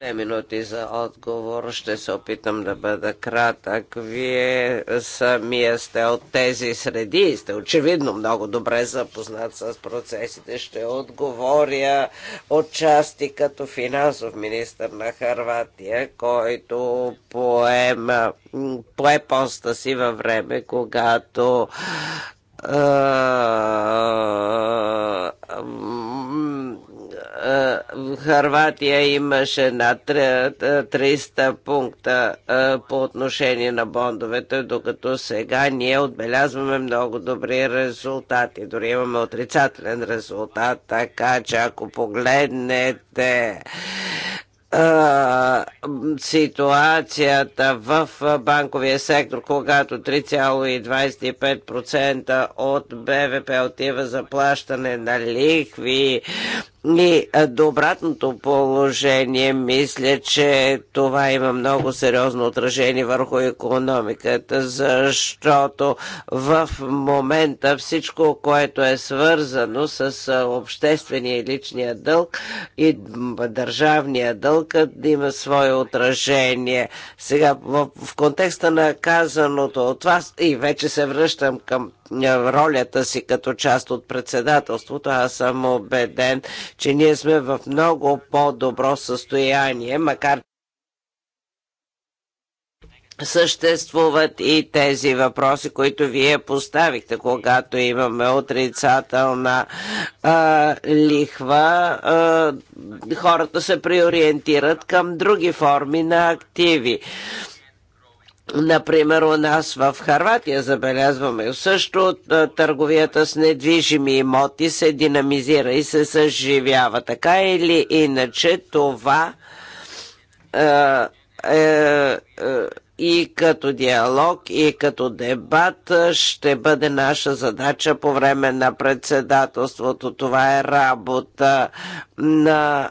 Две минути за отговор. Ще се опитам да бъда кратък. Вие самия сте от тези среди сте очевидно много добре запознат с процесите. Ще отговоря от части като финансов министр на Харватия, който поема, пое поста си във време, когато а, в е, Харватия имаше на 300 е, пункта е, по отношение на бондовете, докато сега ние отбелязваме много добри резултати. Дори имаме отрицателен резултат, така че ако погледнете ситуацията в банковия сектор, когато 3,25% от БВП отива за плащане на лихви и до обратното положение, мисля, че това има много сериозно отражение върху економиката, защото в момента всичко, което е свързано с обществения и личния дълг и държавния дълг, има свое отражение. Сега, в, контекста на казаното от вас, и вече се връщам към ролята си като част от председателството. Аз съм убеден, че ние сме в много по-добро състояние, макар съществуват и тези въпроси, които вие поставихте, когато имаме отрицателна а, лихва. А, хората се приориентират към други форми на активи. А, Например, у нас в Харватия забелязваме също търговията с недвижими имоти се динамизира и се съживява. Така или иначе това е, е, и като диалог, и като дебат ще бъде наша задача по време на председателството. Това е работа на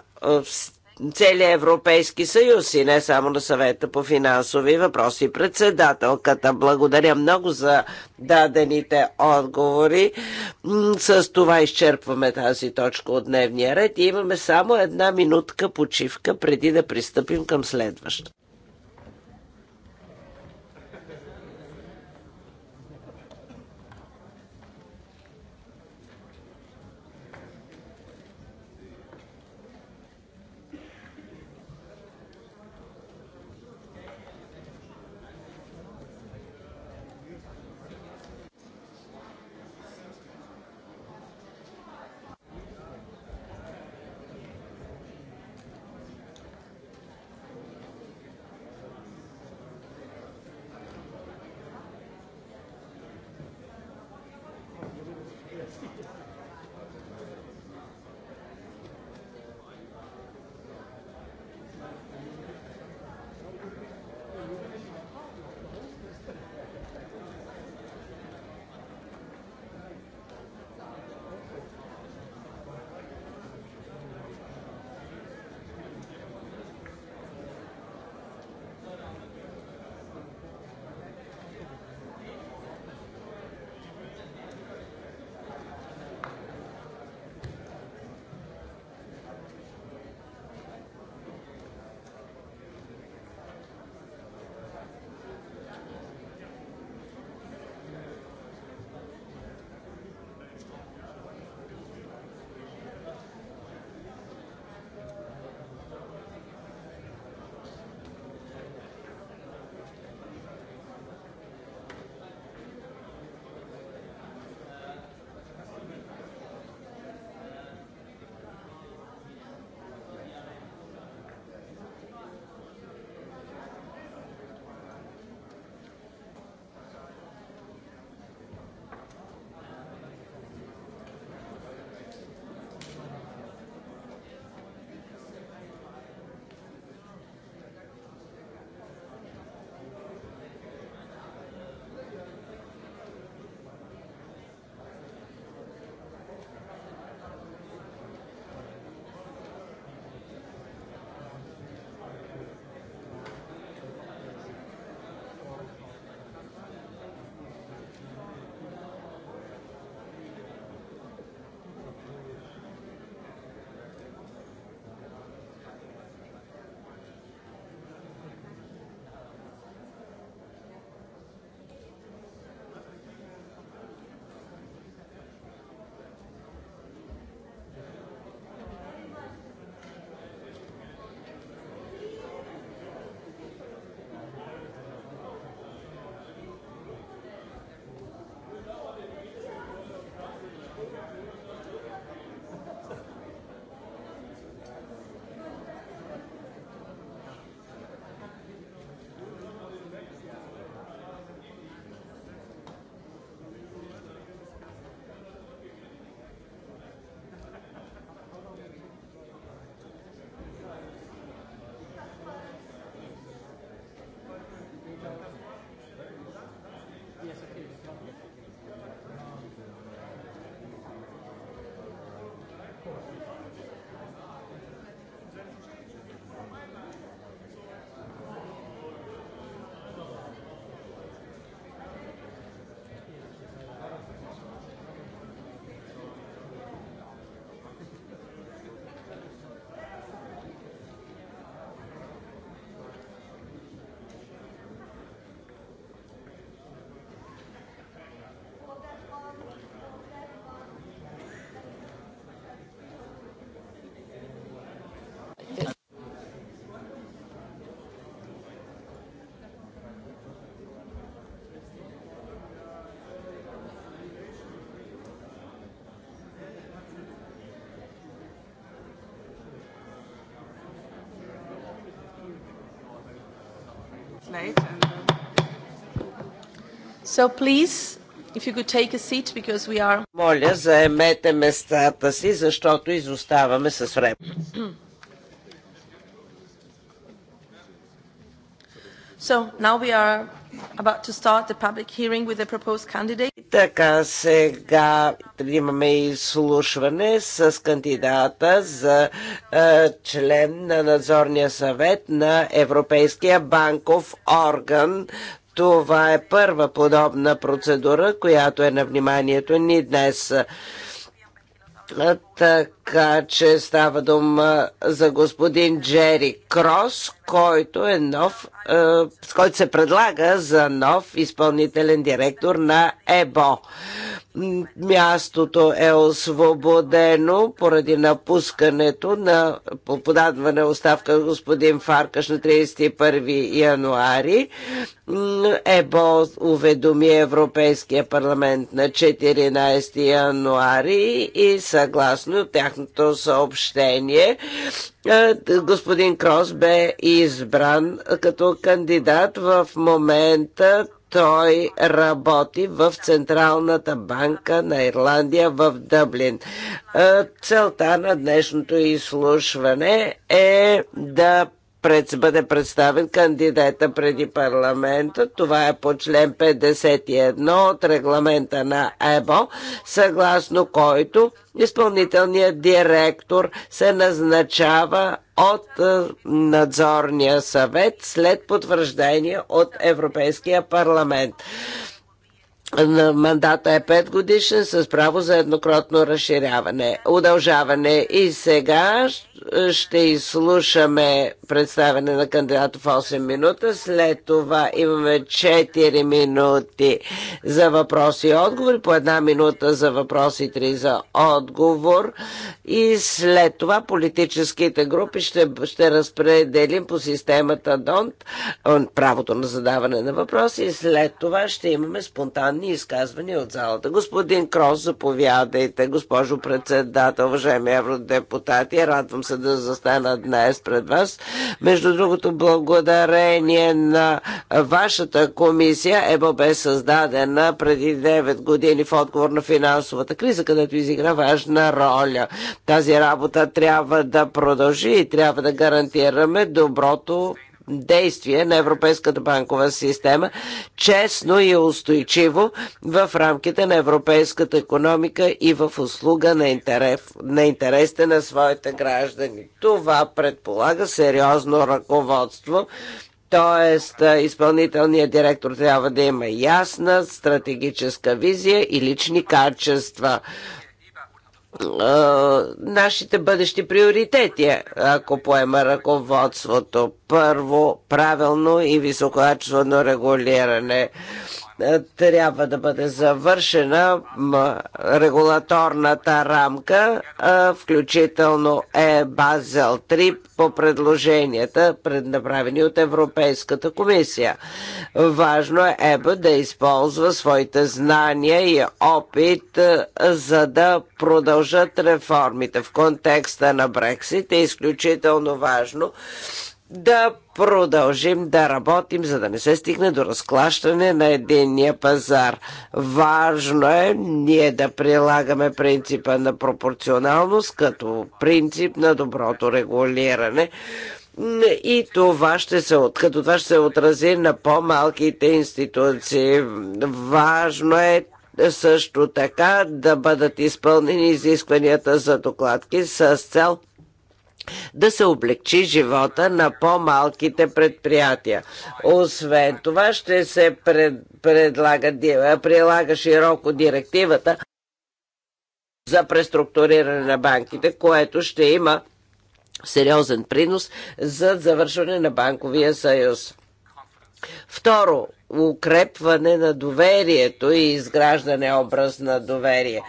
целия Европейски съюз и не само на съвета по финансови въпроси. Председателката, благодаря много за дадените отговори. С това изчерпваме тази точка от дневния ред и имаме само една минутка почивка преди да пристъпим към следващата. late. And, So please, if you could take a seat because we are... Моля, заемете местата си, защото изоставаме с време. So now we are about to start the public hearing with the proposed candidate. Така сега имаме изслушване с кандидата за е, член на надзорния съвет на Европейския банков орган. Това е първа подобна процедура, която е на вниманието ни днес. Така че става дума за господин Джери Крос, който е нов, е, с който се предлага за нов изпълнителен директор на ЕБО. Мястото е освободено поради напускането на подадване оставка господин Фаркаш на 31 януари. ЕБО уведоми Европейския парламент на 14 януари и съгласно ясни от тяхното съобщение. Господин Крос бе избран като кандидат в момента той работи в Централната банка на Ирландия в Дъблин. Целта на днешното изслушване е да пред, бъде представен кандидата преди парламента. Това е по член 51 от регламента на ЕБО, съгласно който изпълнителният директор се назначава от е, надзорния съвет след потвърждение от Европейския парламент. Мандата е 5 годишен с право за еднократно разширяване, удължаване. И сега ще изслушаме представяне на кандидата в 8 минута. След това имаме 4 минути за въпроси и отговори, по една минута за въпроси, 3 за отговор. И след това политическите групи ще, ще разпределим по системата ДОНТ правото на задаване на въпроси. И след това ще имаме спонтанни спонтанни изказвания от залата. Господин Крос, заповядайте. Госпожо председател, уважаеми евродепутати, радвам се да застана днес пред вас. Между другото, благодарение на вашата комисия, ЕБО бе създадена преди 9 години в отговор на финансовата криза, където изигра важна роля. Тази работа трябва да продължи и трябва да гарантираме доброто действие на Европейската банкова система честно и устойчиво в рамките на европейската економика и в услуга на, интерес, на интересите на своите граждани. Това предполага сериозно ръководство Тоест, изпълнителният директор трябва да има ясна стратегическа визия и лични качества нашите бъдещи приоритети, е, ако поема ръководството. Първо, правилно и висококачествено регулиране. А, е, трябва да бъде завършена регулаторната рамка, е, включително е Базел 3 по предложенията, преднаправени от Европейската комисия. Важно е ЕБА да използва своите знания и опит, е, за да продължат реформите. В контекста на Брексит е изключително важно да продължим да работим, за да не се стигне до разклащане на единния пазар. Важно е ние да прилагаме принципа на пропорционалност като принцип на доброто регулиране. И това ще се, като това ще се отрази на по-малките институции. Важно е също така да бъдат изпълнени изискванията за докладки с цел да се облегчи живота на по-малките предприятия. Освен това ще се пред, предлага, прилага широко директивата за преструктуриране на банките, което ще има сериозен принос за завършване на банковия съюз. Второ, укрепване на доверието и изграждане образ на доверие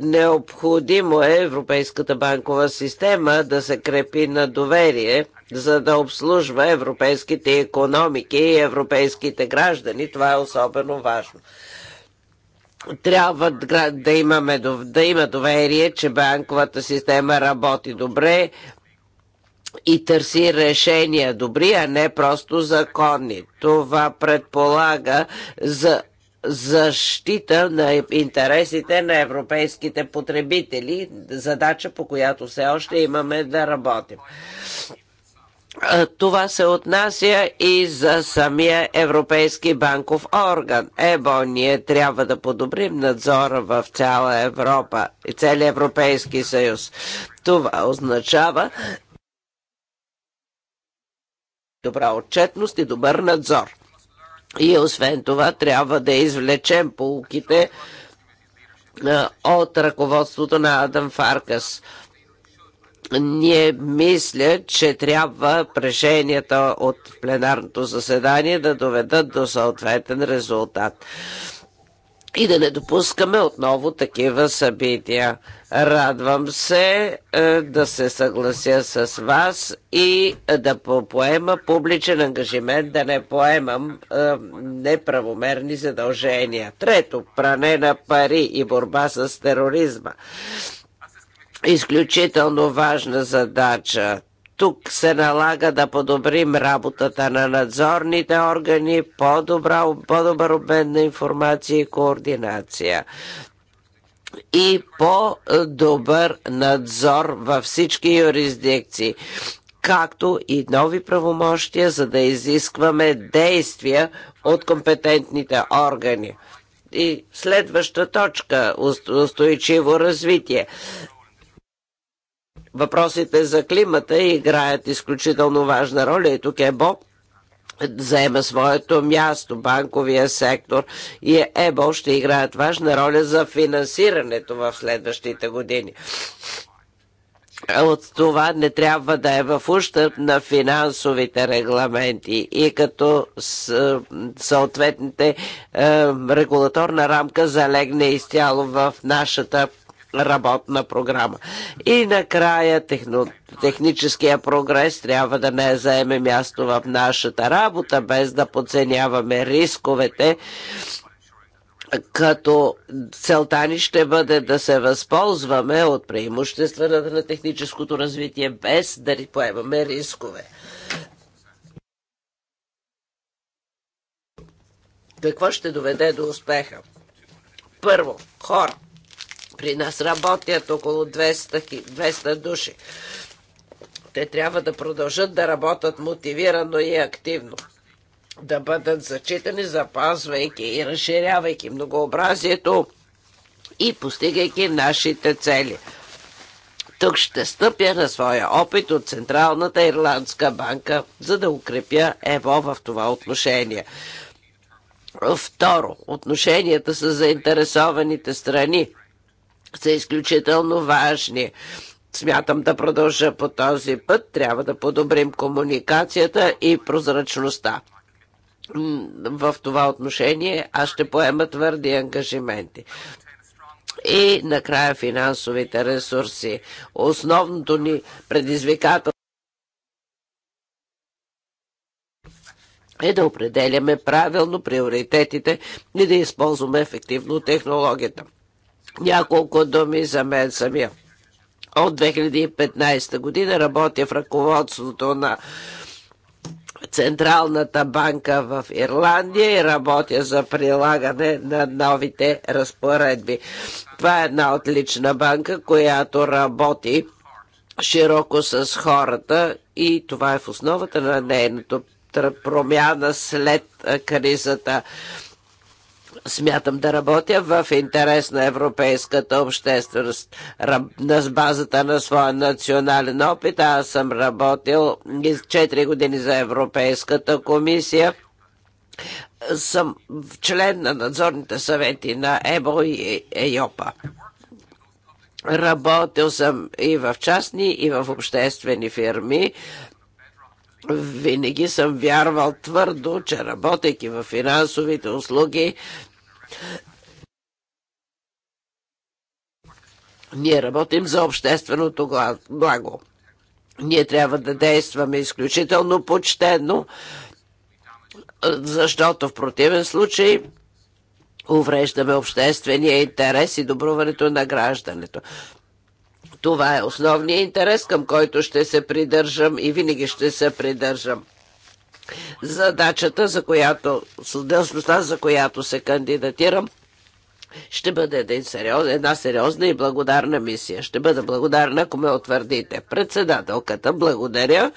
Необходимо е Европейската банкова система да се крепи на доверие, за да обслужва европейските економики и европейските граждани. Това е особено важно трябва да, имаме, да има доверие, че банковата система работи добре и търси решения добри, а не просто законни. Това предполага за защита на интересите на европейските потребители, задача по която все още имаме да работим. Това се отнася и за самия Европейски банков орган. Ебо, ние трябва да подобрим надзора в цяла Европа и целия Европейски съюз. Това означава добра отчетност и добър надзор. И освен това трябва да извлечем полуките от ръководството на Адам Фаркас ние мисля, че трябва решенията от пленарното заседание да доведат до съответен резултат. И да не допускаме отново такива събития. Радвам се е, да се съглася с вас и е, да поема публичен ангажимент, да не поемам е, неправомерни задължения. Трето, пране на пари и борба с тероризма. Изключително важна задача. Тук се налага да подобрим работата на надзорните органи, по-добър по обмен на информация и координация и по-добър надзор във всички юрисдикции както и нови правомощия, за да изискваме действия от компетентните органи. И следваща точка устойчиво развитие. Въпросите за климата играят изключително важна роля и тук е Боб заема своето място. Банковия сектор и ЕБО ще играят важна роля за финансирането в следващите години от това не трябва да е в ущърп на финансовите регламенти и като е, съответните е, регулаторна рамка залегне изцяло в нашата работна програма. И накрая техно, техническия прогрес трябва да не заеме място в нашата работа, без да подценяваме рисковете, като целта ни ще бъде да се възползваме от преимуществата на техническото развитие, без да поемаме рискове. Какво ще доведе до успеха? Първо, хора. При нас работят около 200, 200 души. Те трябва да продължат да работят мотивирано и активно да бъдат зачитани, запазвайки и разширявайки многообразието и постигайки нашите цели. Тук ще стъпя на своя опит от Централната Ирландска банка, за да укрепя ЕВО в това отношение. Второ, отношенията с заинтересованите страни са изключително важни. Смятам да продължа по този път. Трябва да подобрим комуникацията и прозрачността. В това отношение аз ще поема твърди ангажименти. И накрая финансовите ресурси. Основното ни предизвикателство е да определяме правилно приоритетите и да използваме ефективно технологията. Няколко думи за мен самия. От 2015 година работя в ръководството на Централната банка в Ирландия и работя за прилагане на новите разпоредби. Това е една отлична банка, която работи широко с хората и това е в основата на нейното промяна след кризата смятам да работя в интерес на европейската общественост. На базата на своя национален опит, аз съм работил 4 години за Европейската комисия съм член на надзорните съвети на ЕБО и ЕЙОПА. Работил съм и в частни, и в обществени фирми. Винаги съм вярвал твърдо, че работейки в финансовите услуги, ние работим за общественото благо. Ние трябва да действаме изключително почтено, защото в противен случай увреждаме обществения интерес и добруването на граждането. Това е основният интерес, към който ще се придържам и винаги ще се придържам. Задачата, за която, длъжността, за която се кандидатирам, ще бъде един сериоз, една сериозна и благодарна мисия. Ще бъда благодарна, ако ме утвърдите. Председателката, благодаря.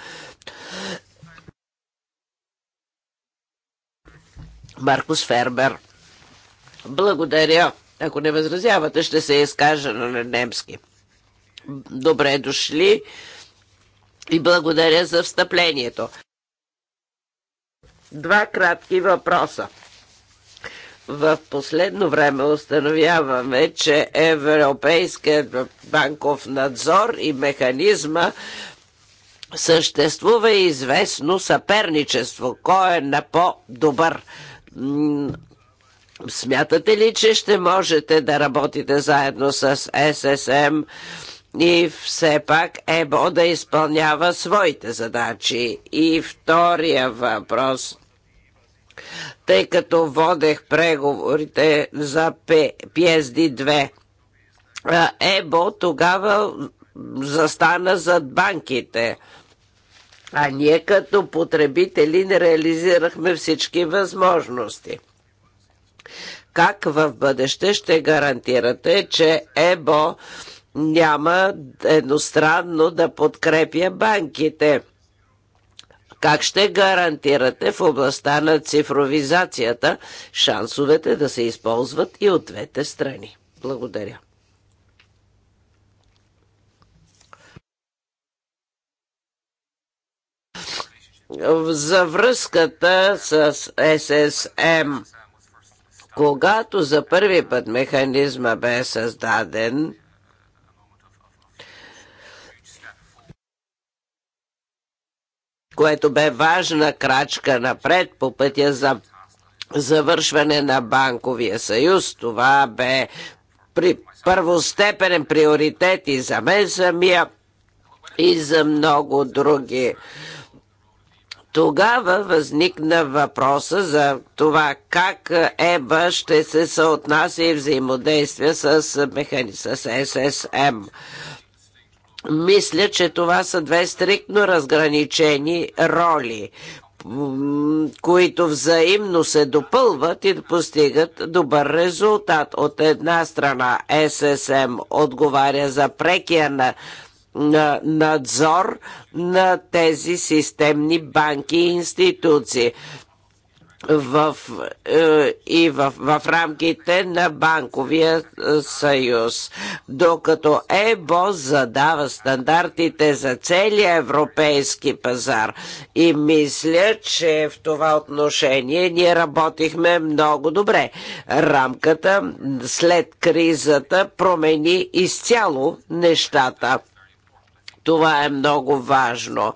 Маркус Фербер. Благодаря. Ако не възразявате, ще се изкажа на немски. Добре дошли и благодаря за встъплението. Два кратки въпроса. В последно време установяваме, че Европейският банков надзор и механизма съществува известно съперничество. Кой е на по-добър? Смятате ли, че ще можете да работите заедно с ССМ и все пак ЕБО да изпълнява своите задачи? И втория въпрос тъй като водех преговорите за PSD-2. ЕБО тогава застана зад банките. А ние като потребители не реализирахме всички възможности. Как в бъдеще ще гарантирате, че ЕБО няма едностранно да подкрепя банките? Как ще гарантирате в областта на цифровизацията шансовете да се използват и от двете страни? Благодаря. за връзката с ССМ. Когато за първи път механизма бе създаден, което бе важна крачка напред по пътя за завършване на банковия съюз. Това бе при първостепенен приоритет и за мен самия, и за много други. Тогава възникна въпроса за това как ЕБА ще се съотнася и взаимодействие с, механи... с ССМ. Мисля, че това са две стриктно разграничени роли които взаимно се допълват и постигат добър резултат. От една страна ССМ отговаря за прекия на на надзор на тези системни банки и институции в, е, и в, в рамките на банковия е, съюз, докато ЕБО задава стандартите за целия европейски пазар. И мисля, че в това отношение ние работихме много добре. Рамката след кризата промени изцяло нещата. Това е много важно.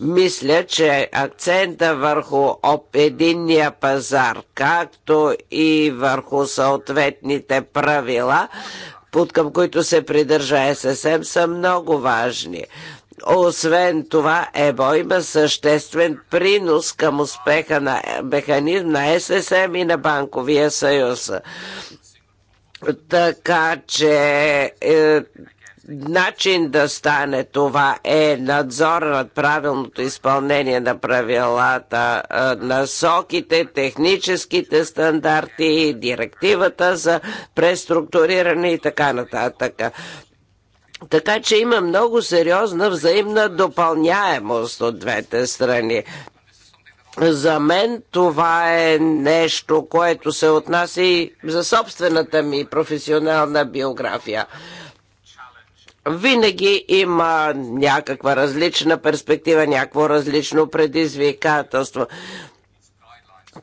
Мисля, че акцента върху единния пазар, както и върху съответните правила, под към които се придържа ССМ, са много важни. Освен това, ЕБО има съществен принос към успеха на механизм на ССМ и на Банковия съюз. Така че е, начин да стане това е надзор над правилното изпълнение на правилата, насоките, техническите стандарти, директивата за преструктуриране и така нататък. Така че има много сериозна взаимна допълняемост от двете страни. За мен това е нещо, което се отнася и за собствената ми професионална биография винаги има някаква различна перспектива, някакво различно предизвикателство.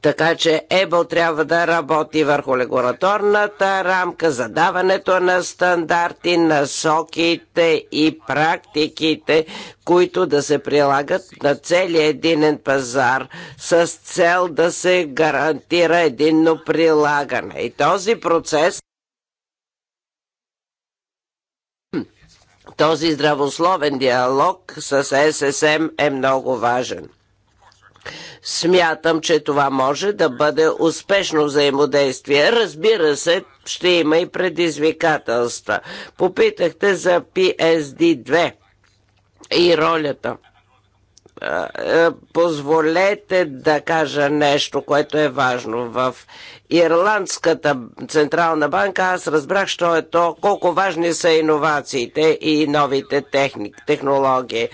Така че ЕБО трябва да работи върху регулаторната рамка, задаването на стандарти, насоките и практиките, които да се прилагат на целия единен пазар с цел да се гарантира единно прилагане. И този процес Този здравословен диалог с ССМ е много важен. Смятам, че това може да бъде успешно взаимодействие. Разбира се, ще има и предизвикателства. Попитахте за PSD2 и ролята – позволете да кажа нещо, което е важно. В Ирландската централна банка аз разбрах, що е то, колко важни са иновациите и новите техник, технологии.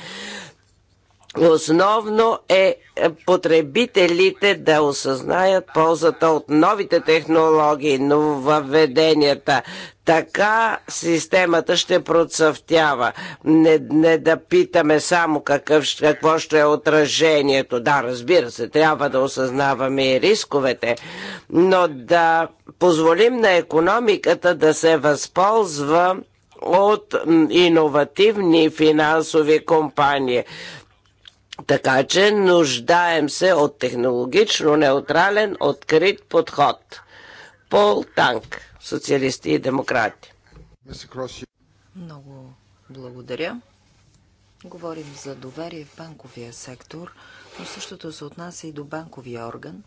Основно е, е потребителите да осъзнаят ползата от новите технологии, но въведенията. Така системата ще процъфтява. Не, не да питаме само какъв, какво ще е отражението. Да, разбира се, трябва да осъзнаваме и рисковете, но да позволим на економиката да се възползва от иновативни финансови компании. Така че нуждаем се от технологично неутрален, открит подход. Пол Танк, социалисти и демократи. Много благодаря. Говорим за доверие в банковия сектор, но същото се отнася и до банковия орган.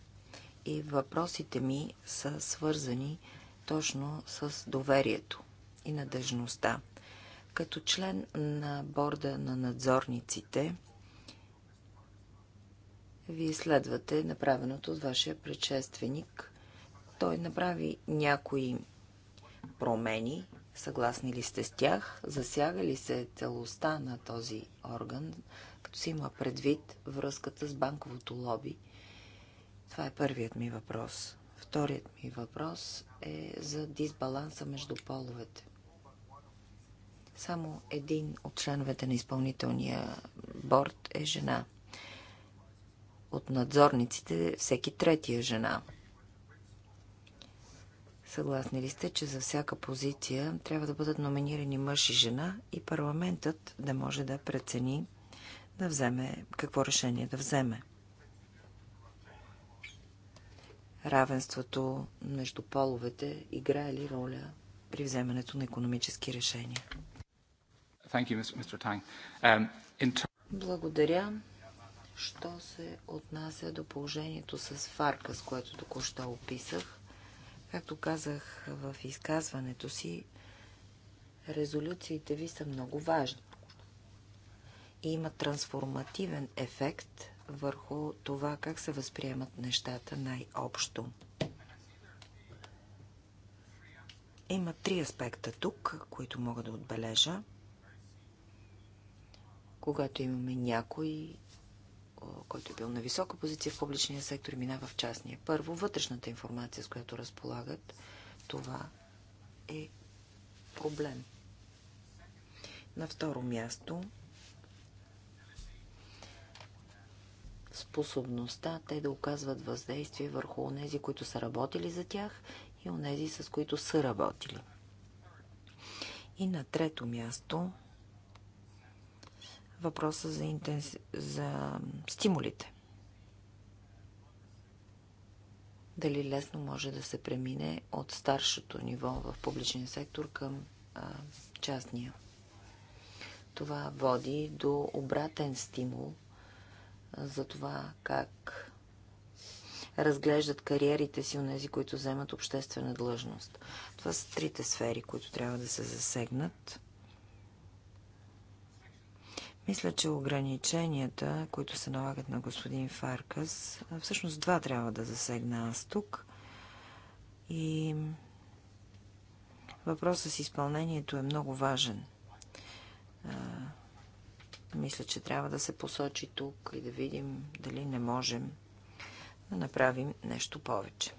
И въпросите ми са свързани точно с доверието и надежността. Като член на борда на надзорниците, вие следвате направеното от вашия предшественик. Той направи някои промени, съгласни ли сте с тях, засяга ли се е целостта на този орган, като си има предвид връзката с банковото лоби. Това е първият ми въпрос. Вторият ми въпрос е за дисбаланса между половете. Само един от членовете на изпълнителния борт е жена от надзорниците всеки третия жена. Съгласни ли сте, че за всяка позиция трябва да бъдат номинирани мъж и жена и парламентът да може да прецени да вземе какво решение да вземе? Равенството между половете играе ли роля при вземането на економически решения? Um, Благодаря що се отнася до положението с фарка, с което току-що описах. Както казах в изказването си, резолюциите ви са много важни и има трансформативен ефект върху това как се възприемат нещата най-общо. Има три аспекта тук, които мога да отбележа. Когато имаме някои който е бил на висока позиция в публичния сектор и минава в частния. Първо, вътрешната информация, с която разполагат, това е проблем. На второ място, способността те да оказват въздействие върху онези, които са работили за тях и онези, с които са работили. И на трето място, въпроса за, интенс... за стимулите. Дали лесно може да се премине от старшото ниво в публичния сектор към а, частния? Това води до обратен стимул за това как разглеждат кариерите си нези, които вземат обществена длъжност. Това са трите сфери, които трябва да се засегнат. Мисля, че ограниченията, които се налагат на господин Фаркас, всъщност два трябва да засегна аз тук. И въпросът с изпълнението е много важен. Мисля, че трябва да се посочи тук и да видим дали не можем да направим нещо повече.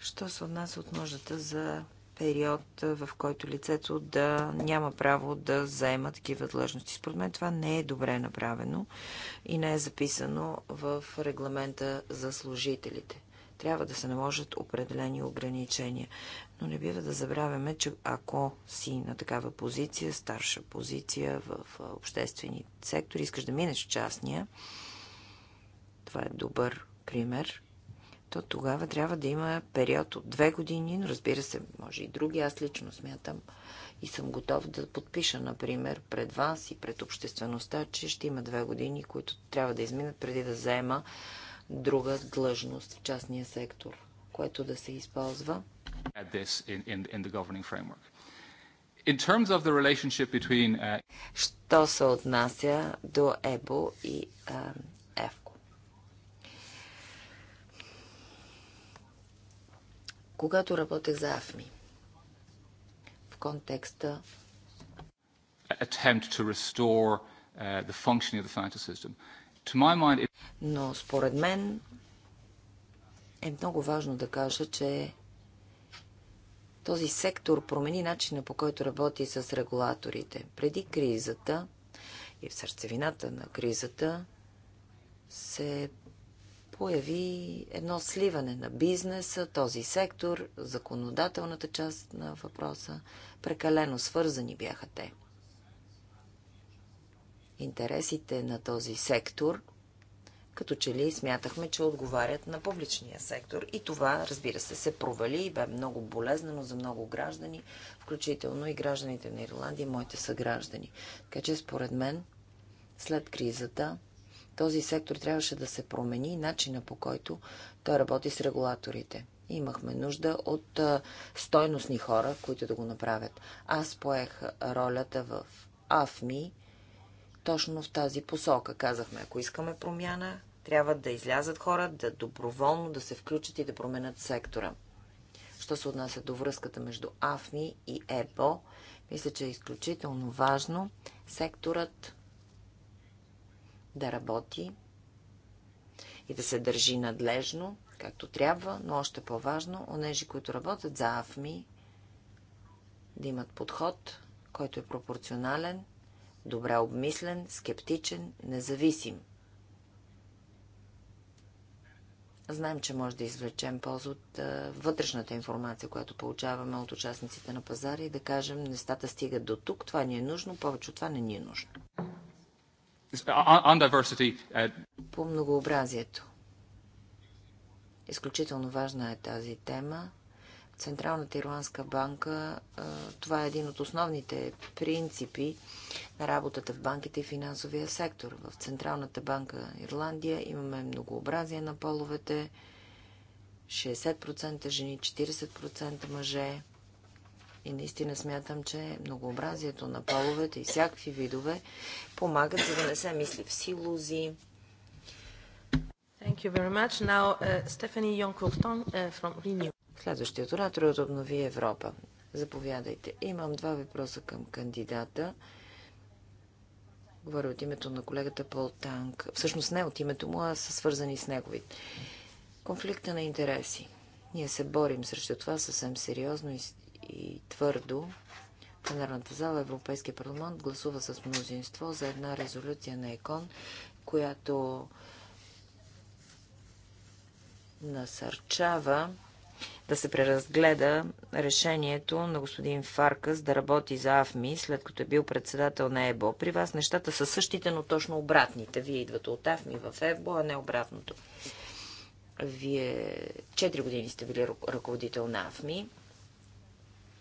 Що се отнася от нуждата за период, в който лицето да няма право да заема такива длъжности. Според мен това не е добре направено и не е записано в регламента за служителите. Трябва да се наложат определени ограничения. Но не бива да забравяме, че ако си на такава позиция, старша позиция в обществени сектори, искаш да минеш в частния, това е добър пример – то тогава трябва да има период от две години, но разбира се, може и други. Аз лично смятам и съм готов да подпиша, например, пред вас и пред обществеността, че ще има две години, които трябва да изминат преди да заема друга длъжност в частния сектор, което да се използва. Uh, Що се отнася до ЕБО и uh, когато работех за АФМИ. В контекста но според мен е много важно да кажа, че този сектор промени начина по който работи с регулаторите. Преди кризата и в сърцевината на кризата се появи едно сливане на бизнеса, този сектор, законодателната част на въпроса. Прекалено свързани бяха те. Интересите на този сектор, като че ли смятахме, че отговарят на публичния сектор. И това, разбира се, се провали и бе много болезнено за много граждани, включително и гражданите на Ирландия, моите съграждани. Така че, според мен, след кризата, този сектор трябваше да се промени и начина по който той работи с регулаторите. Имахме нужда от стойностни хора, които да го направят. Аз поех ролята в АФМИ точно в тази посока. Казахме, ако искаме промяна, трябва да излязат хора, да доброволно да се включат и да променят сектора. Що се отнася до връзката между АФМИ и ЕБО, мисля, че е изключително важно секторът да работи и да се държи надлежно, както трябва, но още по-важно, онежи, които работят за АФМИ, да имат подход, който е пропорционален, добре обмислен, скептичен, независим. Знаем, че може да извлечем полза от а, вътрешната информация, която получаваме от участниците на пазара и да кажем, нещата стигат до тук, това ни е нужно, повече от това не ни е нужно. Uh, По многообразието. Изключително важна е тази тема. Централната ирландска банка, това е един от основните принципи на работата в банките и финансовия сектор. В Централната банка Ирландия имаме многообразие на половете, 60% жени, 40% мъже. И наистина смятам, че многообразието на половете и всякакви видове помагат, за да не се мисли в силузи. Thank you very much. Now, uh, Stephanie uh, from Renew. Следващият оратор е от Обнови Европа. Заповядайте. Имам два въпроса към кандидата. Говоря от името на колегата Пол Танк. Всъщност не от името му, а са свързани с негови. Конфликта на интереси. Ние се борим срещу това съвсем сериозно и и твърдо пленарната зала Европейския парламент гласува с мнозинство за една резолюция на ЕКОН, която насърчава да се преразгледа решението на господин Фаркас да работи за АФМИ, след като е бил председател на ЕБО. При вас нещата са същите, но точно обратните. Вие идвате от АФМИ в ЕБО, а не обратното. Вие 4 години сте били ръководител на АФМИ.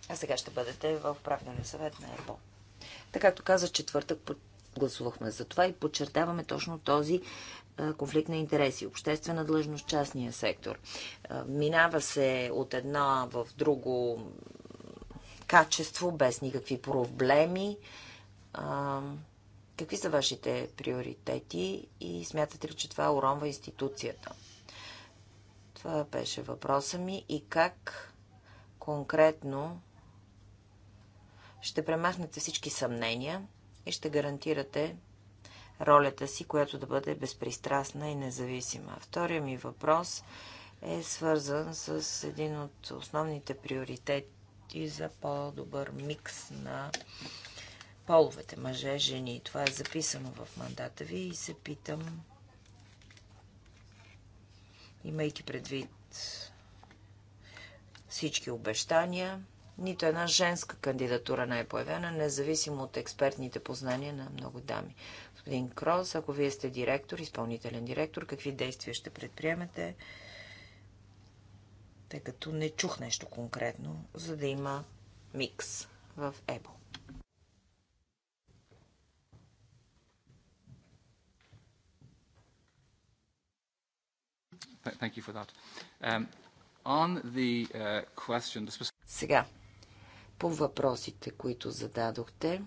А сега ще бъдете в управителния съвет на ЕПО. Така както каза, четвъртък гласувахме за това и подчертаваме точно този е, конфликт на интереси, обществена длъжност, частния сектор. Е, минава се от една в друго качество, без никакви проблеми. Е, какви са вашите приоритети и смятате ли, че това уронва институцията? Това беше въпроса ми и как конкретно ще премахнете всички съмнения и ще гарантирате ролята си, която да бъде безпристрастна и независима. Втория ми въпрос е свързан с един от основните приоритети за по-добър микс на половете, мъже, жени. Това е записано в мандата ви и се питам, имайки предвид всички обещания, нито една женска кандидатура не е появена, независимо от експертните познания на много дами. Господин Крос, ако вие сте директор, изпълнителен директор, какви действия ще предприемете? Тъй като не чух нещо конкретно, за да има микс в ЕБО. Thank you for that. Um, on the uh, question, Сега, по въпросите, които зададохте.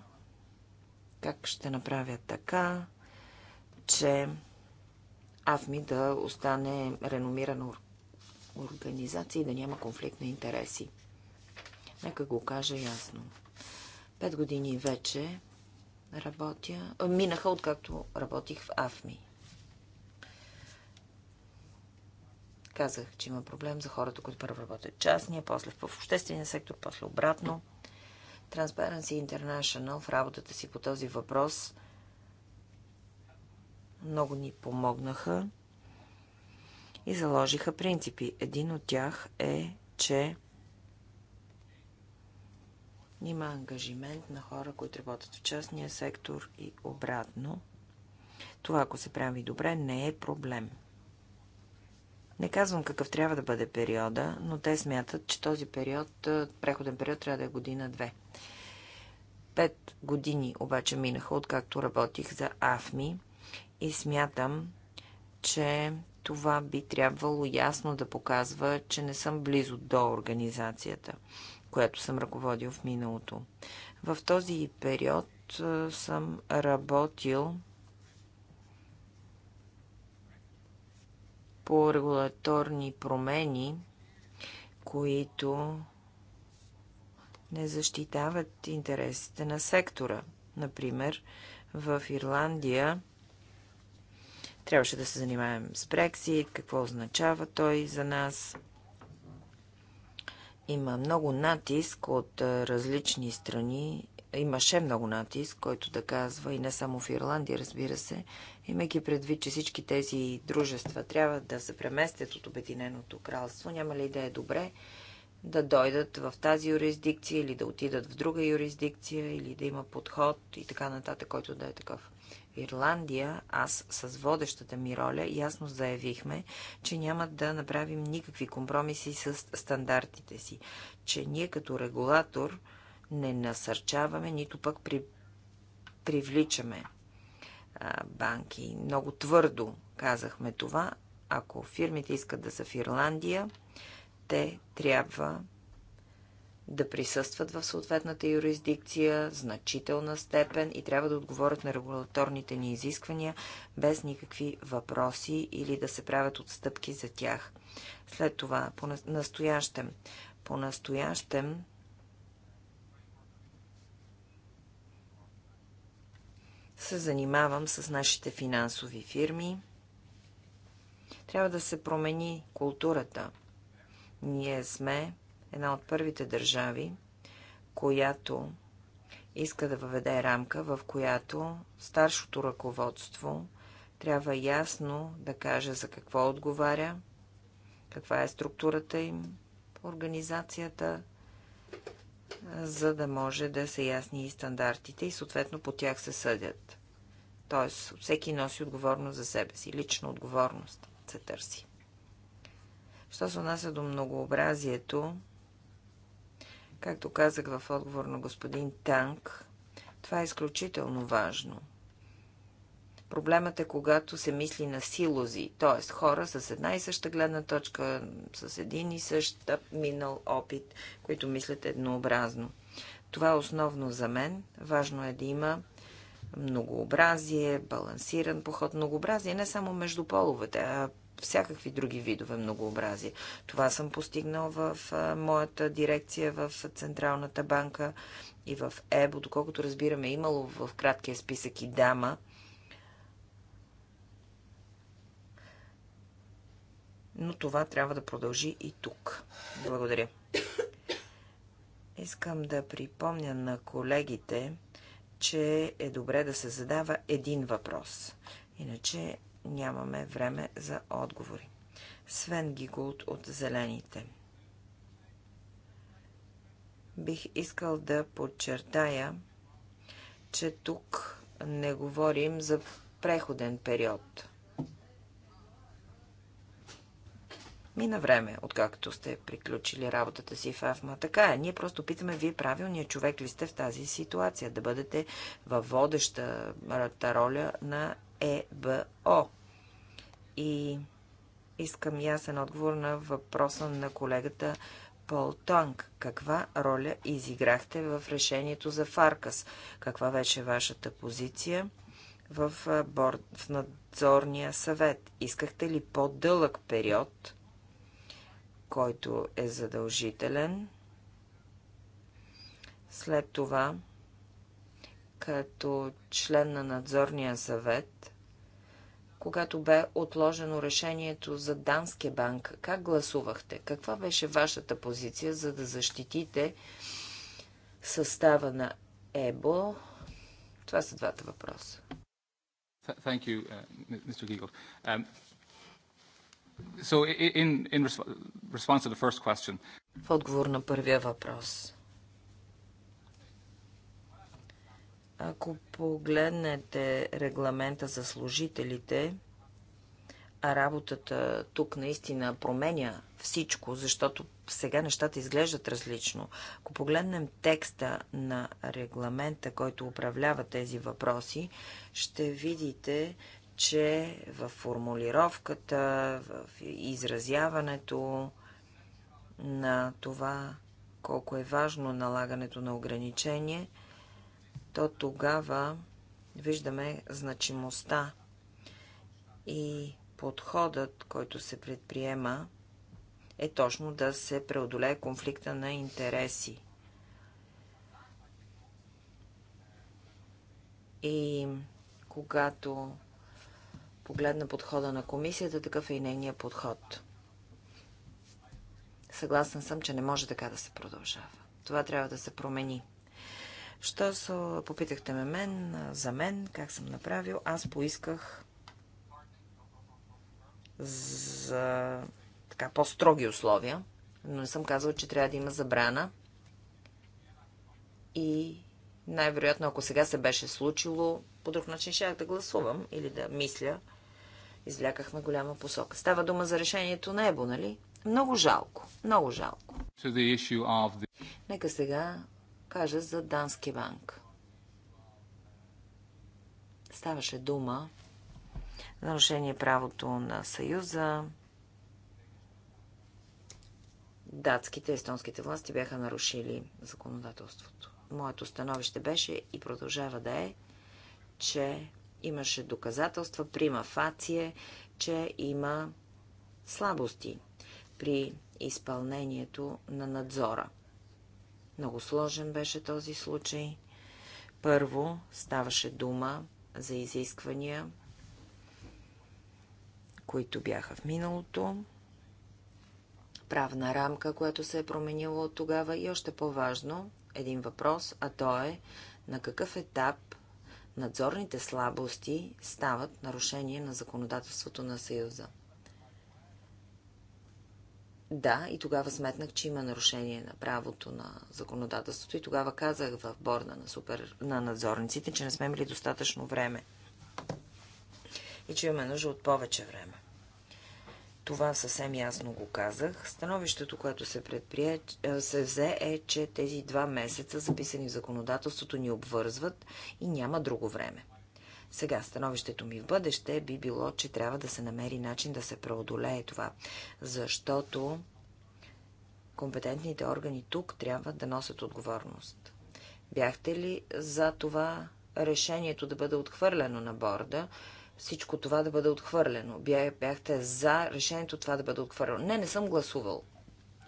Как ще направя така, че АФМИ да остане реномирана организация и да няма конфликт на интереси? Нека го кажа ясно. Пет години вече работя... Минаха откакто работих в АФМИ. Казах, че има проблем за хората, които първо работят частния, после в обществения сектор, после обратно. Transparency International в работата си по този въпрос много ни помогнаха и заложиха принципи. Един от тях е, че има ангажимент на хора, които работят в частния сектор и обратно. Това, ако се прави добре, не е проблем. Не казвам какъв трябва да бъде периода, но те смятат, че този период, преходен период трябва да е година-две. Пет години обаче минаха, откакто работих за АФМИ и смятам, че това би трябвало ясно да показва, че не съм близо до организацията, която съм ръководил в миналото. В този период съм работил по регулаторни промени, които не защитават интересите на сектора. Например, в Ирландия трябваше да се занимаем с Брексит, какво означава той за нас. Има много натиск от различни страни. Имаше много натиск, който да казва и не само в Ирландия, разбира се, Имайки предвид, че всички тези дружества трябва да се преместят от Обединеното кралство, няма ли да е добре да дойдат в тази юрисдикция или да отидат в друга юрисдикция или да има подход и така нататък, който да е такъв. В Ирландия аз с водещата ми роля ясно заявихме, че няма да направим никакви компромиси с стандартите си, че ние като регулатор не насърчаваме, нито пък при... привличаме банки. Много твърдо казахме това. Ако фирмите искат да са в Ирландия, те трябва да присъстват в съответната юрисдикция значителна степен и трябва да отговорят на регулаторните ни изисквания без никакви въпроси или да се правят отстъпки за тях. След това, по настоящем, по настоящем се занимавам с нашите финансови фирми. Трябва да се промени културата. Ние сме една от първите държави, която иска да въведе рамка, в която старшото ръководство трябва ясно да каже за какво отговаря, каква е структурата им, организацията, за да може да са ясни и стандартите и съответно по тях се съдят. Тоест, всеки носи отговорност за себе си. Лична отговорност се търси. Що се отнася до многообразието, както казах в отговор на господин Танк, това е изключително важно – Проблемът е, когато се мисли на силози, т.е. хора с една и съща гледна точка, с един и същ минал опит, които мислят еднообразно. Това е основно за мен. Важно е да има многообразие, балансиран поход, многообразие не само между половете, а всякакви други видове многообразие. Това съм постигнал в моята дирекция в Централната банка и в ЕБО. Доколкото разбираме, имало в краткия списък и дама – но това трябва да продължи и тук. Благодаря. Искам да припомня на колегите, че е добре да се задава един въпрос. Иначе нямаме време за отговори. Свен Гигулт от Зелените. Бих искал да подчертая, че тук не говорим за преходен период. Мина време, откакто сте приключили работата си в АФМА. Така е. Ние просто питаме, вие правилният човек ли сте в тази ситуация, да бъдете във водещата роля на ЕБО. И искам ясен отговор на въпроса на колегата Пол Танг. Каква роля изиграхте в решението за Фаркас? Каква беше вашата позиция? в, борд, в надзорния съвет? Искахте ли по-дълъг период който е задължителен. След това, като член на надзорния съвет, когато бе отложено решението за Данския банк, как гласувахте? Каква беше вашата позиция, за да защитите състава на ЕБО? Това са двата въпроса. Thank you, uh, Mr. Um, So in, in response to the first question. В отговор на първия въпрос. Ако погледнете регламента за служителите, а работата тук наистина променя всичко, защото сега нещата изглеждат различно. Ако погледнем текста на регламента, който управлява тези въпроси, ще видите, че в формулировката, в изразяването на това, колко е важно налагането на ограничение, то тогава виждаме значимостта и подходът, който се предприема, е точно да се преодолее конфликта на интереси. И когато погледна подхода на комисията, такъв е и нейният подход. Съгласна съм, че не може така да се продължава. Това трябва да се промени. Що са, попитахте ме мен, за мен, как съм направил, аз поисках за така по-строги условия, но не съм казал, че трябва да има забрана. И най-вероятно, ако сега се беше случило, по друг начин ще да гласувам или да мисля Извлякахме голяма посока. Става дума за решението на Ебо, нали? Много жалко. Много жалко. The... Нека сега кажа за Дански банк. Ставаше дума нарушение правото на Съюза. Датските, естонските власти бяха нарушили законодателството. Моето становище беше и продължава да е, че Имаше доказателства, прима фация, че има слабости при изпълнението на надзора. Много сложен беше този случай. Първо ставаше дума за изисквания, които бяха в миналото, правна рамка, която се е променила от тогава и още по-важно един въпрос, а то е на какъв етап надзорните слабости стават нарушение на законодателството на Съюза. Да, и тогава сметнах, че има нарушение на правото на законодателството и тогава казах в борда на, супер, на надзорниците, че не сме имали достатъчно време и че имаме нужда от повече време. Това съвсем ясно го казах. Становището, което се, предприе, е, се взе е, че тези два месеца, записани в законодателството, ни обвързват и няма друго време. Сега, становището ми в бъдеще би било, че трябва да се намери начин да се преодолее това, защото компетентните органи тук трябва да носят отговорност. Бяхте ли за това решението да бъде отхвърлено на борда? всичко това да бъде отхвърлено. бяхте за решението това да бъде отхвърлено. Не, не съм гласувал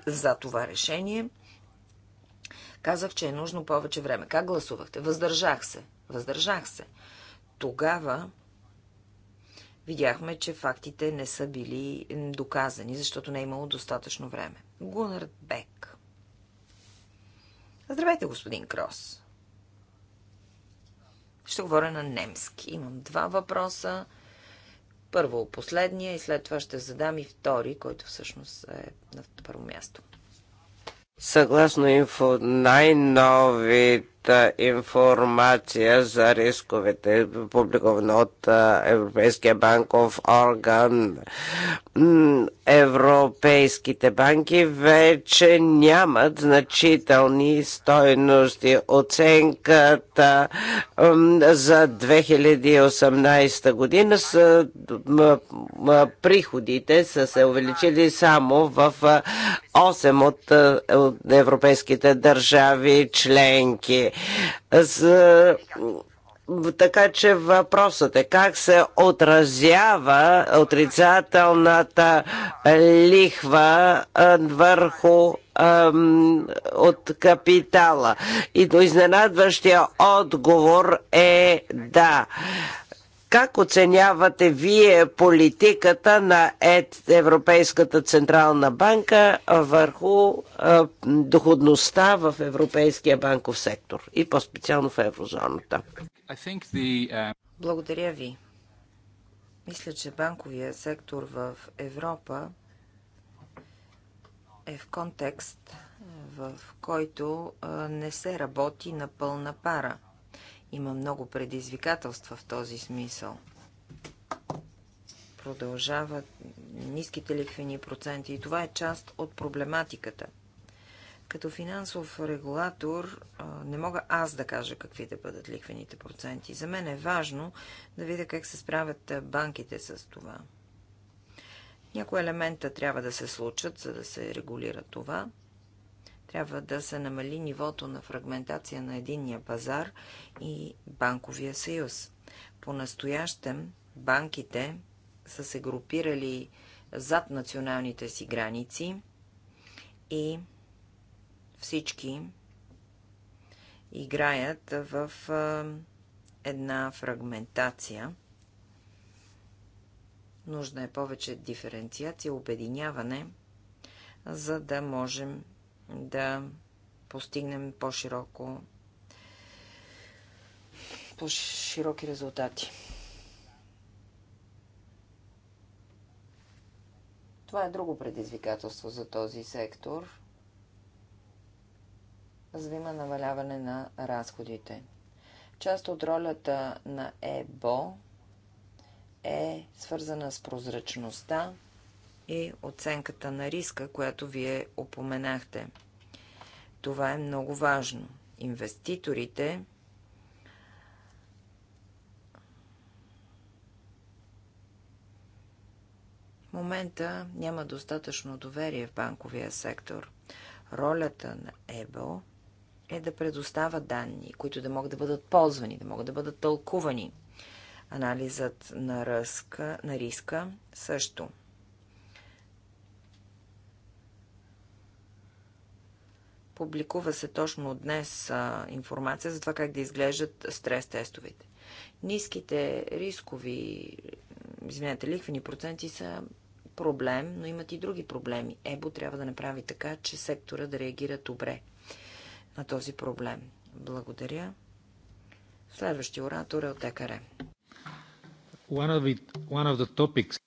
за това решение. Казах, че е нужно повече време. Как гласувахте? Въздържах се. Въздържах се. Тогава видяхме, че фактите не са били доказани, защото не е имало достатъчно време. Гунард Бек. Здравейте, господин Крос. Ще говоря на немски. Имам два въпроса. Първо последния и след това ще задам и втори, който всъщност е на първо място. Съгласно инфо, най-новите информация за рисковете, публикувана от Европейския банков орган. Европейските банки вече нямат значителни стойности. Оценката за 2018 година с приходите са се увеличили само в 8 от европейските държави членки. С, така че въпросът е как се отразява отрицателната лихва върху от капитала. И до изненадващия отговор е да. Как оценявате вие политиката на ЕД, Европейската Централна банка върху доходността в Европейския банков сектор и по-специално в еврозоната? Uh, Благодаря ви. Мисля, че банковия сектор в Европа е в контекст, в който не се работи на пълна пара – има много предизвикателства в този смисъл. Продължават ниските ликвени проценти и това е част от проблематиката. Като финансов регулатор не мога аз да кажа какви да бъдат ликвените проценти. За мен е важно да видя как се справят банките с това. Някои елемента трябва да се случат, за да се регулира това – трябва да се намали нивото на фрагментация на единния пазар и банковия съюз. По-настоящем банките са се групирали зад националните си граници и всички играят в една фрагментация. Нужна е повече диференциация, обединяване, за да можем да постигнем по-широко по-широки резултати. Това е друго предизвикателство за този сектор, за да има намаляване на разходите. Част от ролята на ЕБО е свързана с прозрачността и оценката на риска, която вие опоменахте. Това е много важно. Инвеститорите в момента няма достатъчно доверие в банковия сектор. Ролята на ЕБО е да предоставя данни, които да могат да бъдат ползвани, да могат да бъдат тълкувани. Анализът на, ръска, на риска също Публикува се точно днес а, информация за това как да изглеждат стрес тестовете. Ниските рискови, извинете, лихвени проценти са проблем, но имат и други проблеми. ЕБО трябва да направи така, че сектора да реагира добре на този проблем. Благодаря. Следващия оратор е от ЕКАРЕ. One of, it, one of the topics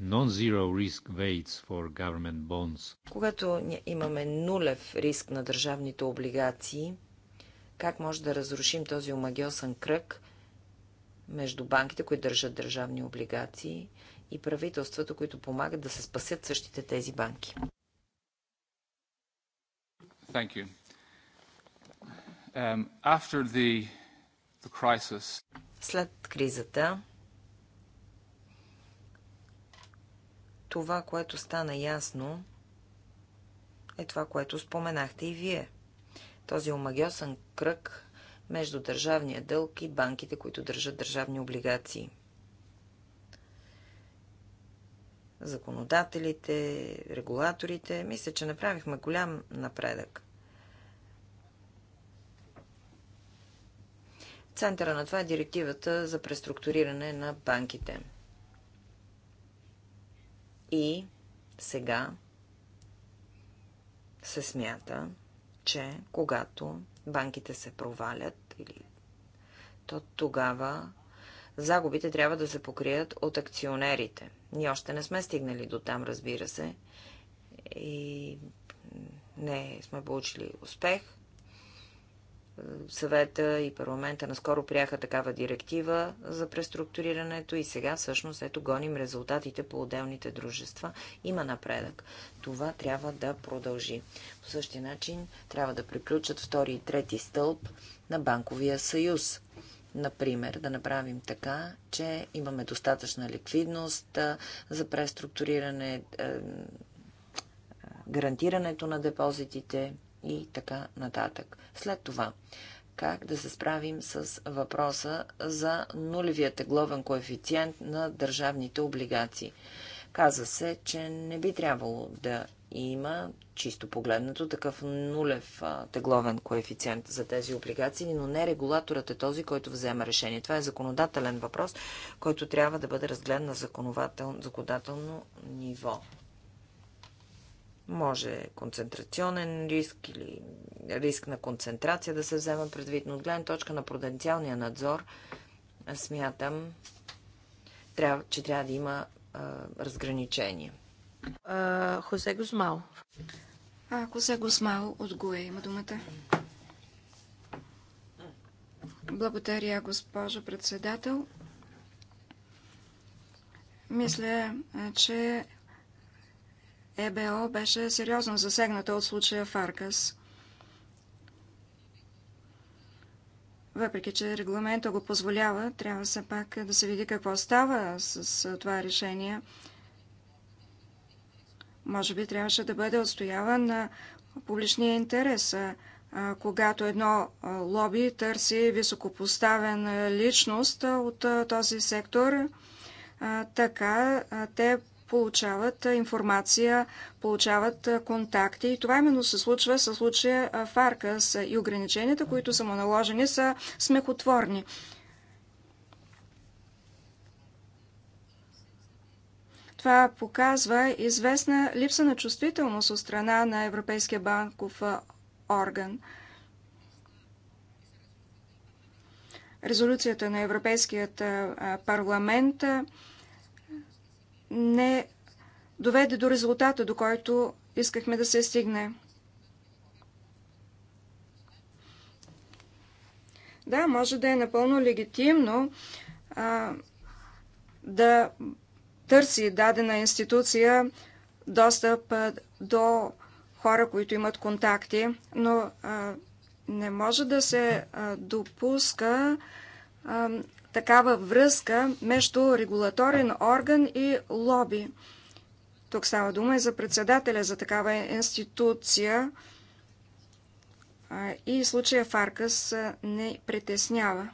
non-zero risk weights for government bonds. Когато имаме нулев риск на държавните облигации, как може да разрушим този омагиосен кръг между банките, които държат държавни облигации и правителствата, които помагат да се спасят същите тези банки? Thank you. Um, after the, the crisis... След кризата, това, което стана ясно, е това, което споменахте и вие. Този омагиосен кръг между държавния дълг и банките, които държат държавни облигации. Законодателите, регулаторите, мисля, че направихме голям напредък. Центъра на това е директивата за преструктуриране на банките – и сега се смята, че когато банките се провалят, или, то тогава загубите трябва да се покрият от акционерите. Ние още не сме стигнали до там, разбира се, и не сме получили успех, съвета и парламента наскоро прияха такава директива за преструктурирането и сега всъщност ето гоним резултатите по отделните дружества. Има напредък. Това трябва да продължи. По същия начин трябва да приключат втори и трети стълб на Банковия съюз. Например, да направим така, че имаме достатъчна ликвидност за преструктуриране, гарантирането на депозитите, и така нататък. След това, как да се справим с въпроса за нулевия тегловен коефициент на държавните облигации. Каза се, че не би трябвало да има, чисто погледнато, такъв нулев а, тегловен коефициент за тези облигации, но не регулаторът е този, който взема решение. Това е законодателен въпрос, който трябва да бъде разгледан на законодателно ниво. Може концентрационен риск или риск на концентрация да се взема предвид, но от гледна точка на пруденциалния надзор смятам, че трябва да има разграничение. Хосе Гусмал. А, Хосе Гусмал от Гуе има думата. Благодаря, госпожо председател. Мисля, че ЕБО беше сериозно засегната от случая Фаркас. Въпреки, че регламента го позволява, трябва все пак да се види какво става с това решение. Може би трябваше да бъде отстояван на публичния интерес. Когато едно лоби търси високопоставен личност от този сектор, така те получават информация, получават контакти. И това именно се случва със случая в Аркас и ограниченията, които са му наложени, са смехотворни. Това показва известна липса на чувствителност от страна на Европейския банков орган. Резолюцията на Европейският парламент не доведе до резултата, до който искахме да се стигне. Да, може да е напълно легитимно а, да търси дадена институция достъп а, до хора, които имат контакти, но а, не може да се а, допуска а, такава връзка между регулаторен орган и лоби. Тук става дума и за председателя за такава институция и случая Фаркас не притеснява.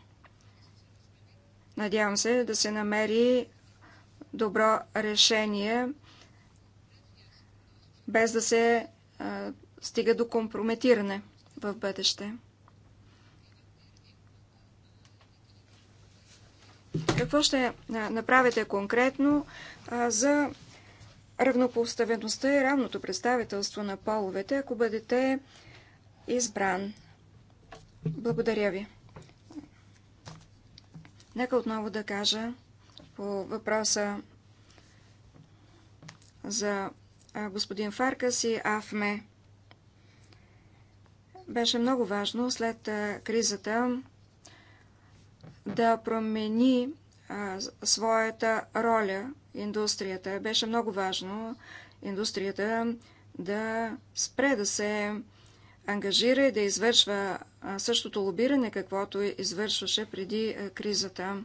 Надявам се да се намери добро решение, без да се стига до компрометиране в бъдеще. Какво ще направите конкретно за равнопоставеността и равното представителство на половете, ако бъдете избран? Благодаря ви. Нека отново да кажа по въпроса за господин Фаркас и Афме. Беше много важно след кризата да промени а, своята роля индустрията. Беше много важно индустрията да спре да се ангажира и да извършва същото лобиране, каквото извършваше преди кризата.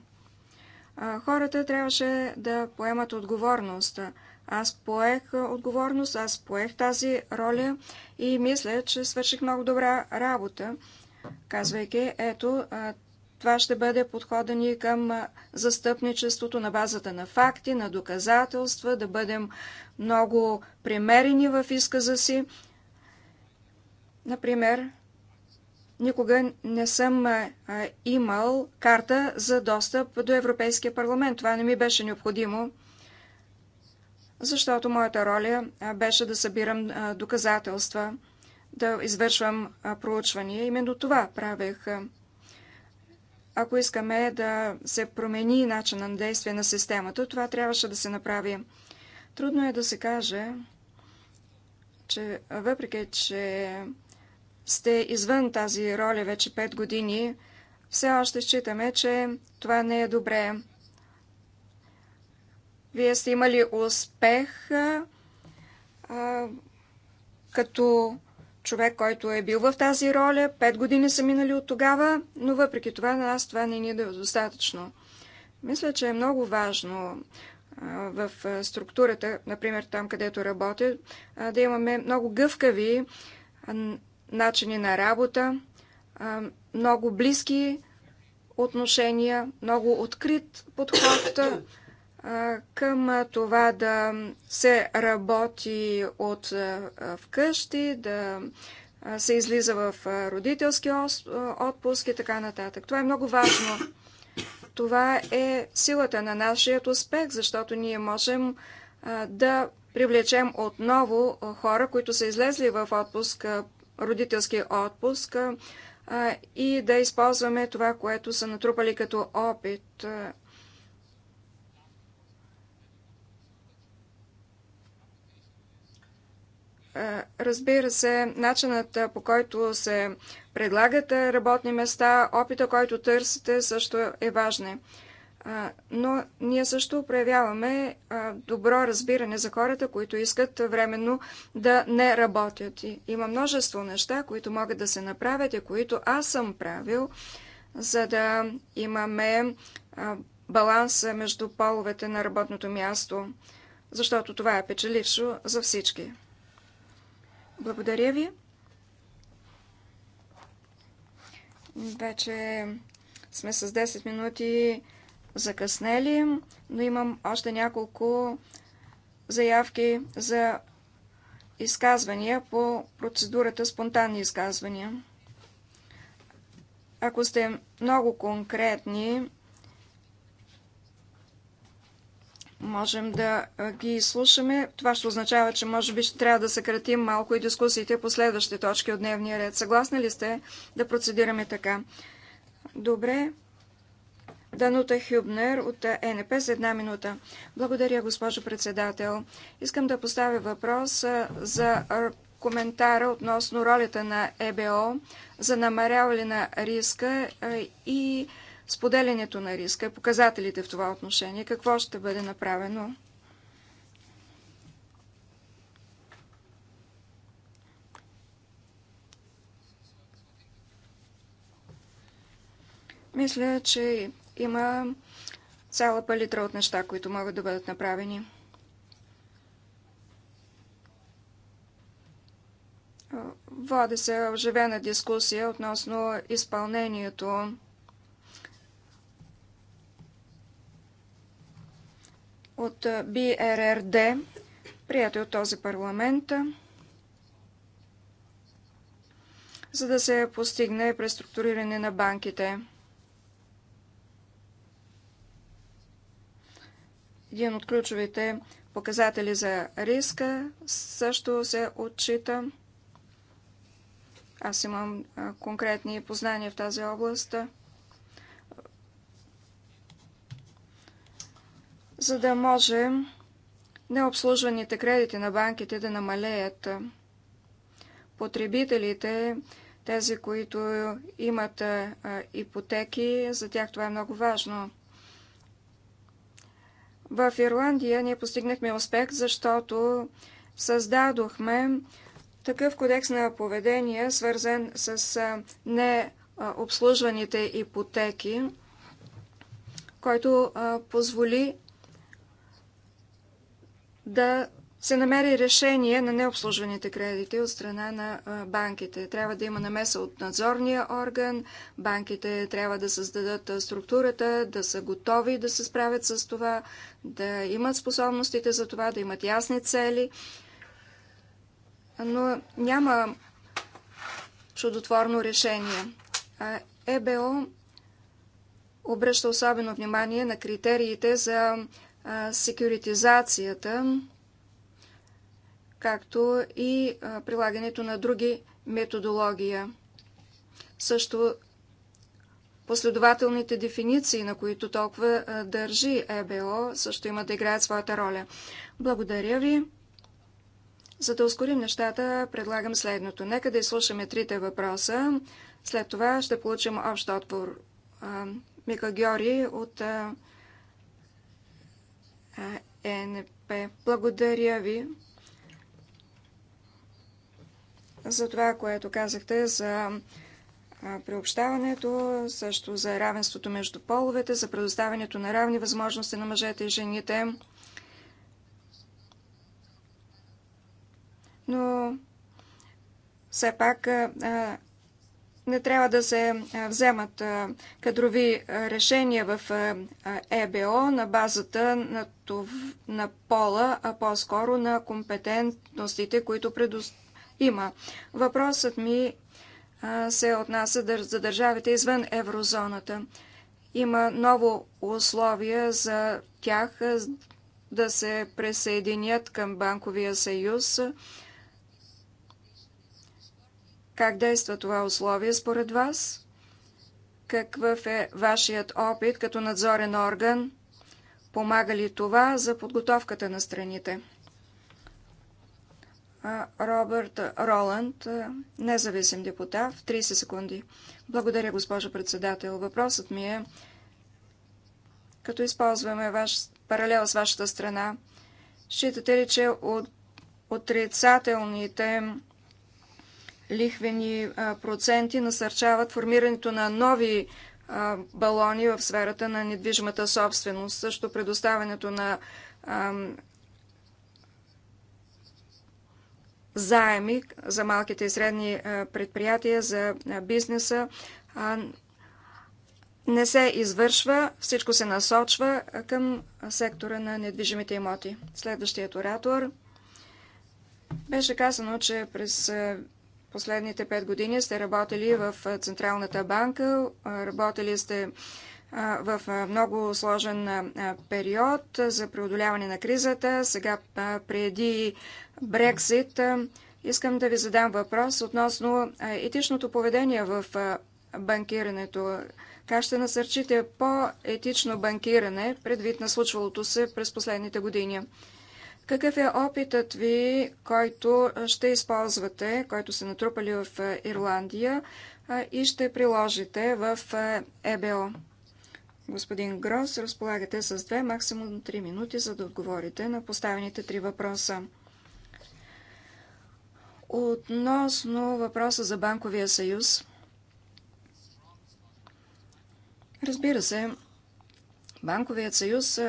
Хората трябваше да поемат отговорност. Аз поех отговорност, аз поех тази роля и мисля, че свърших много добра работа, казвайки, ето, това ще бъде подхода ни към застъпничеството на базата на факти, на доказателства, да бъдем много примерени в изказа си. Например, никога не съм имал карта за достъп до Европейския парламент. Това не ми беше необходимо, защото моята роля беше да събирам доказателства, да извършвам проучвания. Именно това правех ако искаме да се промени начина на действие на системата, това трябваше да се направи. Трудно е да се каже, че въпреки, че сте извън тази роля вече 5 години, все още считаме, че това не е добре. Вие сте имали успех а, като човек, който е бил в тази роля. Пет години са минали от тогава, но въпреки това на нас това не ни е достатъчно. Мисля, че е много важно в структурата, например там, където работя, да имаме много гъвкави начини на работа, много близки отношения, много открит подход към това да се работи от вкъщи, да се излиза в родителски отпуск и така нататък. Това е много важно. Това е силата на нашия успех, защото ние можем да привлечем отново хора, които са излезли в отпуск, родителски отпуск и да използваме това, което са натрупали като опит Разбира се, начинът по който се предлагат работни места, опита, който търсите, също е важен. Но ние също проявяваме добро разбиране за хората, които искат временно да не работят. И има множество неща, които могат да се направят и които аз съм правил, за да имаме баланса между половете на работното място, защото това е печелившо за всички. Благодаря ви. Вече сме с 10 минути закъснели, но имам още няколко заявки за изказвания по процедурата спонтанни изказвания. Ако сте много конкретни можем да ги изслушаме. Това ще означава, че може би ще трябва да съкратим малко и дискусиите по следващите точки от дневния ред. Съгласни ли сте да процедираме така? Добре. Данута Хюбнер от ЕНП с е една минута. Благодаря, госпожо председател. Искам да поставя въпрос за коментара относно ролята на ЕБО за намаряване на риска и споделянето на риска, показателите в това отношение, какво ще бъде направено? Мисля, че има цяла палитра от неща, които могат да бъдат направени. Води се оживена дискусия относно изпълнението от БРРД, прияте от този парламент, за да се постигне преструктуриране на банките. Един от ключовите показатели за риска също се отчита. Аз имам конкретни познания в тази област. за да може необслужваните кредити на банките да намалеят. Потребителите, тези, които имат ипотеки, за тях това е много важно. В Ирландия ние постигнахме успех, защото създадохме такъв кодекс на поведение, свързан с необслужваните ипотеки, който позволи да се намери решение на необслужваните кредити от страна на банките. Трябва да има намеса от надзорния орган, банките трябва да създадат структурата, да са готови да се справят с това, да имат способностите за това, да имат ясни цели. Но няма чудотворно решение. ЕБО обръща особено внимание на критериите за секюритизацията, както и прилагането на други методология. Също последователните дефиниции, на които толкова държи ЕБО, също имат да играят своята роля. Благодаря ви. За да ускорим нещата, предлагам следното. Нека да изслушаме трите въпроса. След това ще получим общ отговор. Мика Георги от ЕНП. Благодаря ви за това, което казахте за приобщаването, също за равенството между половете, за предоставянето на равни възможности на мъжете и жените. Но все пак не трябва да се вземат кадрови решения в ЕБО на базата на, това, на пола, а по-скоро на компетентностите, които предус... има. Въпросът ми се отнася за държавите извън еврозоната. Има ново условие за тях да се присъединят към Банковия съюз. Как действа това условие според вас? Какъв е вашият опит като надзорен орган? Помага ли това за подготовката на страните? Робърт Роланд, независим депутат, 30 секунди. Благодаря, госпожо председател. Въпросът ми е, като използваме ваш паралел с вашата страна, считате ли, че от отрицателните лихвени проценти насърчават формирането на нови балони в сферата на недвижимата собственост. Също предоставянето на заеми за малките и средни предприятия, за бизнеса не се извършва, всичко се насочва към сектора на недвижимите имоти. Следващият оратор беше казано, че през Последните пет години сте работили в Централната банка, работили сте в много сложен период за преодоляване на кризата. Сега преди Брексит искам да ви задам въпрос относно етичното поведение в банкирането. Как ще насърчите по-етично банкиране предвид на случвалото се през последните години? Какъв е опитът ви, който ще използвате, който се натрупали в Ирландия и ще приложите в ЕБО? Господин Грос, разполагате с две, максимум три минути, за да отговорите на поставените три въпроса. Относно въпроса за Банковия съюз, разбира се, Банковият съюз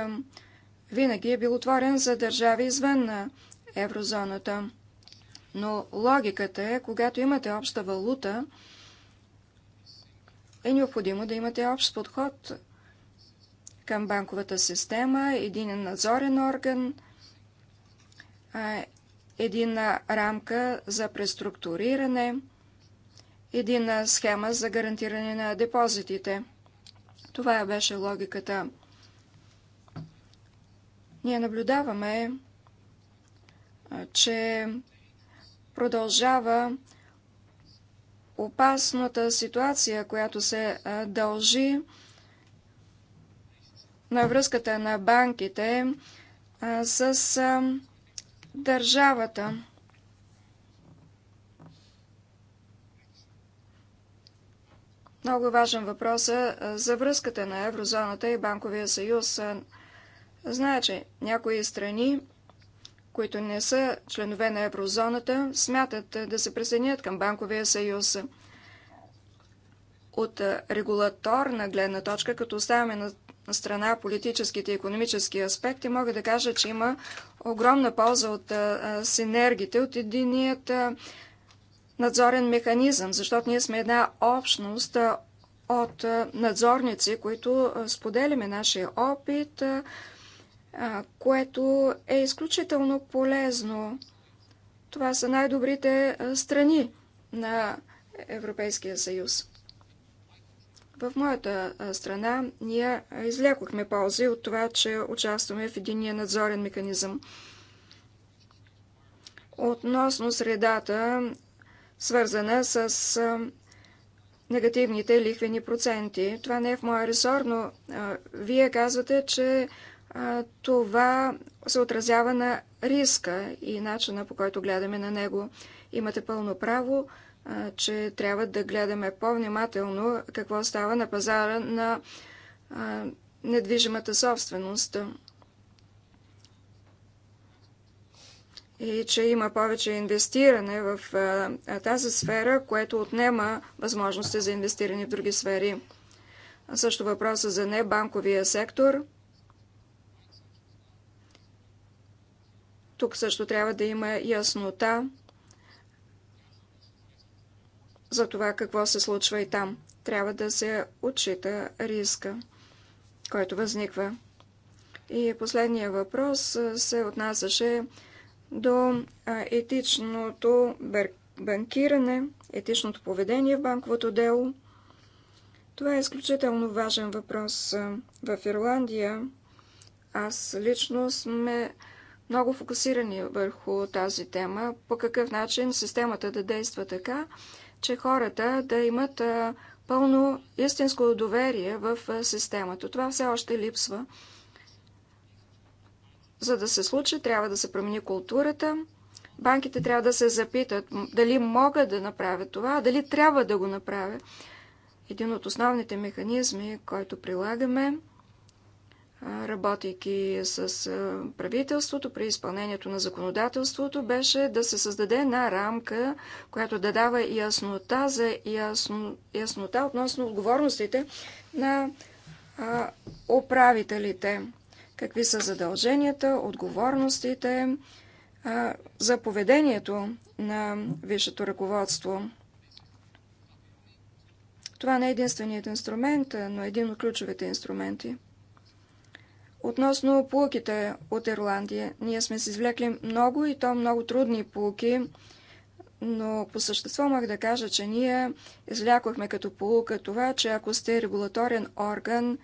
винаги е бил отворен за държави извън на еврозоната. Но логиката е, когато имате обща валута, е необходимо да имате общ подход към банковата система, един надзорен орган, един рамка за преструктуриране, един схема за гарантиране на депозитите. Това беше логиката ние наблюдаваме, че продължава опасната ситуация, която се дължи на връзката на банките с държавата. Много важен въпрос е за връзката на еврозоната и банковия съюз. Значи, че някои страни, които не са членове на еврозоната, смятат е, да се присъединят към Банковия съюз. От е, регулаторна гледна точка, като оставяме на страна политическите и економически аспекти, мога да кажа, че има огромна полза от е, синергите, от единият надзорен механизъм, защото ние сме една общност от надзорници, които споделяме нашия опит, което е изключително полезно. Това са най-добрите страни на Европейския съюз. В моята страна ние излякохме ползи от това, че участваме в единия надзорен механизъм. Относно средата, свързана с негативните лихвени проценти. Това не е в моя ресор, но а, вие казвате, че това се отразява на риска и начина по който гледаме на него. Имате пълно право, че трябва да гледаме по-внимателно какво става на пазара на недвижимата собственост. И че има повече инвестиране в тази сфера, което отнема възможности за инвестиране в други сфери. Също въпроса за небанковия сектор – Тук също трябва да има яснота за това какво се случва и там. Трябва да се отчита риска, който възниква. И последния въпрос се отнасяше до етичното банкиране, етичното поведение в банковото дело. Това е изключително важен въпрос. В Ирландия аз лично сме много фокусирани върху тази тема, по какъв начин системата да действа така, че хората да имат пълно истинско доверие в системата. Това все още липсва. За да се случи, трябва да се промени културата. Банките трябва да се запитат дали могат да направят това, дали трябва да го направят. Един от основните механизми, който прилагаме, работейки с правителството при изпълнението на законодателството, беше да се създаде една рамка, която да дава яснота за ясно, яснота относно отговорностите на а, управителите. Какви са задълженията, отговорностите а, за поведението на висшето ръководство. Това не е единственият инструмент, но един от ключовите инструменти – Относно полуките от Ирландия, ние сме се извлекли много и то много трудни полуки, но по същество мога да кажа, че ние извлякохме като полука това, че ако сте регулаторен орган,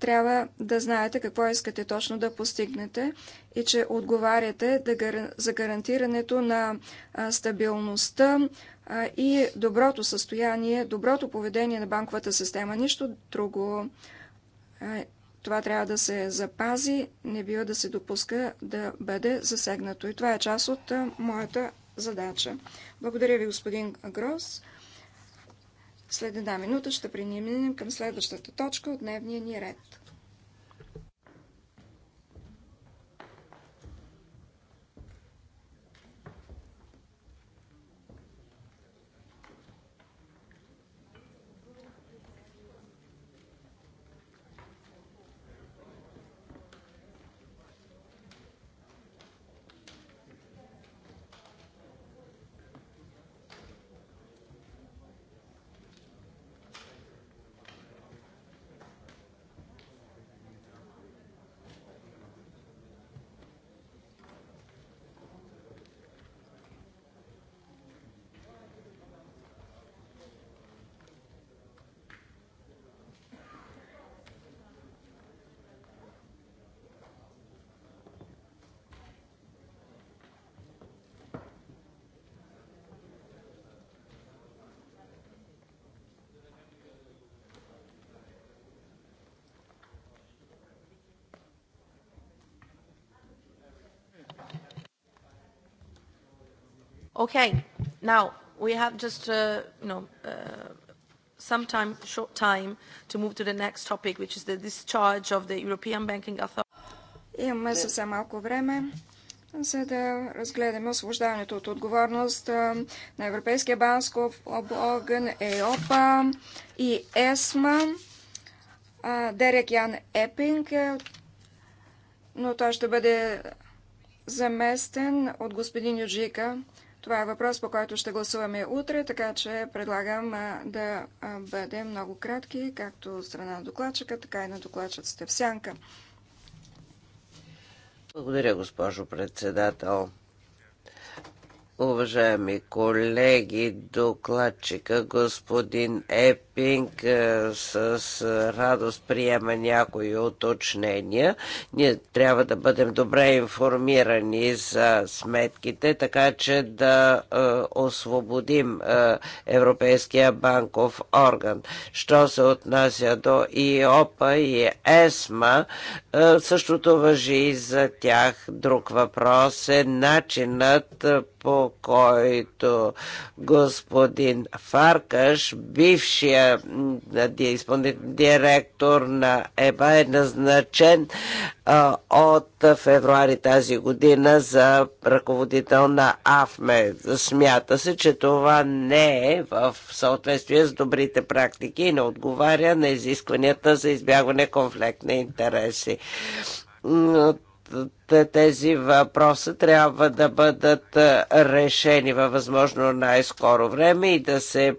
трябва да знаете какво искате точно да постигнете и че отговаряте за гарантирането на стабилността и доброто състояние, доброто поведение на банковата система. Нищо друго. Това трябва да се запази, не бива да се допуска да бъде засегнато. И това е част от моята задача. Благодаря ви, господин Грос. След една минута ще преминем към следващата точка от дневния ни ред. Okay, now we have just, uh, you know, uh, some time, short time to move to the next topic, which is the discharge of the European Banking Authority. Имаме съвсем малко време, за да разгледаме освобождаването от отговорност на Европейския банков орган ЕОПА и ЕСМА. Дерек Ян Епинг, но той ще бъде заместен от господин Юджика. Това е въпрос, по който ще гласуваме утре, така че предлагам да бъдем много кратки, както страна на докладчика, така и на докладчиците в сянка. Благодаря, госпожо председател. Уважаеми колеги, докладчика господин Епинг е, с радост приема някои уточнения. Ние трябва да бъдем добре информирани за сметките, така че да е, освободим е, Европейския банков орган. Що се отнася до ИОПА и ЕСМА, е, същото въжи и за тях. Друг въпрос е начинът е, по който господин Фаркаш, бившия директор на ЕБА, е назначен от февруари тази година за ръководител на АФМЕ. Смята се, че това не е в съответствие с добрите практики и не отговаря на изискванията за избягване конфликт на интереси тези въпроси трябва да бъдат решени във възможно най-скоро време и да се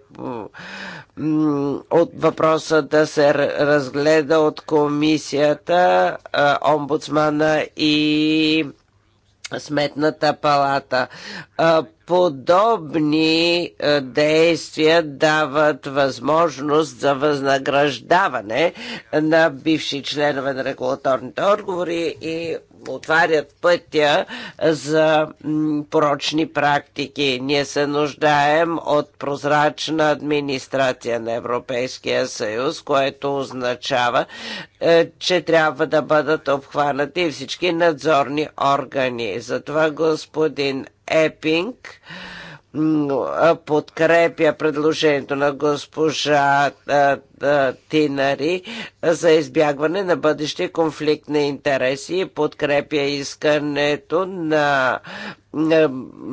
от въпроса да се разгледа от комисията, омбудсмана и Сметната палата подобни е, действия дават възможност за възнаграждаване на бивши членове на регулаторните отговори и отварят пътя за порочни практики. Ние се нуждаем от прозрачна администрация на Европейския съюз, което означава, е, че трябва да бъдат обхванати всички надзорни органи. Затова, господин Епинг подкрепя предложението на госпожа Тинари за избягване на бъдещи конфликт на интереси и подкрепя искането на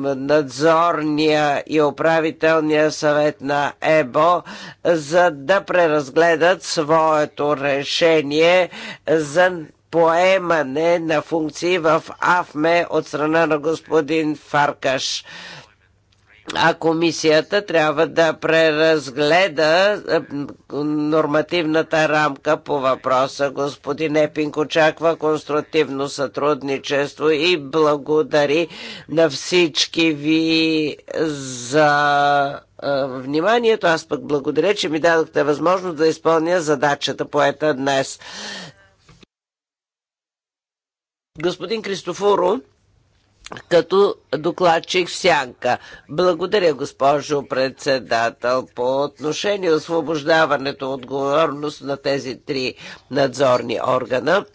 надзорния и управителния съвет на ЕБО, за да преразгледат своето решение за поемане на функции в АФМЕ от страна на господин Фаркаш а комисията трябва да преразгледа нормативната рамка по въпроса. Господин Епинг очаква конструктивно сътрудничество и благодари на всички ви за вниманието. Аз пък благодаря, че ми дадохте възможност да изпълня задачата поета днес. Господин Кристофоро, като докладчик в сянка. Благодаря, госпожо председател. По отношение освобождаването от отговорност на тези три надзорни органа,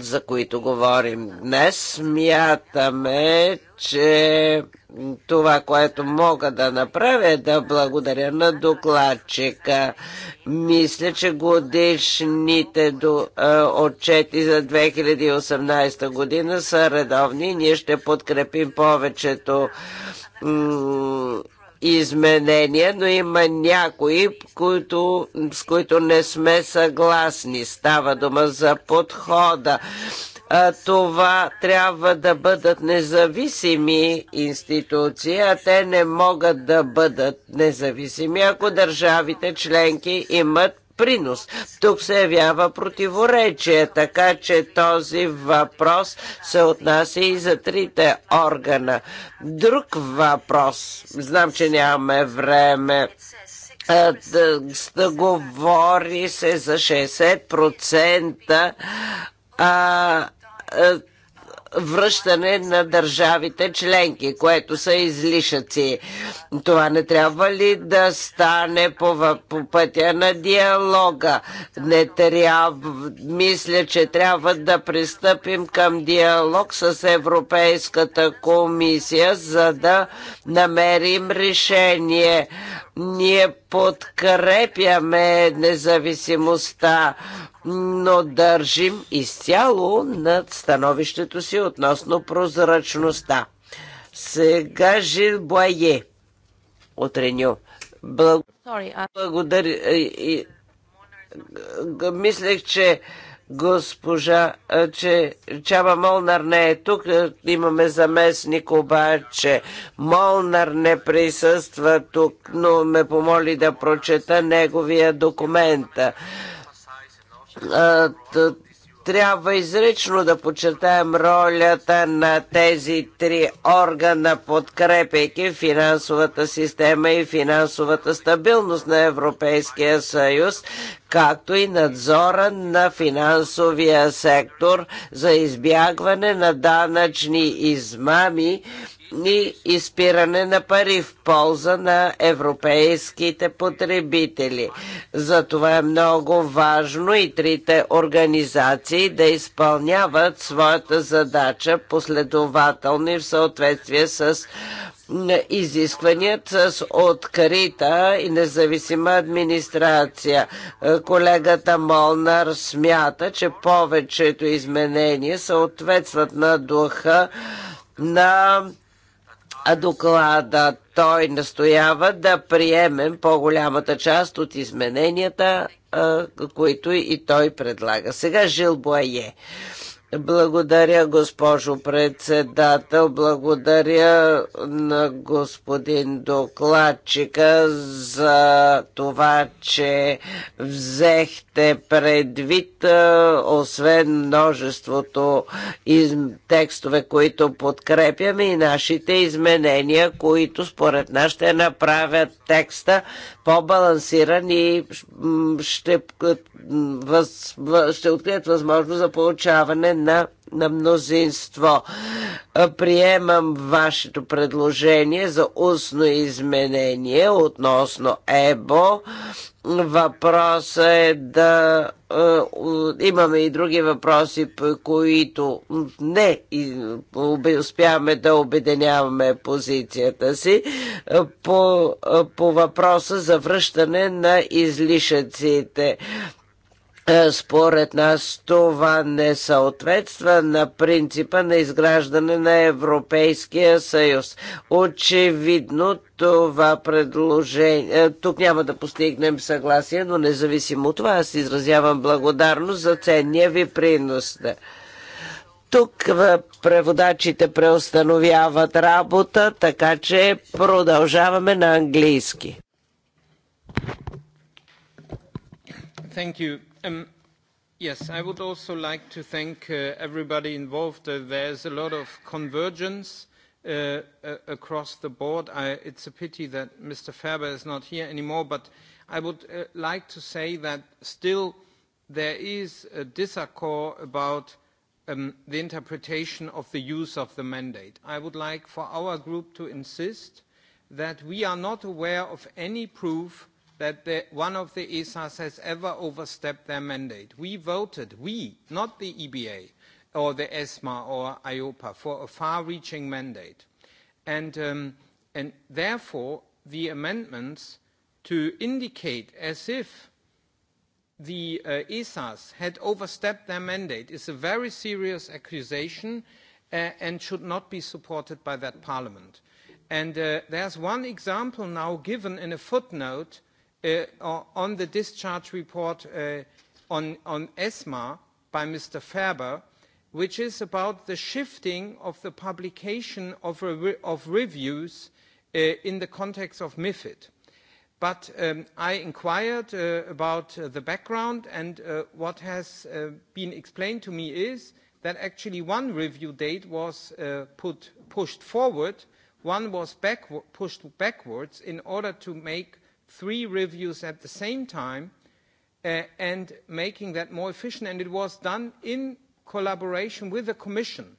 за които говорим днес, смятаме, че това, което мога да направя е да благодаря на докладчика. Мисля, че годишните до, е, отчети за 2018 година са редовни. Ние ще подкрепим повечето изменения, но има някои, които, с които не сме съгласни. Става дума за подхода. Това трябва да бъдат независими институции, а те не могат да бъдат независими, ако държавите членки имат принос. Тук се явява противоречие, така че този въпрос се отнася и за трите органа. Друг въпрос, знам, че нямаме време, е, да, да говори се за 60% а, е, връщане на държавите членки, което са излишъци. Това не трябва ли да стане по, по пътя на диалога? Не трябва. Мисля, че трябва да пристъпим към диалог с Европейската комисия, за да намерим решение. Ние подкрепяме независимостта, но държим изцяло над становището си относно прозрачността. Сега Жил Буае от Реню. Благодаря. Мислех, че госпожа, че Чава Молнар не е тук, имаме заместник обаче. Молнар не присъства тук, но ме помоли да прочета неговия документ трябва изрично да подчертаем ролята на тези три органа, подкрепяйки финансовата система и финансовата стабилност на Европейския съюз, както и надзора на финансовия сектор за избягване на данъчни измами и изпиране на пари в полза на европейските потребители. Затова е много важно и трите организации да изпълняват своята задача последователно и в съответствие с изискваният с открита и независима администрация. Е, колегата Молнар смята, че повечето изменения съответстват на духа на а доклада. Той настоява да приемем по-голямата част от измененията, които и той предлага. Сега Жил Буае. Благодаря, госпожо председател. Благодаря на господин докладчика за това, че взехте предвид, освен множеството из... текстове, които подкрепяме и нашите изменения, които според нас ще направят текста по-балансиран и ще, ще открият възможност за получаване на, на мнозинство. Приемам вашето предложение за устно изменение относно ЕБО. Въпросът е да имаме и други въпроси, по които не успяваме да обединяваме позицията си по, по въпроса за връщане на излишъците. Е, според нас това не съответства на принципа на изграждане на Европейския съюз. Очевидно това предложение... Е, тук няма да постигнем съгласие, но независимо от това аз изразявам благодарност за ценния ви принос. Тук е, преводачите преустановяват работа, така че продължаваме на английски. Thank you. Um, yes, I would also like to thank uh, everybody involved. Uh, there's a lot of convergence uh, uh, across the board. I, it's a pity that Mr. Ferber is not here anymore, but I would uh, like to say that still there is a disaccord about um, the interpretation of the use of the mandate. I would like for our group to insist that we are not aware of any proof that the, one of the ESAs has ever overstepped their mandate. We voted, we, not the EBA or the ESMA or IOPA, for a far-reaching mandate. And, um, and therefore, the amendments to indicate as if the uh, ESAs had overstepped their mandate is a very serious accusation uh, and should not be supported by that parliament. And uh, there's one example now given in a footnote on the discharge report on on ESMA by Mr. Ferber, which is about the shifting of the publication of, reviews in the context of MIFID. But I inquired about the background, and what has been explained to me is that actually one review date was put, pushed forward, one was back, pushed backwards in order to make three reviews at the same time uh, and making that more efficient. And it was done in collaboration with the Commission.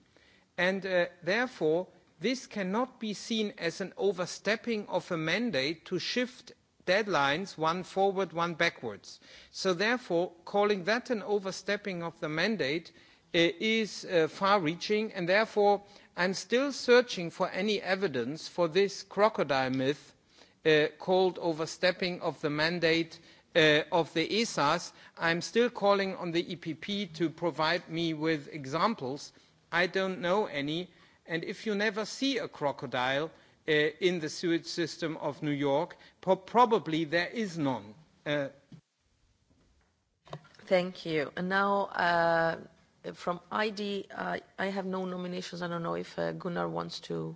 And uh, therefore, this cannot be seen as an overstepping of a mandate to shift deadlines, one forward, one backwards. So therefore, calling that an overstepping of the mandate is far-reaching, and therefore I'm still searching for any evidence for this crocodile myth called overstepping of the mandate of the ESAs. I'm still calling on the EPP to provide me with examples. I don't know any. And if you never see a crocodile in the sewage system of New York, probably there is none. Thank you. And now uh, from ID, uh, I have no nominations. I don't know if uh, Gunnar wants to